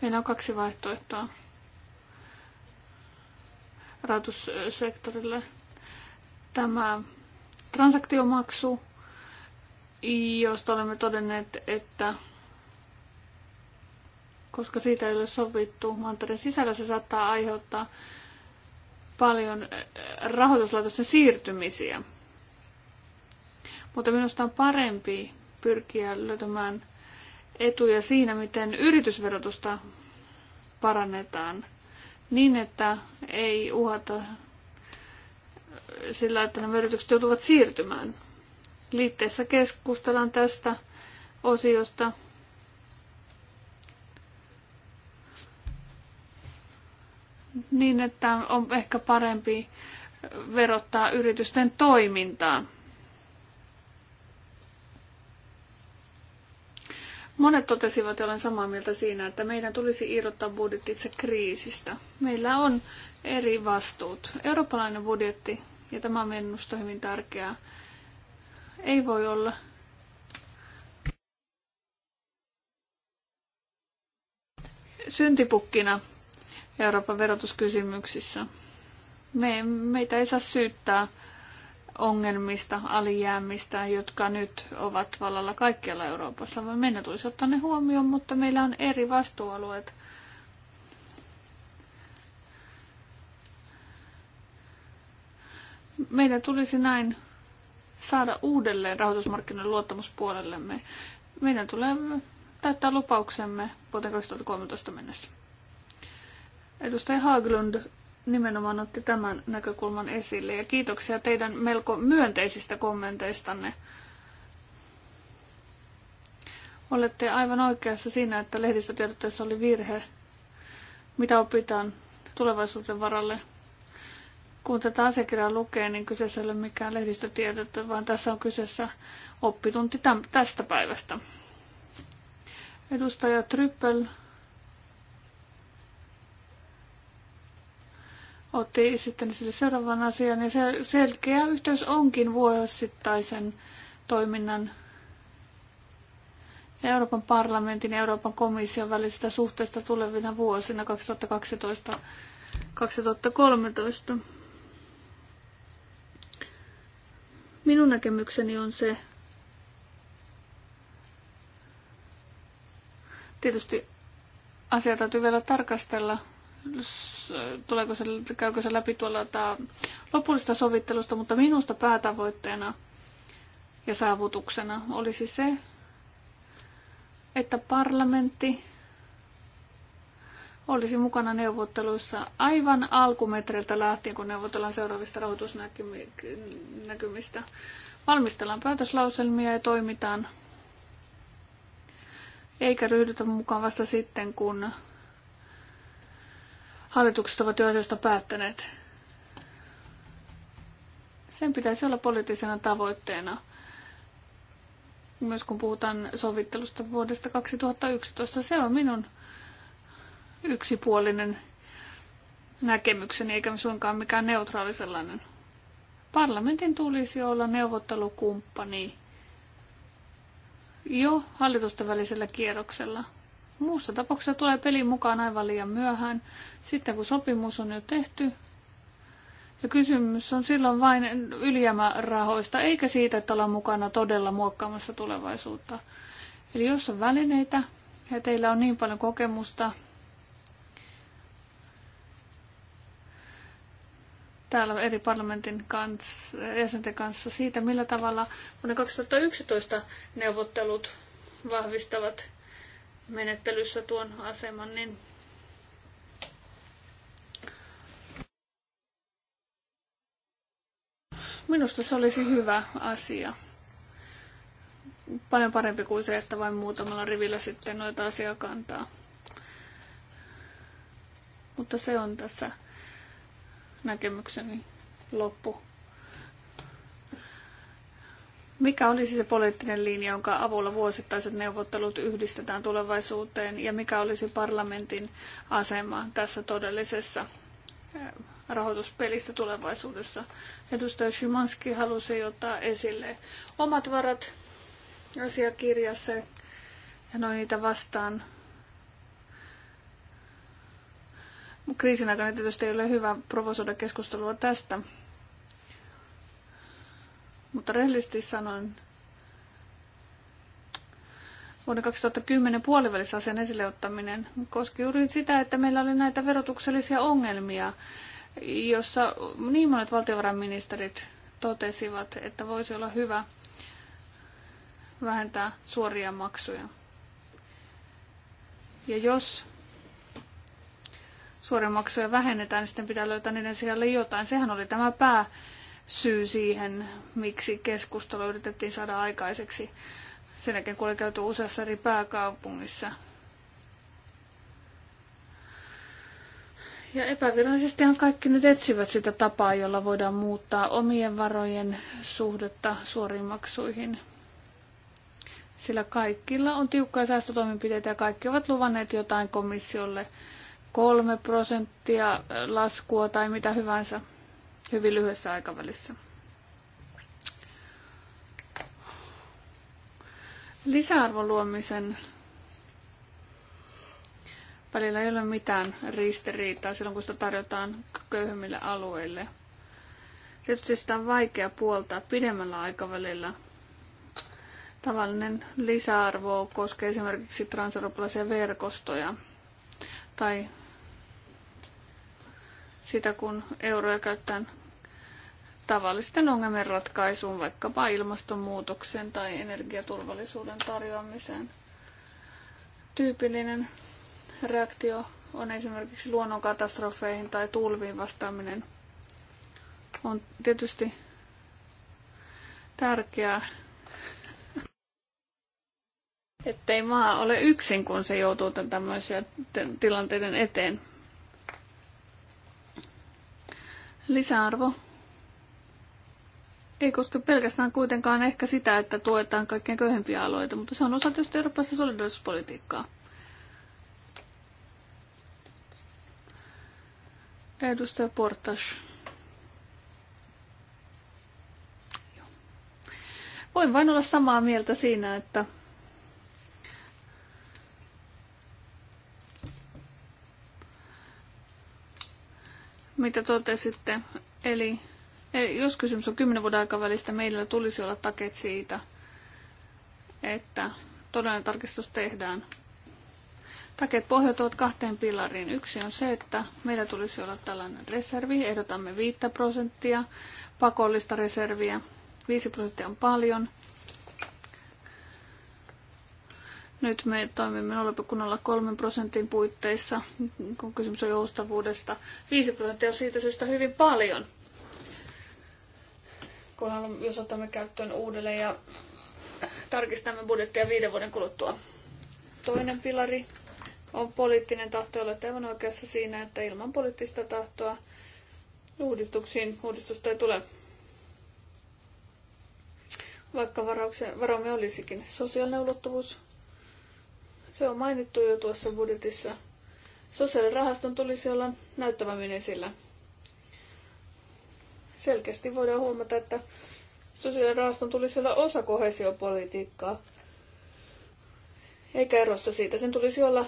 meillä on kaksi vaihtoehtoa rahoitussektorille. Tämä transaktiomaksu, josta olemme todenneet, että koska siitä ei ole sovittu mantereen sisällä, se saattaa aiheuttaa paljon eh, rahoituslaitosten siirtymisiä. Mutta minusta on parempi pyrkiä löytämään etuja siinä, miten yritysverotusta parannetaan niin, että ei uhata sillä, että nämä yritykset joutuvat siirtymään. Liitteessä keskustellaan tästä osiosta. Niin, että on ehkä parempi verottaa yritysten toimintaa. Monet totesivat, olen samaa mieltä siinä, että meidän tulisi irrottaa budjetit itse kriisistä. Meillä on eri vastuut. Eurooppalainen budjetti, ja tämä on minusta hyvin tärkeää, ei voi olla syntipukkina Euroopan verotuskysymyksissä. Me, meitä ei saa syyttää ongelmista, alijäämistä, jotka nyt ovat vallalla kaikkialla Euroopassa, vaan meidän tulisi ottaa ne huomioon, mutta meillä on eri vastuualueet. Meidän tulisi näin saada uudelleen rahoitusmarkkinoiden luottamuspuolellemme. Meidän tulee täyttää lupauksemme vuoteen 2013 mennessä. Edustaja Haaglund nimenomaan otti tämän näkökulman esille ja kiitoksia teidän melko myönteisistä kommenteistanne. Olette aivan oikeassa siinä, että lehdistötiedotteessa oli virhe. Mitä opitaan tulevaisuuden varalle? Kun tätä asiakirjaa lukee, niin kyseessä ei ole mikään lehdistötiedot, vaan tässä on kyseessä oppitunti tästä päivästä. Edustaja Tryppel otti sitten sille seuraavan asian, ja se selkeä yhteys onkin vuosittaisen toiminnan Euroopan parlamentin ja Euroopan komission välisistä suhteista tulevina vuosina 2012-2013. Minun näkemykseni on se, tietysti asia täytyy vielä tarkastella, tuleeko se, käykö se läpi tuolla tämä lopullista sovittelusta, mutta minusta päätavoitteena ja saavutuksena olisi se, että parlamentti olisi mukana neuvotteluissa aivan alkumetreiltä lähtien, kun neuvotellaan seuraavista rahoitusnäkymistä. Valmistellaan päätöslauselmia ja toimitaan, eikä ryhdytä mukaan vasta sitten, kun hallitukset ovat jo asioista päättäneet. Sen pitäisi olla poliittisena tavoitteena, myös kun puhutaan sovittelusta vuodesta 2011. Se on minun yksipuolinen näkemykseni eikä suinkaan mikään neutraali sellainen. Parlamentin tulisi olla neuvottelukumppani jo hallitusten välisellä kierroksella. Muussa tapauksessa tulee peli mukaan aivan liian myöhään, sitten kun sopimus on jo tehty. Ja kysymys on silloin vain ylijäämärahoista, eikä siitä, että ollaan mukana todella muokkaamassa tulevaisuutta. Eli jos on välineitä ja teillä on niin paljon kokemusta täällä eri parlamentin kanssa, jäsenten kanssa siitä, millä tavalla vuonna 2011 neuvottelut vahvistavat menettelyssä tuon aseman, niin minusta se olisi hyvä asia. Paljon parempi kuin se, että vain muutamalla rivillä sitten noita asiaa kantaa. Mutta se on tässä näkemykseni loppu. Mikä olisi se poliittinen linja, jonka avulla vuosittaiset neuvottelut yhdistetään tulevaisuuteen ja mikä olisi parlamentin asema tässä todellisessa eh, rahoituspelissä tulevaisuudessa? Edustaja Szymanski halusi ottaa esille omat varat asiakirjassa ja noin niitä vastaan Kriisin aikana tietysti ei ole hyvä provosoida keskustelua tästä. Mutta rehellisesti sanoen, vuoden 2010 puolivälissä asian esille ottaminen koski juuri sitä, että meillä oli näitä verotuksellisia ongelmia, jossa niin monet valtiovarainministerit totesivat, että voisi olla hyvä vähentää suoria maksuja. Ja jos suoramaksuja vähennetään, niin sitten pitää löytää niiden sijalle jotain. Sehän oli tämä pääsyy siihen, miksi keskustelu yritettiin saada aikaiseksi. Sen jälkeen kun oli käyty useassa eri pääkaupungissa. Ja epävirallisestihan kaikki nyt etsivät sitä tapaa, jolla voidaan muuttaa omien varojen suhdetta suoriin maksuihin. Sillä kaikilla on tiukkoja säästötoimenpiteitä ja kaikki ovat luvanneet jotain komissiolle – kolme prosenttia laskua tai mitä hyvänsä hyvin lyhyessä aikavälissä. Lisäarvon luomisen välillä ei ole mitään ristiriitaa silloin, kun sitä tarjotaan köyhemmille alueille. Tietysti sitä on vaikea puoltaa pidemmällä aikavälillä. Tavallinen lisäarvo koskee esimerkiksi transeurooppalaisia verkostoja tai sitä, kun euroja käytetään tavallisten ongelmien ratkaisuun, vaikkapa ilmastonmuutoksen tai energiaturvallisuuden tarjoamiseen. Tyypillinen reaktio on esimerkiksi luonnonkatastrofeihin tai tulviin vastaaminen. On tietysti tärkeää, ettei maa ole yksin, kun se joutuu tämmöisiä tilanteiden eteen. Lisäarvo ei koske pelkästään kuitenkaan ehkä sitä, että tuetaan kaikkein köyhempiä alueita, mutta se on osa tietysti eurooppalaista solidarisuuspolitiikkaa. Edustaja Portas. Voin vain olla samaa mieltä siinä, että mitä totesitte. Eli e, jos kysymys on kymmenen vuoden aikavälistä, meillä tulisi olla takeet siitä, että todellinen tarkistus tehdään. Takeet pohjautuvat kahteen pilariin. Yksi on se, että meillä tulisi olla tällainen reservi. Ehdotamme 5 prosenttia pakollista reserviä. 5 prosenttia on paljon. Nyt me toimimme 0,03 prosentin puitteissa, kun kysymys on joustavuudesta. 5 prosenttia on siitä syystä hyvin paljon, kunhan jos otamme käyttöön uudelleen ja tarkistamme budjettia viiden vuoden kuluttua. Toinen pilari on poliittinen tahto, olette aivan oikeassa siinä, että ilman poliittista tahtoa uudistuksiin uudistusta ei tule. Vaikka varauksia, varaumme olisikin sosiaalinen ulottuvuus, se on mainittu jo tuossa budjetissa. Sosiaalirahaston tulisi olla näyttävämmin esillä. Selkeästi voidaan huomata, että sosiaalirahaston tulisi olla osa kohesiopolitiikkaa, eikä erossa siitä. Sen tulisi olla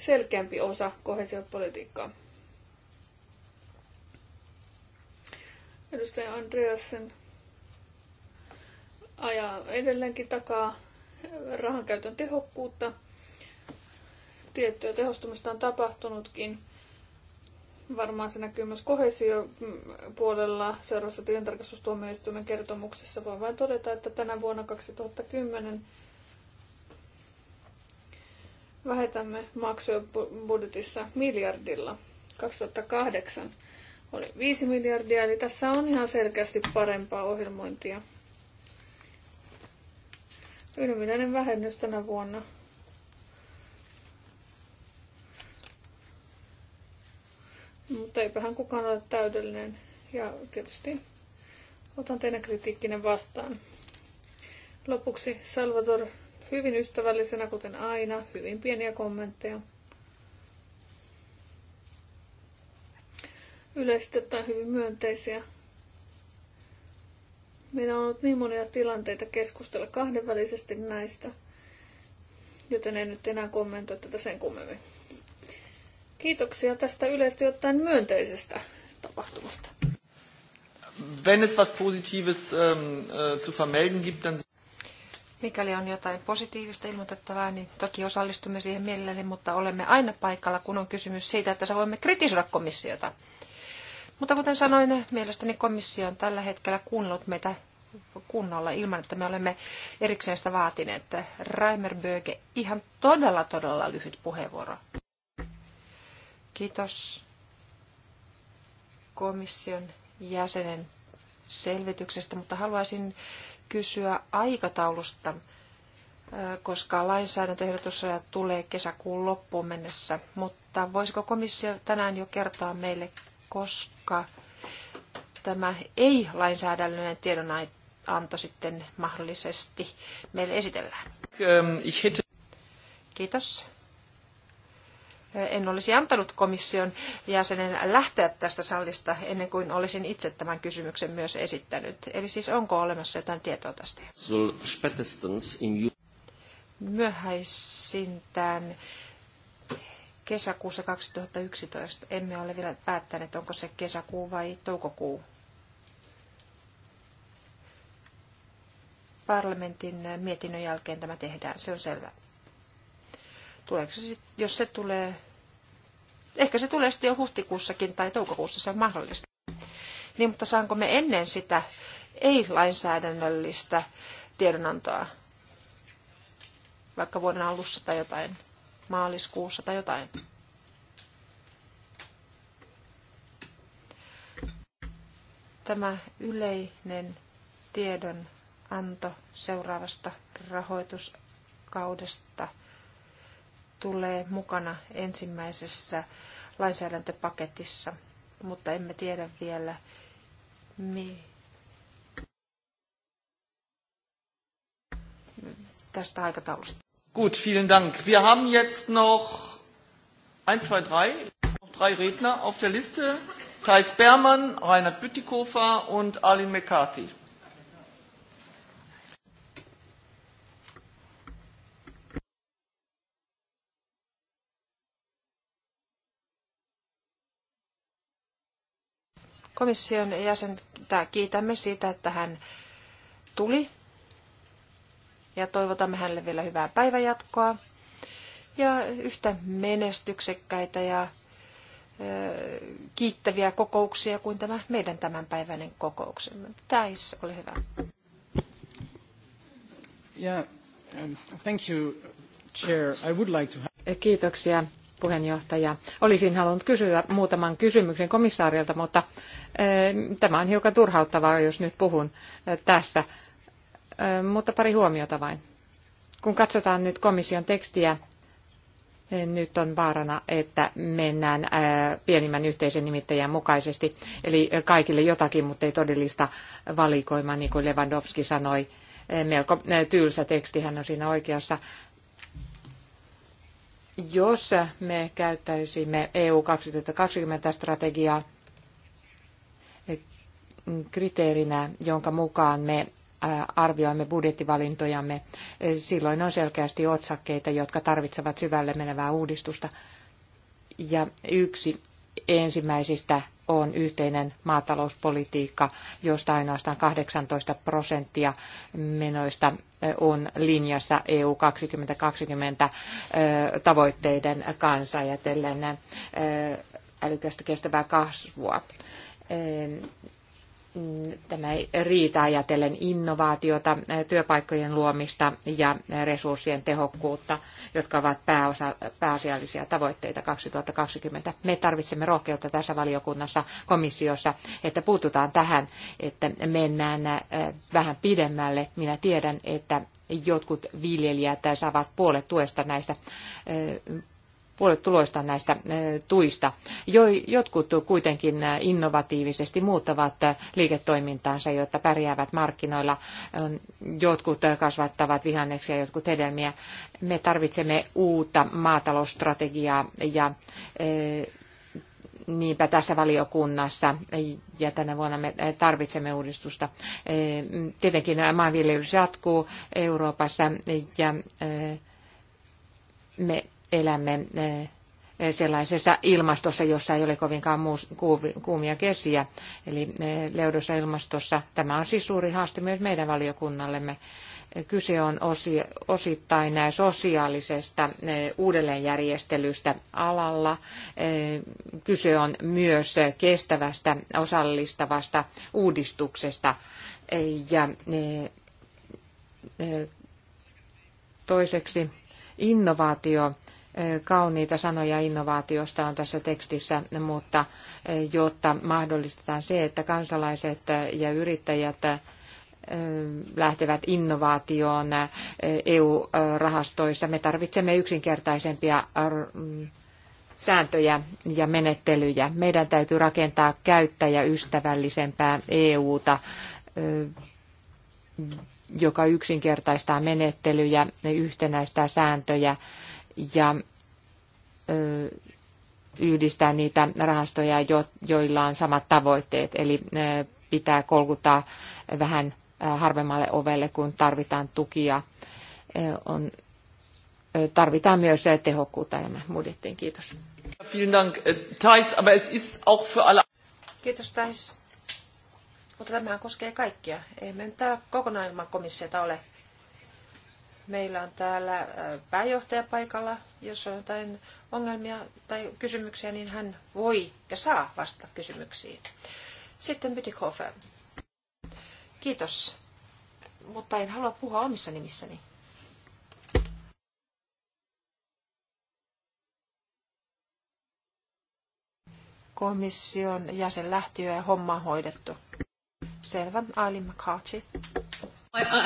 selkeämpi osa kohesiopolitiikkaa. Edustaja Andreasen ajaa edelleenkin takaa rahankäytön tehokkuutta – Tiettyä tehostumista on tapahtunutkin. Varmaan se näkyy myös kohesiopuolella seuraavassa tilintarkastustuomioistuimen kertomuksessa. Voin vain todeta, että tänä vuonna 2010 vähetämme maksuja budjetissa miljardilla. 2008 oli 5 miljardia, eli tässä on ihan selkeästi parempaa ohjelmointia. Ylimääräinen vähennys tänä vuonna Mutta eipähän kukaan ole täydellinen. Ja tietysti otan teidän kritiikkinen vastaan. Lopuksi Salvador hyvin ystävällisenä, kuten aina, hyvin pieniä kommentteja. Yleisesti ottaen hyvin myönteisiä. Meillä on ollut niin monia tilanteita keskustella kahdenvälisesti näistä, joten en nyt enää kommentoi tätä sen kummemmin. Kiitoksia tästä yleisesti ottaen myönteisestä tapahtumasta. Wenn es was Positives ähm, äh, zu vermelden gibt, dann... Mikäli on jotain positiivista ilmoitettavaa, niin toki osallistumme siihen mielelläni, mutta olemme aina paikalla, kun on kysymys siitä, että voimme kritisoida komissiota. Mutta kuten sanoin, mielestäni komissio on tällä hetkellä kuunnellut meitä kunnolla ilman, että me olemme erikseen sitä vaatineet. Reimer Böge, ihan todella, todella lyhyt puheenvuoro. Kiitos komission jäsenen selvityksestä, mutta haluaisin kysyä aikataulusta, äh, koska lainsäädäntöehdotus tulee kesäkuun loppuun mennessä. Mutta voisiko komissio tänään jo kertoa meille, koska tämä ei-lainsäädännöllinen tiedonanto sitten mahdollisesti meille esitellään? Ähm, Kiitos en olisi antanut komission jäsenen lähteä tästä sallista ennen kuin olisin itse tämän kysymyksen myös esittänyt. Eli siis onko olemassa jotain tietoa tästä? Myöhäisintään kesäkuussa 2011 emme ole vielä päättäneet, onko se kesäkuu vai toukokuu. Parlamentin mietinnön jälkeen tämä tehdään, se on selvä tuleeko se, jos se tulee Ehkä se tulee sitten jo huhtikuussakin tai toukokuussa, se on mahdollista. Niin, mutta saanko me ennen sitä ei-lainsäädännöllistä tiedonantoa, vaikka vuoden alussa tai jotain, maaliskuussa tai jotain? Tämä yleinen tiedonanto seuraavasta rahoituskaudesta tulee mukana ensimmäisessä lainsäädäntöpaketissa, mutta emme tiedä vielä, mi- tästä aikataulusta. Gut, vielen Dank. Wir haben jetzt noch 1, 2, 3, noch drei Redner auf der Liste. Thijs Bermann, Reinhard Bütikofer und Arlene McCarthy. komission jäsentä kiitämme siitä, että hän tuli ja toivotamme hänelle vielä hyvää päivänjatkoa ja yhtä menestyksekkäitä ja kiittäviä kokouksia kuin tämä meidän tämänpäiväinen kokouksemme. Täis, ole hyvä. Yeah, um, thank you, Chair. I would like to... Kiitoksia puheenjohtaja. Olisin halunnut kysyä muutaman kysymyksen komissaarilta, mutta eh, tämä on hiukan turhauttavaa, jos nyt puhun eh, tässä. Eh, mutta pari huomiota vain. Kun katsotaan nyt komission tekstiä, nyt on vaarana, että mennään pienimmän yhteisen nimittäjän mukaisesti, eli kaikille jotakin, mutta ei todellista valikoimaa, niin kuin Lewandowski sanoi. Melko tylsä teksti, hän on siinä oikeassa jos me käyttäisimme EU 2020 strategiaa kriteerinä, jonka mukaan me eh, arvioimme budjettivalintojamme, eh, silloin on selkeästi otsakkeita, jotka tarvitsevat syvälle menevää uudistusta. Ja yksi ensimmäisistä on yhteinen maatalouspolitiikka, josta ainoastaan 18 prosenttia menoista on linjassa EU 2020 tavoitteiden kanssa ajatellen älykästä kestävää kasvua tämä ei riitä ajatellen innovaatiota, työpaikkojen luomista ja resurssien tehokkuutta, jotka ovat pääosa, pääasiallisia tavoitteita 2020. Me tarvitsemme rohkeutta tässä valiokunnassa, komissiossa, että puututaan tähän, että mennään vähän pidemmälle. Minä tiedän, että jotkut viljelijät saavat puolet tuesta näistä puolet tuloista näistä tuista. Jotkut kuitenkin innovatiivisesti muuttavat liiketoimintaansa, jotta pärjäävät markkinoilla. Jotkut kasvattavat vihanneksia, jotkut hedelmiä. Me tarvitsemme uutta maatalousstrategiaa ja niinpä tässä valiokunnassa ja tänä vuonna me tarvitsemme uudistusta. Tietenkin maanviljelys jatkuu Euroopassa ja me elämme eh, sellaisessa ilmastossa, jossa ei ole kovinkaan kuumia kesiä. Eli eh, leudossa ilmastossa tämä on siis suuri haaste myös meidän valiokunnallemme. Kyse on osi, osittain sosiaalisesta eh, uudelleenjärjestelystä alalla. Kyse on myös kestävästä osallistavasta uudistuksesta ja toiseksi innovaatio kauniita sanoja innovaatiosta on tässä tekstissä, mutta e, jotta mahdollistetaan se, että kansalaiset ja yrittäjät e, lähtevät innovaatioon EU-rahastoissa. E me tarvitsemme yksinkertaisempia mm, sääntöjä ja menettelyjä. Meidän täytyy rakentaa käyttäjäystävällisempää EUta, joka yksinkertaistaa menettelyjä, yhtenäistää sääntöjä ja yhdistää niitä rahastoja, joilla on samat tavoitteet. Eli pitää kolkuttaa vähän harvemmalle ovelle, kun tarvitaan tukia. On, tarvitaan myös tehokkuutta enemmän budjettiin. Kiitos. Äh, Kiitos, Thais. Mutta tämähän koskee kaikkia. Ei me nyt täällä kokonaan ilman komissiota ole. Meillä on täällä äh, pääjohtaja paikalla. Jos on jotain ongelmia tai kysymyksiä, niin hän voi ja saa vastata kysymyksiin. Sitten Bytikhofer. Kiitos, mutta en halua puhua omissa nimissäni. Komission jäsen lähti ja homma on hoidettu. Selvä, Aileen McCarthy.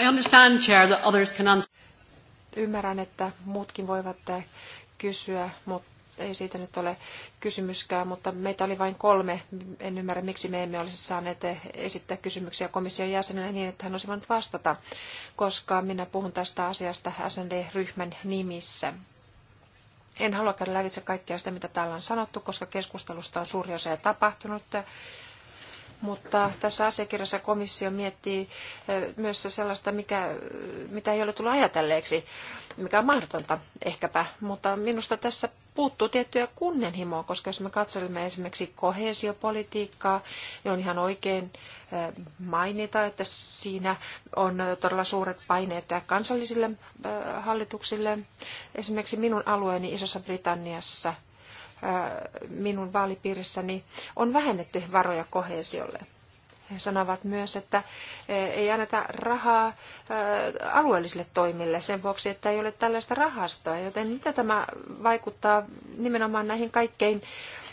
I understand, Chair, that others can answer ymmärrän, että muutkin voivat kysyä, mutta ei siitä nyt ole kysymyskään, mutta meitä oli vain kolme. En ymmärrä, miksi me emme olisi saaneet esittää kysymyksiä komission jäsenelle niin, että hän olisi voinut vastata, koska minä puhun tästä asiasta SND-ryhmän nimissä. En halua käydä lävitse kaikkea sitä, mitä täällä on sanottu, koska keskustelusta on suuri osa ja tapahtunut. Mutta tässä asiakirjassa komissio miettii eh, myös sellaista, mikä, mitä ei ole tullut ajatelleeksi, mikä on mahdotonta ehkäpä. Mutta minusta tässä puuttuu tiettyä kunnianhimoa, koska jos me katselemme esimerkiksi kohesiopolitiikkaa, niin on ihan oikein eh, mainita, että siinä on todella suuret paineet kansallisille eh, hallituksille. Esimerkiksi minun alueeni Isossa Britanniassa – minun vaalipiirissäni on vähennetty varoja kohesiolle. He sanovat myös, että ei anneta rahaa alueellisille toimille sen vuoksi, että ei ole tällaista rahastoa. Joten mitä tämä vaikuttaa nimenomaan näihin kaikkein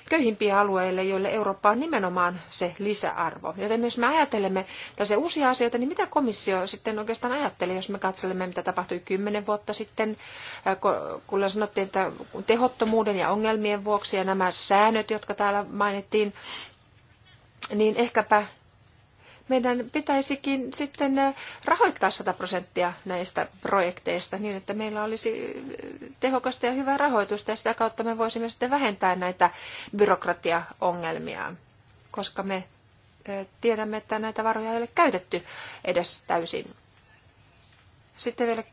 köyhimpiä alueille, joille Eurooppa on nimenomaan se lisäarvo. Joten jos me ajattelemme tällaisia uusia asioita, niin mitä komissio sitten oikeastaan ajattelee, jos me katselemme, mitä tapahtui kymmenen vuotta sitten, äh, kun sanottiin, että tehottomuuden ja ongelmien vuoksi ja nämä säännöt, jotka täällä mainittiin, niin ehkäpä meidän pitäisikin sitten rahoittaa 100 prosenttia näistä projekteista niin, että meillä olisi tehokasta ja hyvää rahoitusta ja sitä kautta me voisimme sitten vähentää näitä byrokratiaongelmia, koska me tiedämme, että näitä varoja ei ole käytetty edes täysin. Sitten vielä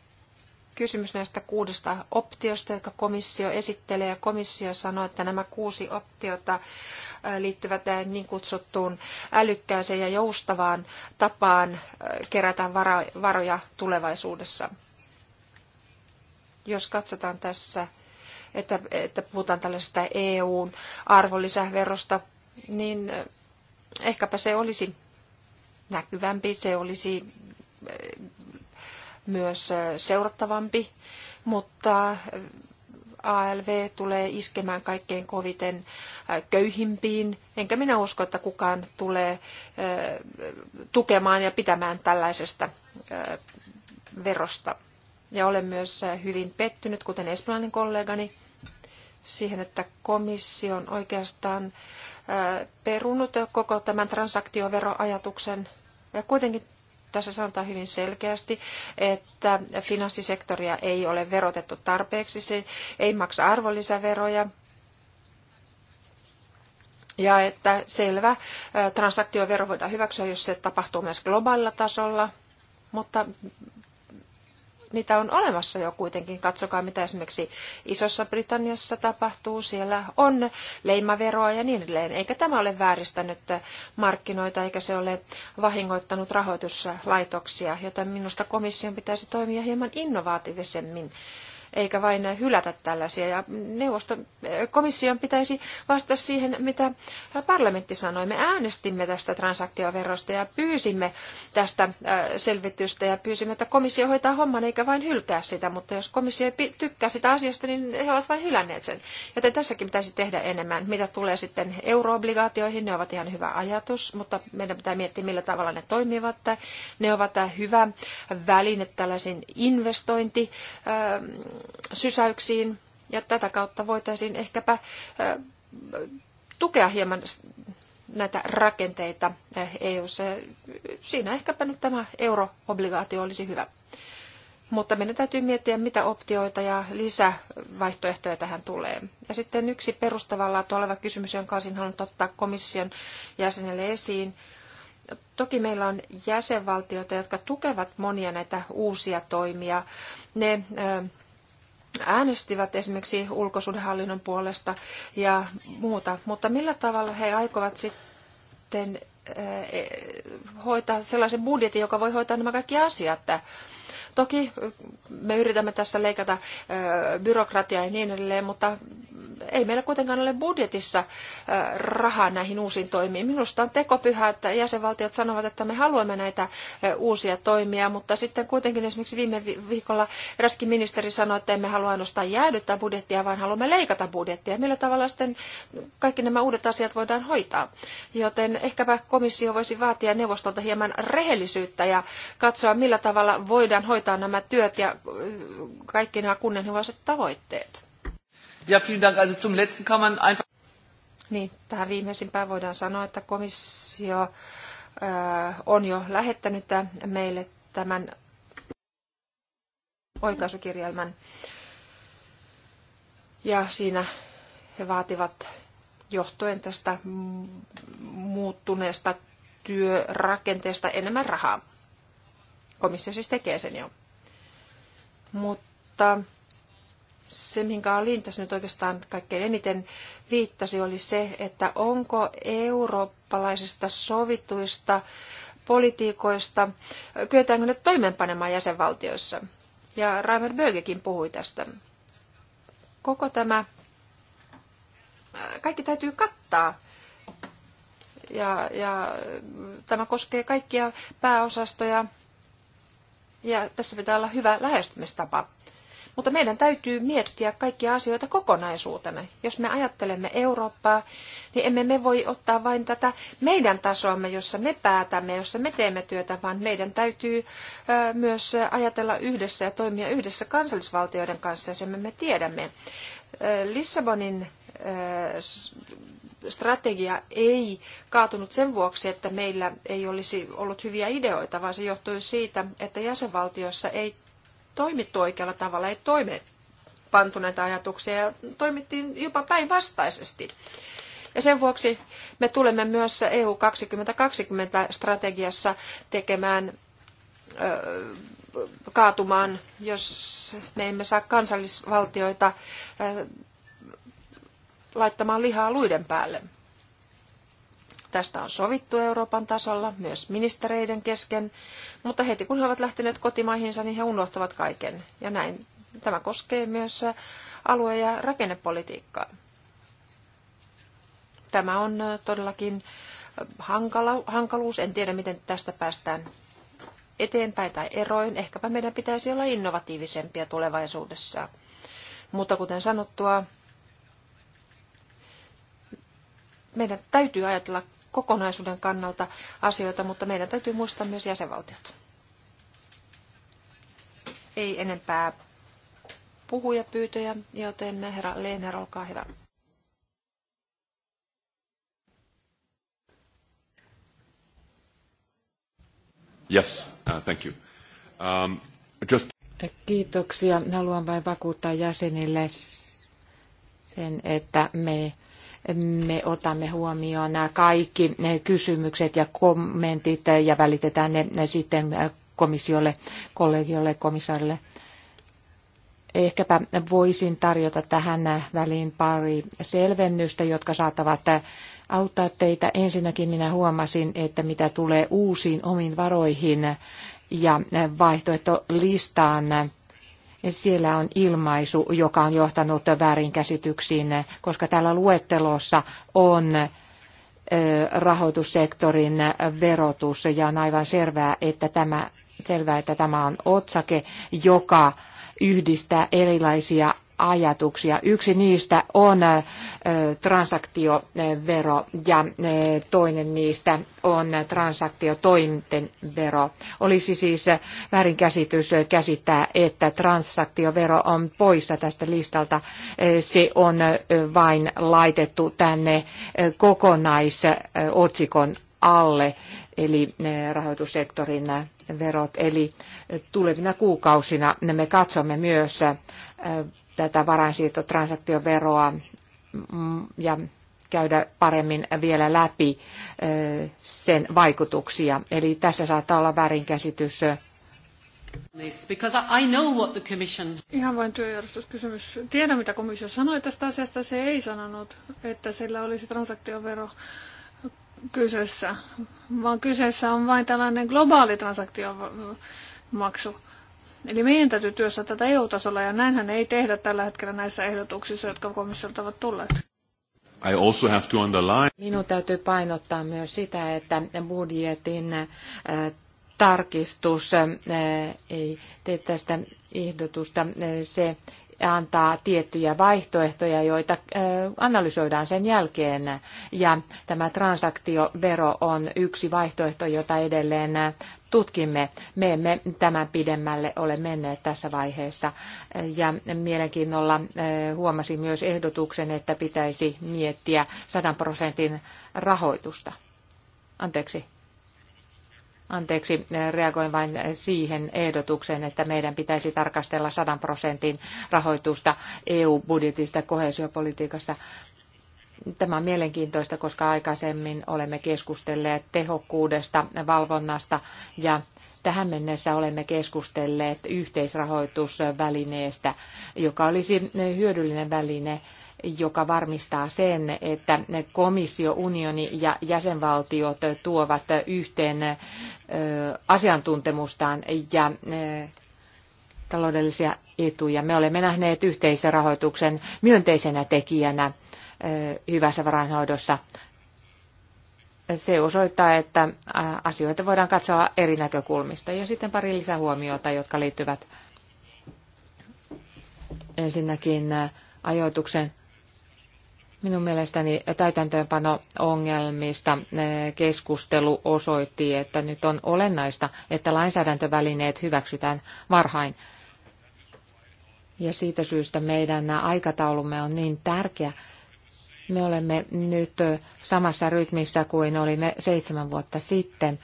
kysymys näistä kuudesta optiosta, jotka komissio esittelee. Komissio sanoo, että nämä kuusi optiota liittyvät niin kutsuttuun älykkääseen ja joustavaan tapaan kerätä varoja tulevaisuudessa. Jos katsotaan tässä, että, että puhutaan tällaisesta EUn arvonlisäverosta, niin ehkäpä se olisi näkyvämpi, se olisi myös äh, seurattavampi, mutta äh, ALV tulee iskemään kaikkein koviten äh, köyhimpiin, enkä minä usko, että kukaan tulee tukemaan ja pitämään tällaisesta verosta. Ja olen myös hyvin pettynyt, kuten espanjalainen kollegani, siihen, että komissio on oikeastaan perunut koko tämän transaktioveroajatuksen. Ja kuitenkin tässä sanotaan hyvin selkeästi, että finanssisektoria ei ole verotettu tarpeeksi, se ei maksa arvonlisäveroja, ja että selvä, transaktiovero voidaan hyväksyä, jos se tapahtuu myös globaalilla tasolla, mutta niitä on olemassa jo kuitenkin. Katsokaa, mitä esimerkiksi Isossa Britanniassa tapahtuu. Siellä on leimaveroa ja niin edelleen. Eikä tämä ole vääristänyt markkinoita, eikä se ole vahingoittanut rahoituslaitoksia, joten minusta komission pitäisi toimia hieman innovatiivisemmin eikä vain hylätä tällaisia. Ja neuvosto, komission pitäisi vastata siihen, mitä parlamentti sanoi. Me äänestimme tästä transaktioverosta ja pyysimme tästä äh, selvitystä ja pyysimme, että komissio hoitaa homman eikä vain hylkää sitä, mutta jos komissio ei tykkää sitä asiasta, niin he ovat vain hylänneet sen. Joten tässäkin pitäisi tehdä enemmän. Mitä tulee sitten euroobligaatioihin, ne ovat ihan hyvä ajatus, mutta meidän pitää miettiä, millä tavalla ne toimivat. Ne ovat hyvä väline tällaisiin investointi ähm, sysäyksiin ja tätä kautta voitaisiin ehkäpä tukea hieman näitä rakenteita EU:ssa. Siinä ehkäpä nyt tämä euroobligaatio olisi hyvä. Mutta meidän täytyy miettiä, mitä optioita ja lisävaihtoehtoja tähän tulee. Ja sitten yksi perustavalla oleva kysymys, jonka olisin halunnut ottaa komission jäsenelle esiin. Toki meillä on jäsenvaltioita, jotka tukevat monia näitä uusia toimia. Ne äänestivät esimerkiksi ulkosuhdehallinnon puolesta ja muuta, mutta millä tavalla he aikovat sitten eh, hoitaa sellaisen budjetin, joka voi hoitaa nämä kaikki asiat. Toki me yritämme tässä leikata eh, byrokratiaa ja niin edelleen, mutta ei meillä kuitenkaan ole budjetissa äh, rahaa näihin uusiin toimiin. Minusta on tekopyhä, että jäsenvaltiot sanovat, että me haluamme näitä äh, uusia toimia, mutta sitten kuitenkin esimerkiksi viime viikolla eräskin ministeri sanoi, että emme halua ainoastaan jäädyttää budjettia, vaan haluamme leikata budjettia. Millä tavalla sitten kaikki nämä uudet asiat voidaan hoitaa? Joten ehkäpä komissio voisi vaatia neuvostolta hieman rehellisyyttä ja katsoa, millä tavalla voidaan hoitaa nämä työt ja äh, kaikki nämä kunnianhimoiset tavoitteet. Ja, vielen Dank. Also zum letzten kann man einfach... Niin, tähän viimeisimpään voidaan sanoa, että komissio äh, on jo lähettänyt meille tämän oikaisukirjelmän. Ja siinä he vaativat johtuen tästä muuttuneesta työrakenteesta enemmän rahaa. Komissio siis tekee sen jo. Mutta se, minkä Alin tässä nyt oikeastaan kaikkein eniten viittasi, oli se, että onko eurooppalaisista sovituista politiikoista, kyetäänkö ne toimeenpanemaan jäsenvaltioissa. Ja Raimer Bögekin puhui tästä. Koko tämä, kaikki täytyy kattaa. Ja, ja tämä koskee kaikkia pääosastoja. Ja tässä pitää olla hyvä lähestymistapa. Mutta meidän täytyy miettiä kaikkia asioita kokonaisuutena. Jos me ajattelemme Eurooppaa, niin emme me voi ottaa vain tätä meidän tasoamme, jossa me päätämme, jossa me teemme työtä, vaan meidän täytyy myös ajatella yhdessä ja toimia yhdessä kansallisvaltioiden kanssa, ja sen me tiedämme. Lissabonin strategia ei kaatunut sen vuoksi, että meillä ei olisi ollut hyviä ideoita, vaan se johtui siitä, että jäsenvaltiossa ei toimittu oikealla tavalla, ei toime pantu näitä ajatuksia ja toimittiin jopa päinvastaisesti. Ja sen vuoksi me tulemme myös EU 2020-strategiassa tekemään kaatumaan, jos me emme saa kansallisvaltioita laittamaan lihaa luiden päälle. Tästä on sovittu Euroopan tasolla, myös ministereiden kesken, mutta heti kun he ovat lähteneet kotimaihinsa, niin he unohtavat kaiken. Ja näin tämä koskee myös alue- ja rakennepolitiikkaa. Tämä on todellakin hankala, hankaluus. En tiedä, miten tästä päästään eteenpäin tai eroin. Ehkäpä meidän pitäisi olla innovatiivisempia tulevaisuudessa. Mutta kuten sanottua, meidän täytyy ajatella kokonaisuuden kannalta asioita, mutta meidän täytyy muistaa myös jäsenvaltiot. Ei enempää puhujapyytöjä, joten herra Lehner, olkaa hyvä. Yes, uh, thank you. Um, just... Kiitoksia. Haluan vain vakuuttaa jäsenille sen, että me me otamme huomioon kaikki kysymykset ja kommentit ja välitetään ne sitten komissiolle, kollegiolle, komissaarille. Ehkäpä voisin tarjota tähän väliin pari selvennystä, jotka saattavat auttaa teitä. Ensinnäkin minä huomasin, että mitä tulee uusiin omiin varoihin ja vaihtoehtolistaan listaan siellä on ilmaisu, joka on johtanut väärinkäsityksiin, koska täällä luettelossa on rahoitussektorin verotus ja on aivan selvää, että tämä, selvää, että tämä on otsake, joka yhdistää erilaisia ajatuksia. Yksi niistä on transaktiovero ja toinen niistä on transaktiotointen vero. Olisi siis väärinkäsitys käsittää, että transaktiovero on poissa tästä listalta. Se on vain laitettu tänne kokonaisotsikon alle, eli rahoitussektorin verot. Eli tulevina kuukausina me katsomme myös tätä varainsiirtotransaktioveroa mm, ja käydä paremmin vielä läpi sen vaikutuksia. Eli tässä saattaa olla väärinkäsitys. Ihan vain työjärjestyskysymys. Tiedän, mitä komissio sanoi tästä asiasta. Se ei sanonut, että sillä olisi transaktiovero kyseessä, vaan kyseessä on vain tällainen globaali transaktiomaksu. Eli meidän täytyy työssä tätä EU-tasolla, ja näinhän ei tehdä tällä hetkellä näissä ehdotuksissa, jotka komissiolta ovat tulleet. I also have to underline. Minun täytyy painottaa myös sitä, että budjetin äh, tarkistus äh, ei tee tästä ehdotusta. Äh, se antaa tiettyjä vaihtoehtoja, joita analysoidaan sen jälkeen. Ja tämä transaktiovero on yksi vaihtoehto, jota edelleen tutkimme. Me emme tämän pidemmälle ole menneet tässä vaiheessa. Ja mielenkiinnolla eh, huomasin myös ehdotuksen, että pitäisi miettiä 100 prosentin rahoitusta. Anteeksi. Anteeksi, eh, reagoin vain siihen ehdotukseen, että meidän pitäisi tarkastella 100 prosentin rahoitusta EU-budjetista kohesiopolitiikassa, Tämä on mielenkiintoista, koska aikaisemmin olemme keskustelleet tehokkuudesta, valvonnasta ja tähän mennessä olemme keskustelleet yhteisrahoitusvälineestä, joka olisi hyödyllinen väline joka varmistaa sen, että komissio, unioni ja jäsenvaltiot tuovat yhteen asiantuntemustaan ja taloudellisia etuja. Me olemme nähneet yhteisrahoituksen myönteisenä tekijänä hyvässä varainhoidossa. Se osoittaa, että asioita voidaan katsoa eri näkökulmista. Ja sitten pari lisähuomiota, jotka liittyvät ensinnäkin ajoituksen Minun mielestäni täytäntöönpano-ongelmista keskustelu osoitti, että nyt on olennaista, että lainsäädäntövälineet hyväksytään varhain. Ja siitä syystä meidän aikataulumme on niin tärkeä. Me olemme nyt samassa rytmissä kuin olimme seitsemän vuotta sitten.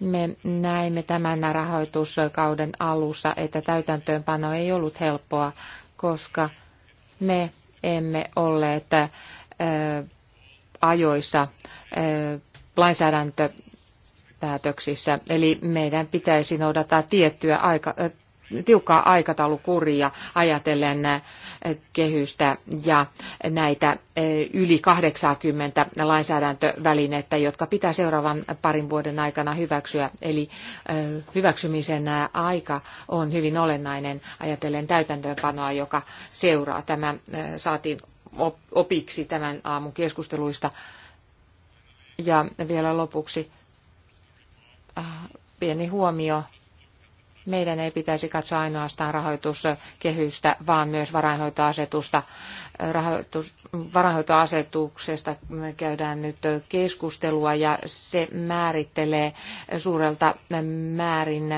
Me näimme tämän rahoituskauden alussa, että täytäntöönpano ei ollut helppoa, koska me emme olleet ajoissa lainsäädäntöpäätöksissä. Eli meidän pitäisi noudattaa tiettyä aika, tiukkaa aikataulukuria ajatellen eh, kehystä ja näitä eh, yli 80 lainsäädäntövälinettä, jotka pitää seuraavan parin vuoden aikana hyväksyä. Eli eh, hyväksymisen aika on hyvin olennainen ajatellen täytäntöönpanoa, joka seuraa. Tämä saatiin opiksi tämän aamun keskusteluista. Ja vielä lopuksi pieni huomio meidän ei pitäisi katsoa ainoastaan rahoituskehystä, vaan myös varainhoitoasetusta. Rahoitus, varainhoitoasetuksesta käydään nyt keskustelua ja se määrittelee suurelta määrin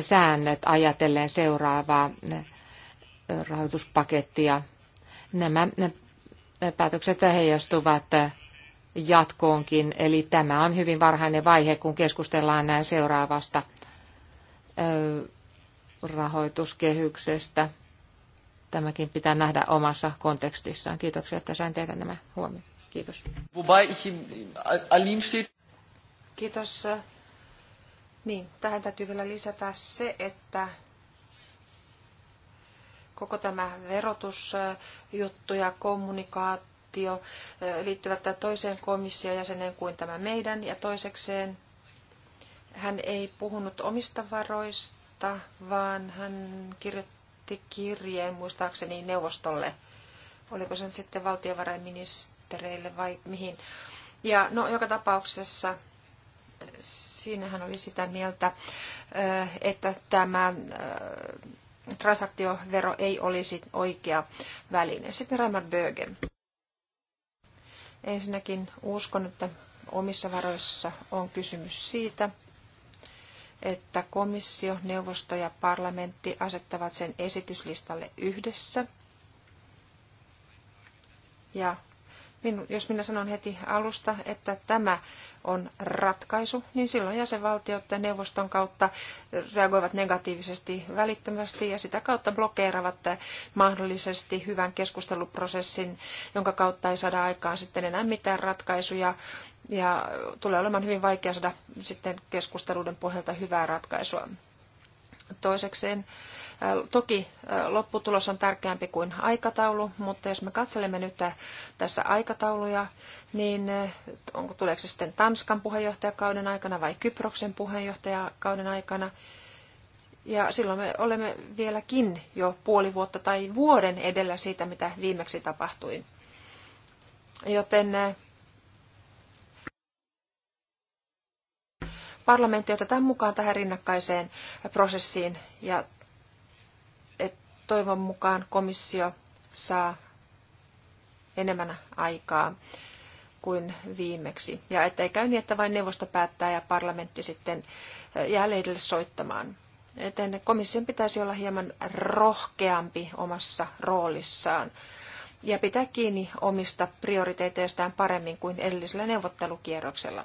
säännöt ajatellen seuraavaa rahoituspakettia. Nämä päätökset heijastuvat jatkoonkin, eli tämä on hyvin varhainen vaihe, kun keskustellaan seuraavasta rahoituskehyksestä. Tämäkin pitää nähdä omassa kontekstissaan. Kiitoksia, että sain tehdä nämä huomiot. Kiitos. Kiitos. Niin, tähän täytyy vielä lisätä se, että koko tämä verotusjuttu ja kommunikaatio liittyvät toiseen komission jäseneen kuin tämä meidän. Ja toisekseen hän ei puhunut omista varoista, vaan hän kirjoitti kirjeen muistaakseni neuvostolle. Oliko sen sitten valtiovarainministereille vai mihin? Ja no, joka tapauksessa eh, siinä hän oli sitä mieltä, eh, että tämä eh, transaktiovero ei olisi oikea väline. Sitten Raimar Bögen. Ensinnäkin uskon, että omissa varoissa on kysymys siitä, että komissio, neuvosto ja parlamentti asettavat sen esityslistalle yhdessä. Ja jos minä sanon heti alusta, että tämä on ratkaisu, niin silloin jäsenvaltiot ja neuvoston kautta reagoivat negatiivisesti välittömästi ja sitä kautta blokeeravat mahdollisesti hyvän keskusteluprosessin, jonka kautta ei saada aikaan sitten enää mitään ratkaisuja ja tulee olemaan hyvin vaikea saada sitten keskusteluiden pohjalta hyvää ratkaisua. Toisekseen, toki lopputulos on tärkeämpi kuin aikataulu, mutta jos me katselemme nyt tässä aikatauluja, niin onko, tuleeko se sitten Tanskan puheenjohtajakauden aikana vai Kyproksen puheenjohtajakauden aikana, ja silloin me olemme vieläkin jo puoli vuotta tai vuoden edellä siitä, mitä viimeksi tapahtui. Joten parlamentti otetaan mukaan tähän rinnakkaiseen prosessiin ja toivon mukaan komissio saa enemmän aikaa kuin viimeksi. Ja ettei käy niin, että vain neuvosto päättää ja parlamentti sitten eh, jää leidille soittamaan. Joten komission pitäisi olla hieman rohkeampi omassa roolissaan ja pitää kiinni omista prioriteeteistaan paremmin kuin edellisellä neuvottelukierroksella.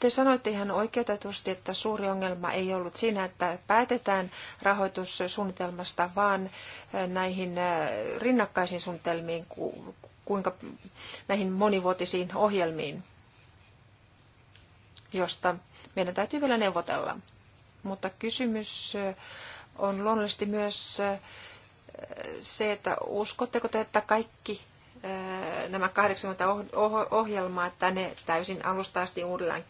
Te sanoitte ihan oikeutetusti, että suuri ongelma ei ollut siinä, että päätetään rahoitussuunnitelmasta, vaan eh, näihin eh, rinnakkaisiin suunnitelmiin, kuinka näihin monivuotisiin ohjelmiin, josta meidän täytyy vielä neuvotella. Mutta kysymys eh, on luonnollisesti myös se, että uskotteko te, että kaikki nämä 80 ohjelmaa, että ne täysin alusta asti uudelleen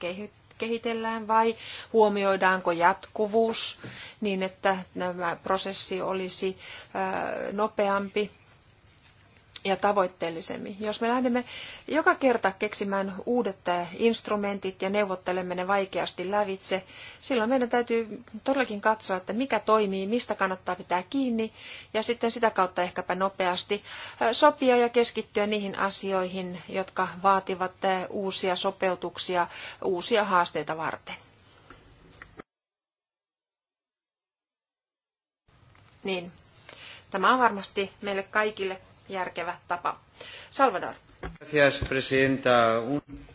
kehitellään vai huomioidaanko jatkuvuus niin, että nämä prosessi olisi nopeampi ja tavoitteellisemmin. Jos me lähdemme joka kerta keksimään uudet eh, instrumentit ja neuvottelemme ne vaikeasti lävitse, silloin meidän täytyy todellakin katsoa, että mikä toimii, mistä kannattaa pitää kiinni ja sitten sitä kautta ehkäpä nopeasti eh, sopia ja keskittyä niihin asioihin, jotka vaativat eh, uusia sopeutuksia, uusia haasteita varten. Niin. Tämä on varmasti meille kaikille järkevä tapa. Salvador.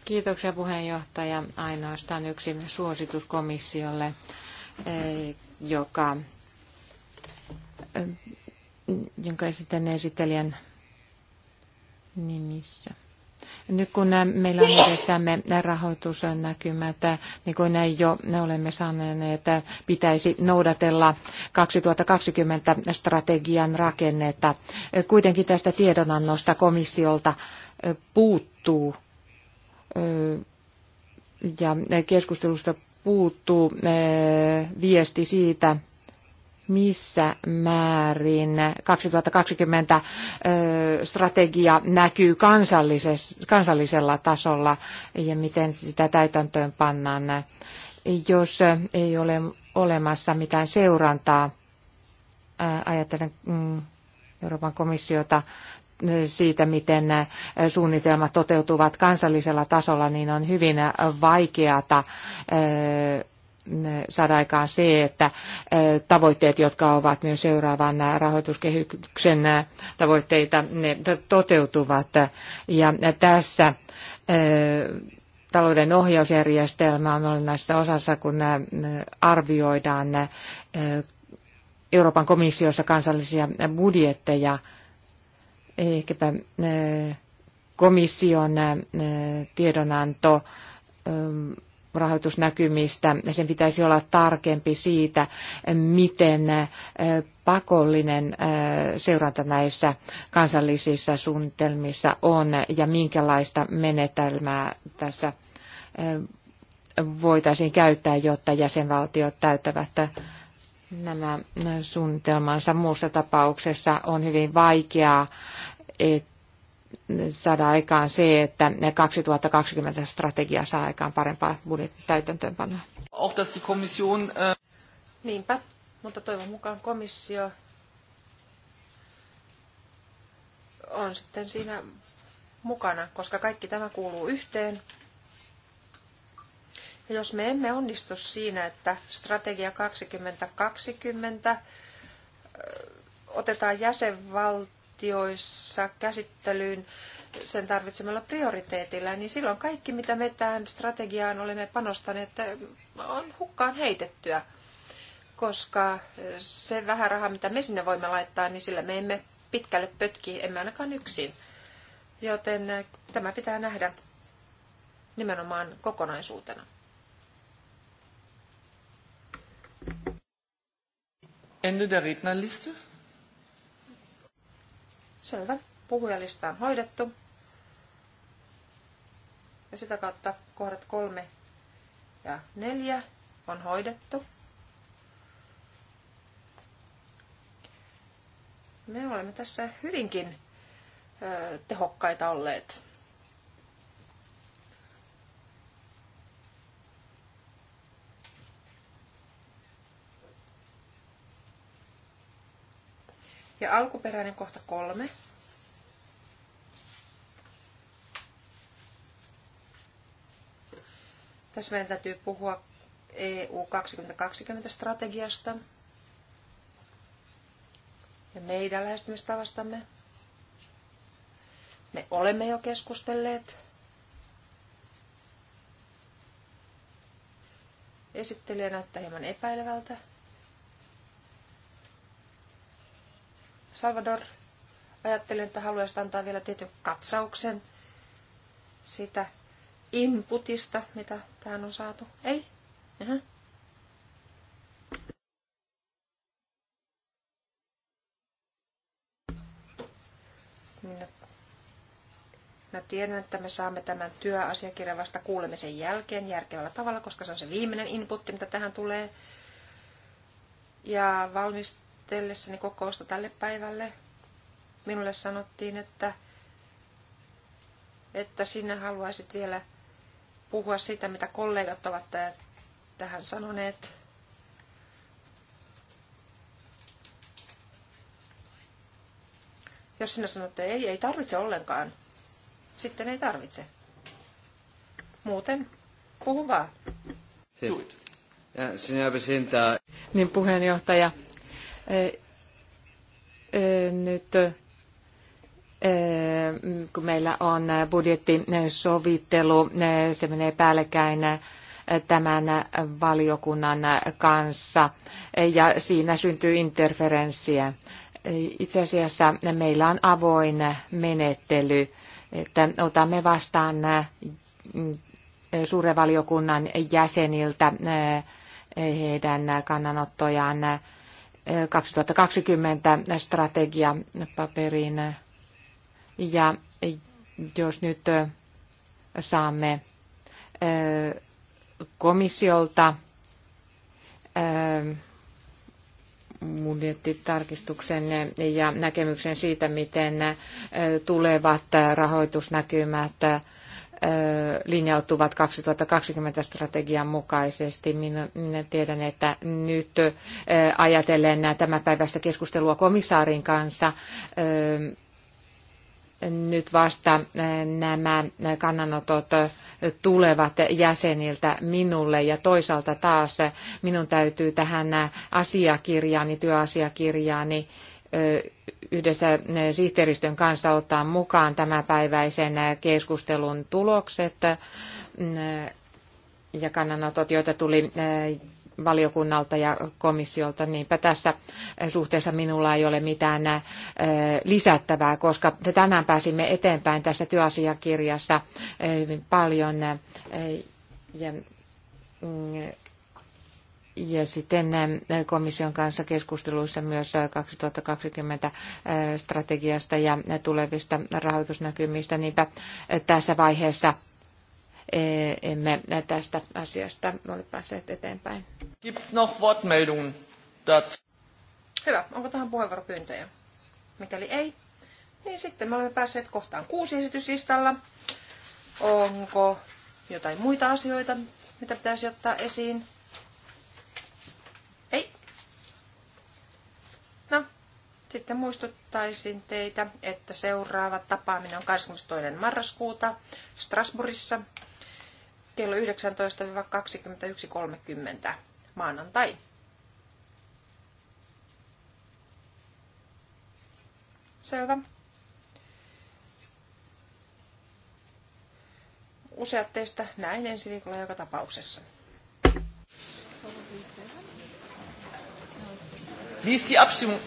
Kiitoksia puheenjohtaja. Ainoastaan yksi suositus komissiolle, eh, joka, eh, jonka esitän esittelijän nimissä. Nyt kun meillä on edessämme rahoitusnäkymät, niin kuin näin jo ne olemme sanoneet, että pitäisi noudatella 2020 strategian rakennetta. Kuitenkin tästä tiedonannosta komissiolta puuttuu ja keskustelusta puuttuu eh, viesti siitä, missä määrin 2020 strategia näkyy kansallisella tasolla ja miten sitä täytäntöön pannaan, jos ei ole olemassa mitään seurantaa. Ajattelen mm, Euroopan komissiota siitä, miten suunnitelmat toteutuvat kansallisella tasolla, niin on hyvin vaikeata saada aikaan se, että tavoitteet, jotka ovat myös seuraavan rahoituskehyksen tavoitteita, ne toteutuvat. Ja tässä talouden ohjausjärjestelmä on olennaisessa osassa, kun arvioidaan Euroopan komissiossa kansallisia budjetteja. Ehkäpä komission tiedonanto rahoitusnäkymistä. Sen pitäisi olla tarkempi siitä, miten pakollinen seuranta näissä kansallisissa suunnitelmissa on ja minkälaista menetelmää tässä voitaisiin käyttää, jotta jäsenvaltiot täyttävät nämä suunnitelmansa. Muussa tapauksessa on hyvin vaikeaa, että saada aikaan se, että 2020 strategia saa aikaan parempaa budjettitäytäntöönpanoa. Auch äh, Niinpä, mutta toivon mukaan komissio on sitten siinä mukana, koska kaikki tämä kuuluu yhteen. Ja jos me emme onnistu siinä, että strategia 2020 äh, otetaan jäsenvaltio jäsenvaltioissa käsittelyyn sen tarvitsemalla prioriteetilla, niin silloin kaikki, mitä me tähän strategiaan olemme panostaneet, on hukkaan heitettyä. Koska se vähän raha, mitä me sinne voimme laittaa, niin sillä me emme pitkälle pötki, emme ainakaan yksin. Joten eh, tämä pitää nähdä nimenomaan kokonaisuutena. Ende der Rednerliste. Selvä. Puhujalista on hoidettu. Ja sitä kautta kohdat kolme ja neljä on hoidettu. Me olemme tässä hyvinkin ö, tehokkaita olleet. Ja alkuperäinen kohta kolme. Tässä meidän täytyy puhua EU 2020-strategiasta ja meidän lähestymistavastamme. Me olemme jo keskustelleet. Esittelijä näyttää hieman epäilevältä. Salvador. Ajattelin, että haluaisit antaa vielä tietyn katsauksen sitä inputista, mitä tähän on saatu. Ei? Uh-huh. Minä, minä tiedän, että me saamme tämän työasiakirjan vasta kuulemisen jälkeen järkevällä tavalla, koska se on se viimeinen inputti, mitä tähän tulee. Ja valmist, suunnitellessani kokousta tälle päivälle minulle sanottiin, että, että sinä haluaisit vielä puhua sitä, mitä kollegat ovat tähän sanoneet. Jos sinä sanot, että ei, ei tarvitse ollenkaan, sitten ei tarvitse. Muuten puhu vaan. Niin puheenjohtaja, nyt kun meillä on budjettisovittelu, se menee päällekkäin tämän valiokunnan kanssa ja siinä syntyy interferenssiä. Itse asiassa meillä on avoin menettely, että otamme vastaan suuren valiokunnan jäseniltä heidän kannanottojaan 2020 strategiapaperin. Ja jos nyt saamme komissiolta budjettitarkistuksen ja näkemyksen siitä, miten tulevat rahoitusnäkymät linjautuvat 2020 strategian mukaisesti. Minä tiedän, että nyt ajatellen tämän päivästä keskustelua komissaarin kanssa, nyt vasta nämä kannanotot tulevat jäseniltä minulle ja toisaalta taas minun täytyy tähän asiakirjaani, työasiakirjaani yhdessä sihteeristön kanssa ottaa mukaan tämänpäiväisen keskustelun tulokset ja kannanotot, joita tuli valiokunnalta ja komissiolta. Niinpä tässä suhteessa minulla ei ole mitään lisättävää, koska tänään pääsimme eteenpäin tässä työasiakirjassa hyvin paljon. Ja mm, ja sitten komission kanssa keskusteluissa myös 2020 strategiasta ja tulevista rahoitusnäkymistä. Niinpä tässä vaiheessa emme tästä asiasta ole päässeet eteenpäin. Gibt's noch Wortmeldungen dazu? Hyvä. Onko tähän puheenvuoropyyntöjä? Mikäli ei, niin sitten me olemme päässeet kohtaan kuusi esityslistalla. Onko jotain muita asioita, mitä pitäisi ottaa esiin? Ei. No, sitten muistuttaisin teitä, että seuraava tapaaminen on 22. marraskuuta Strasbourgissa kello 19-21.30 maanantai. Selvä. Useat teistä näin ensi viikolla joka tapauksessa. Wie ist die Abstimmung?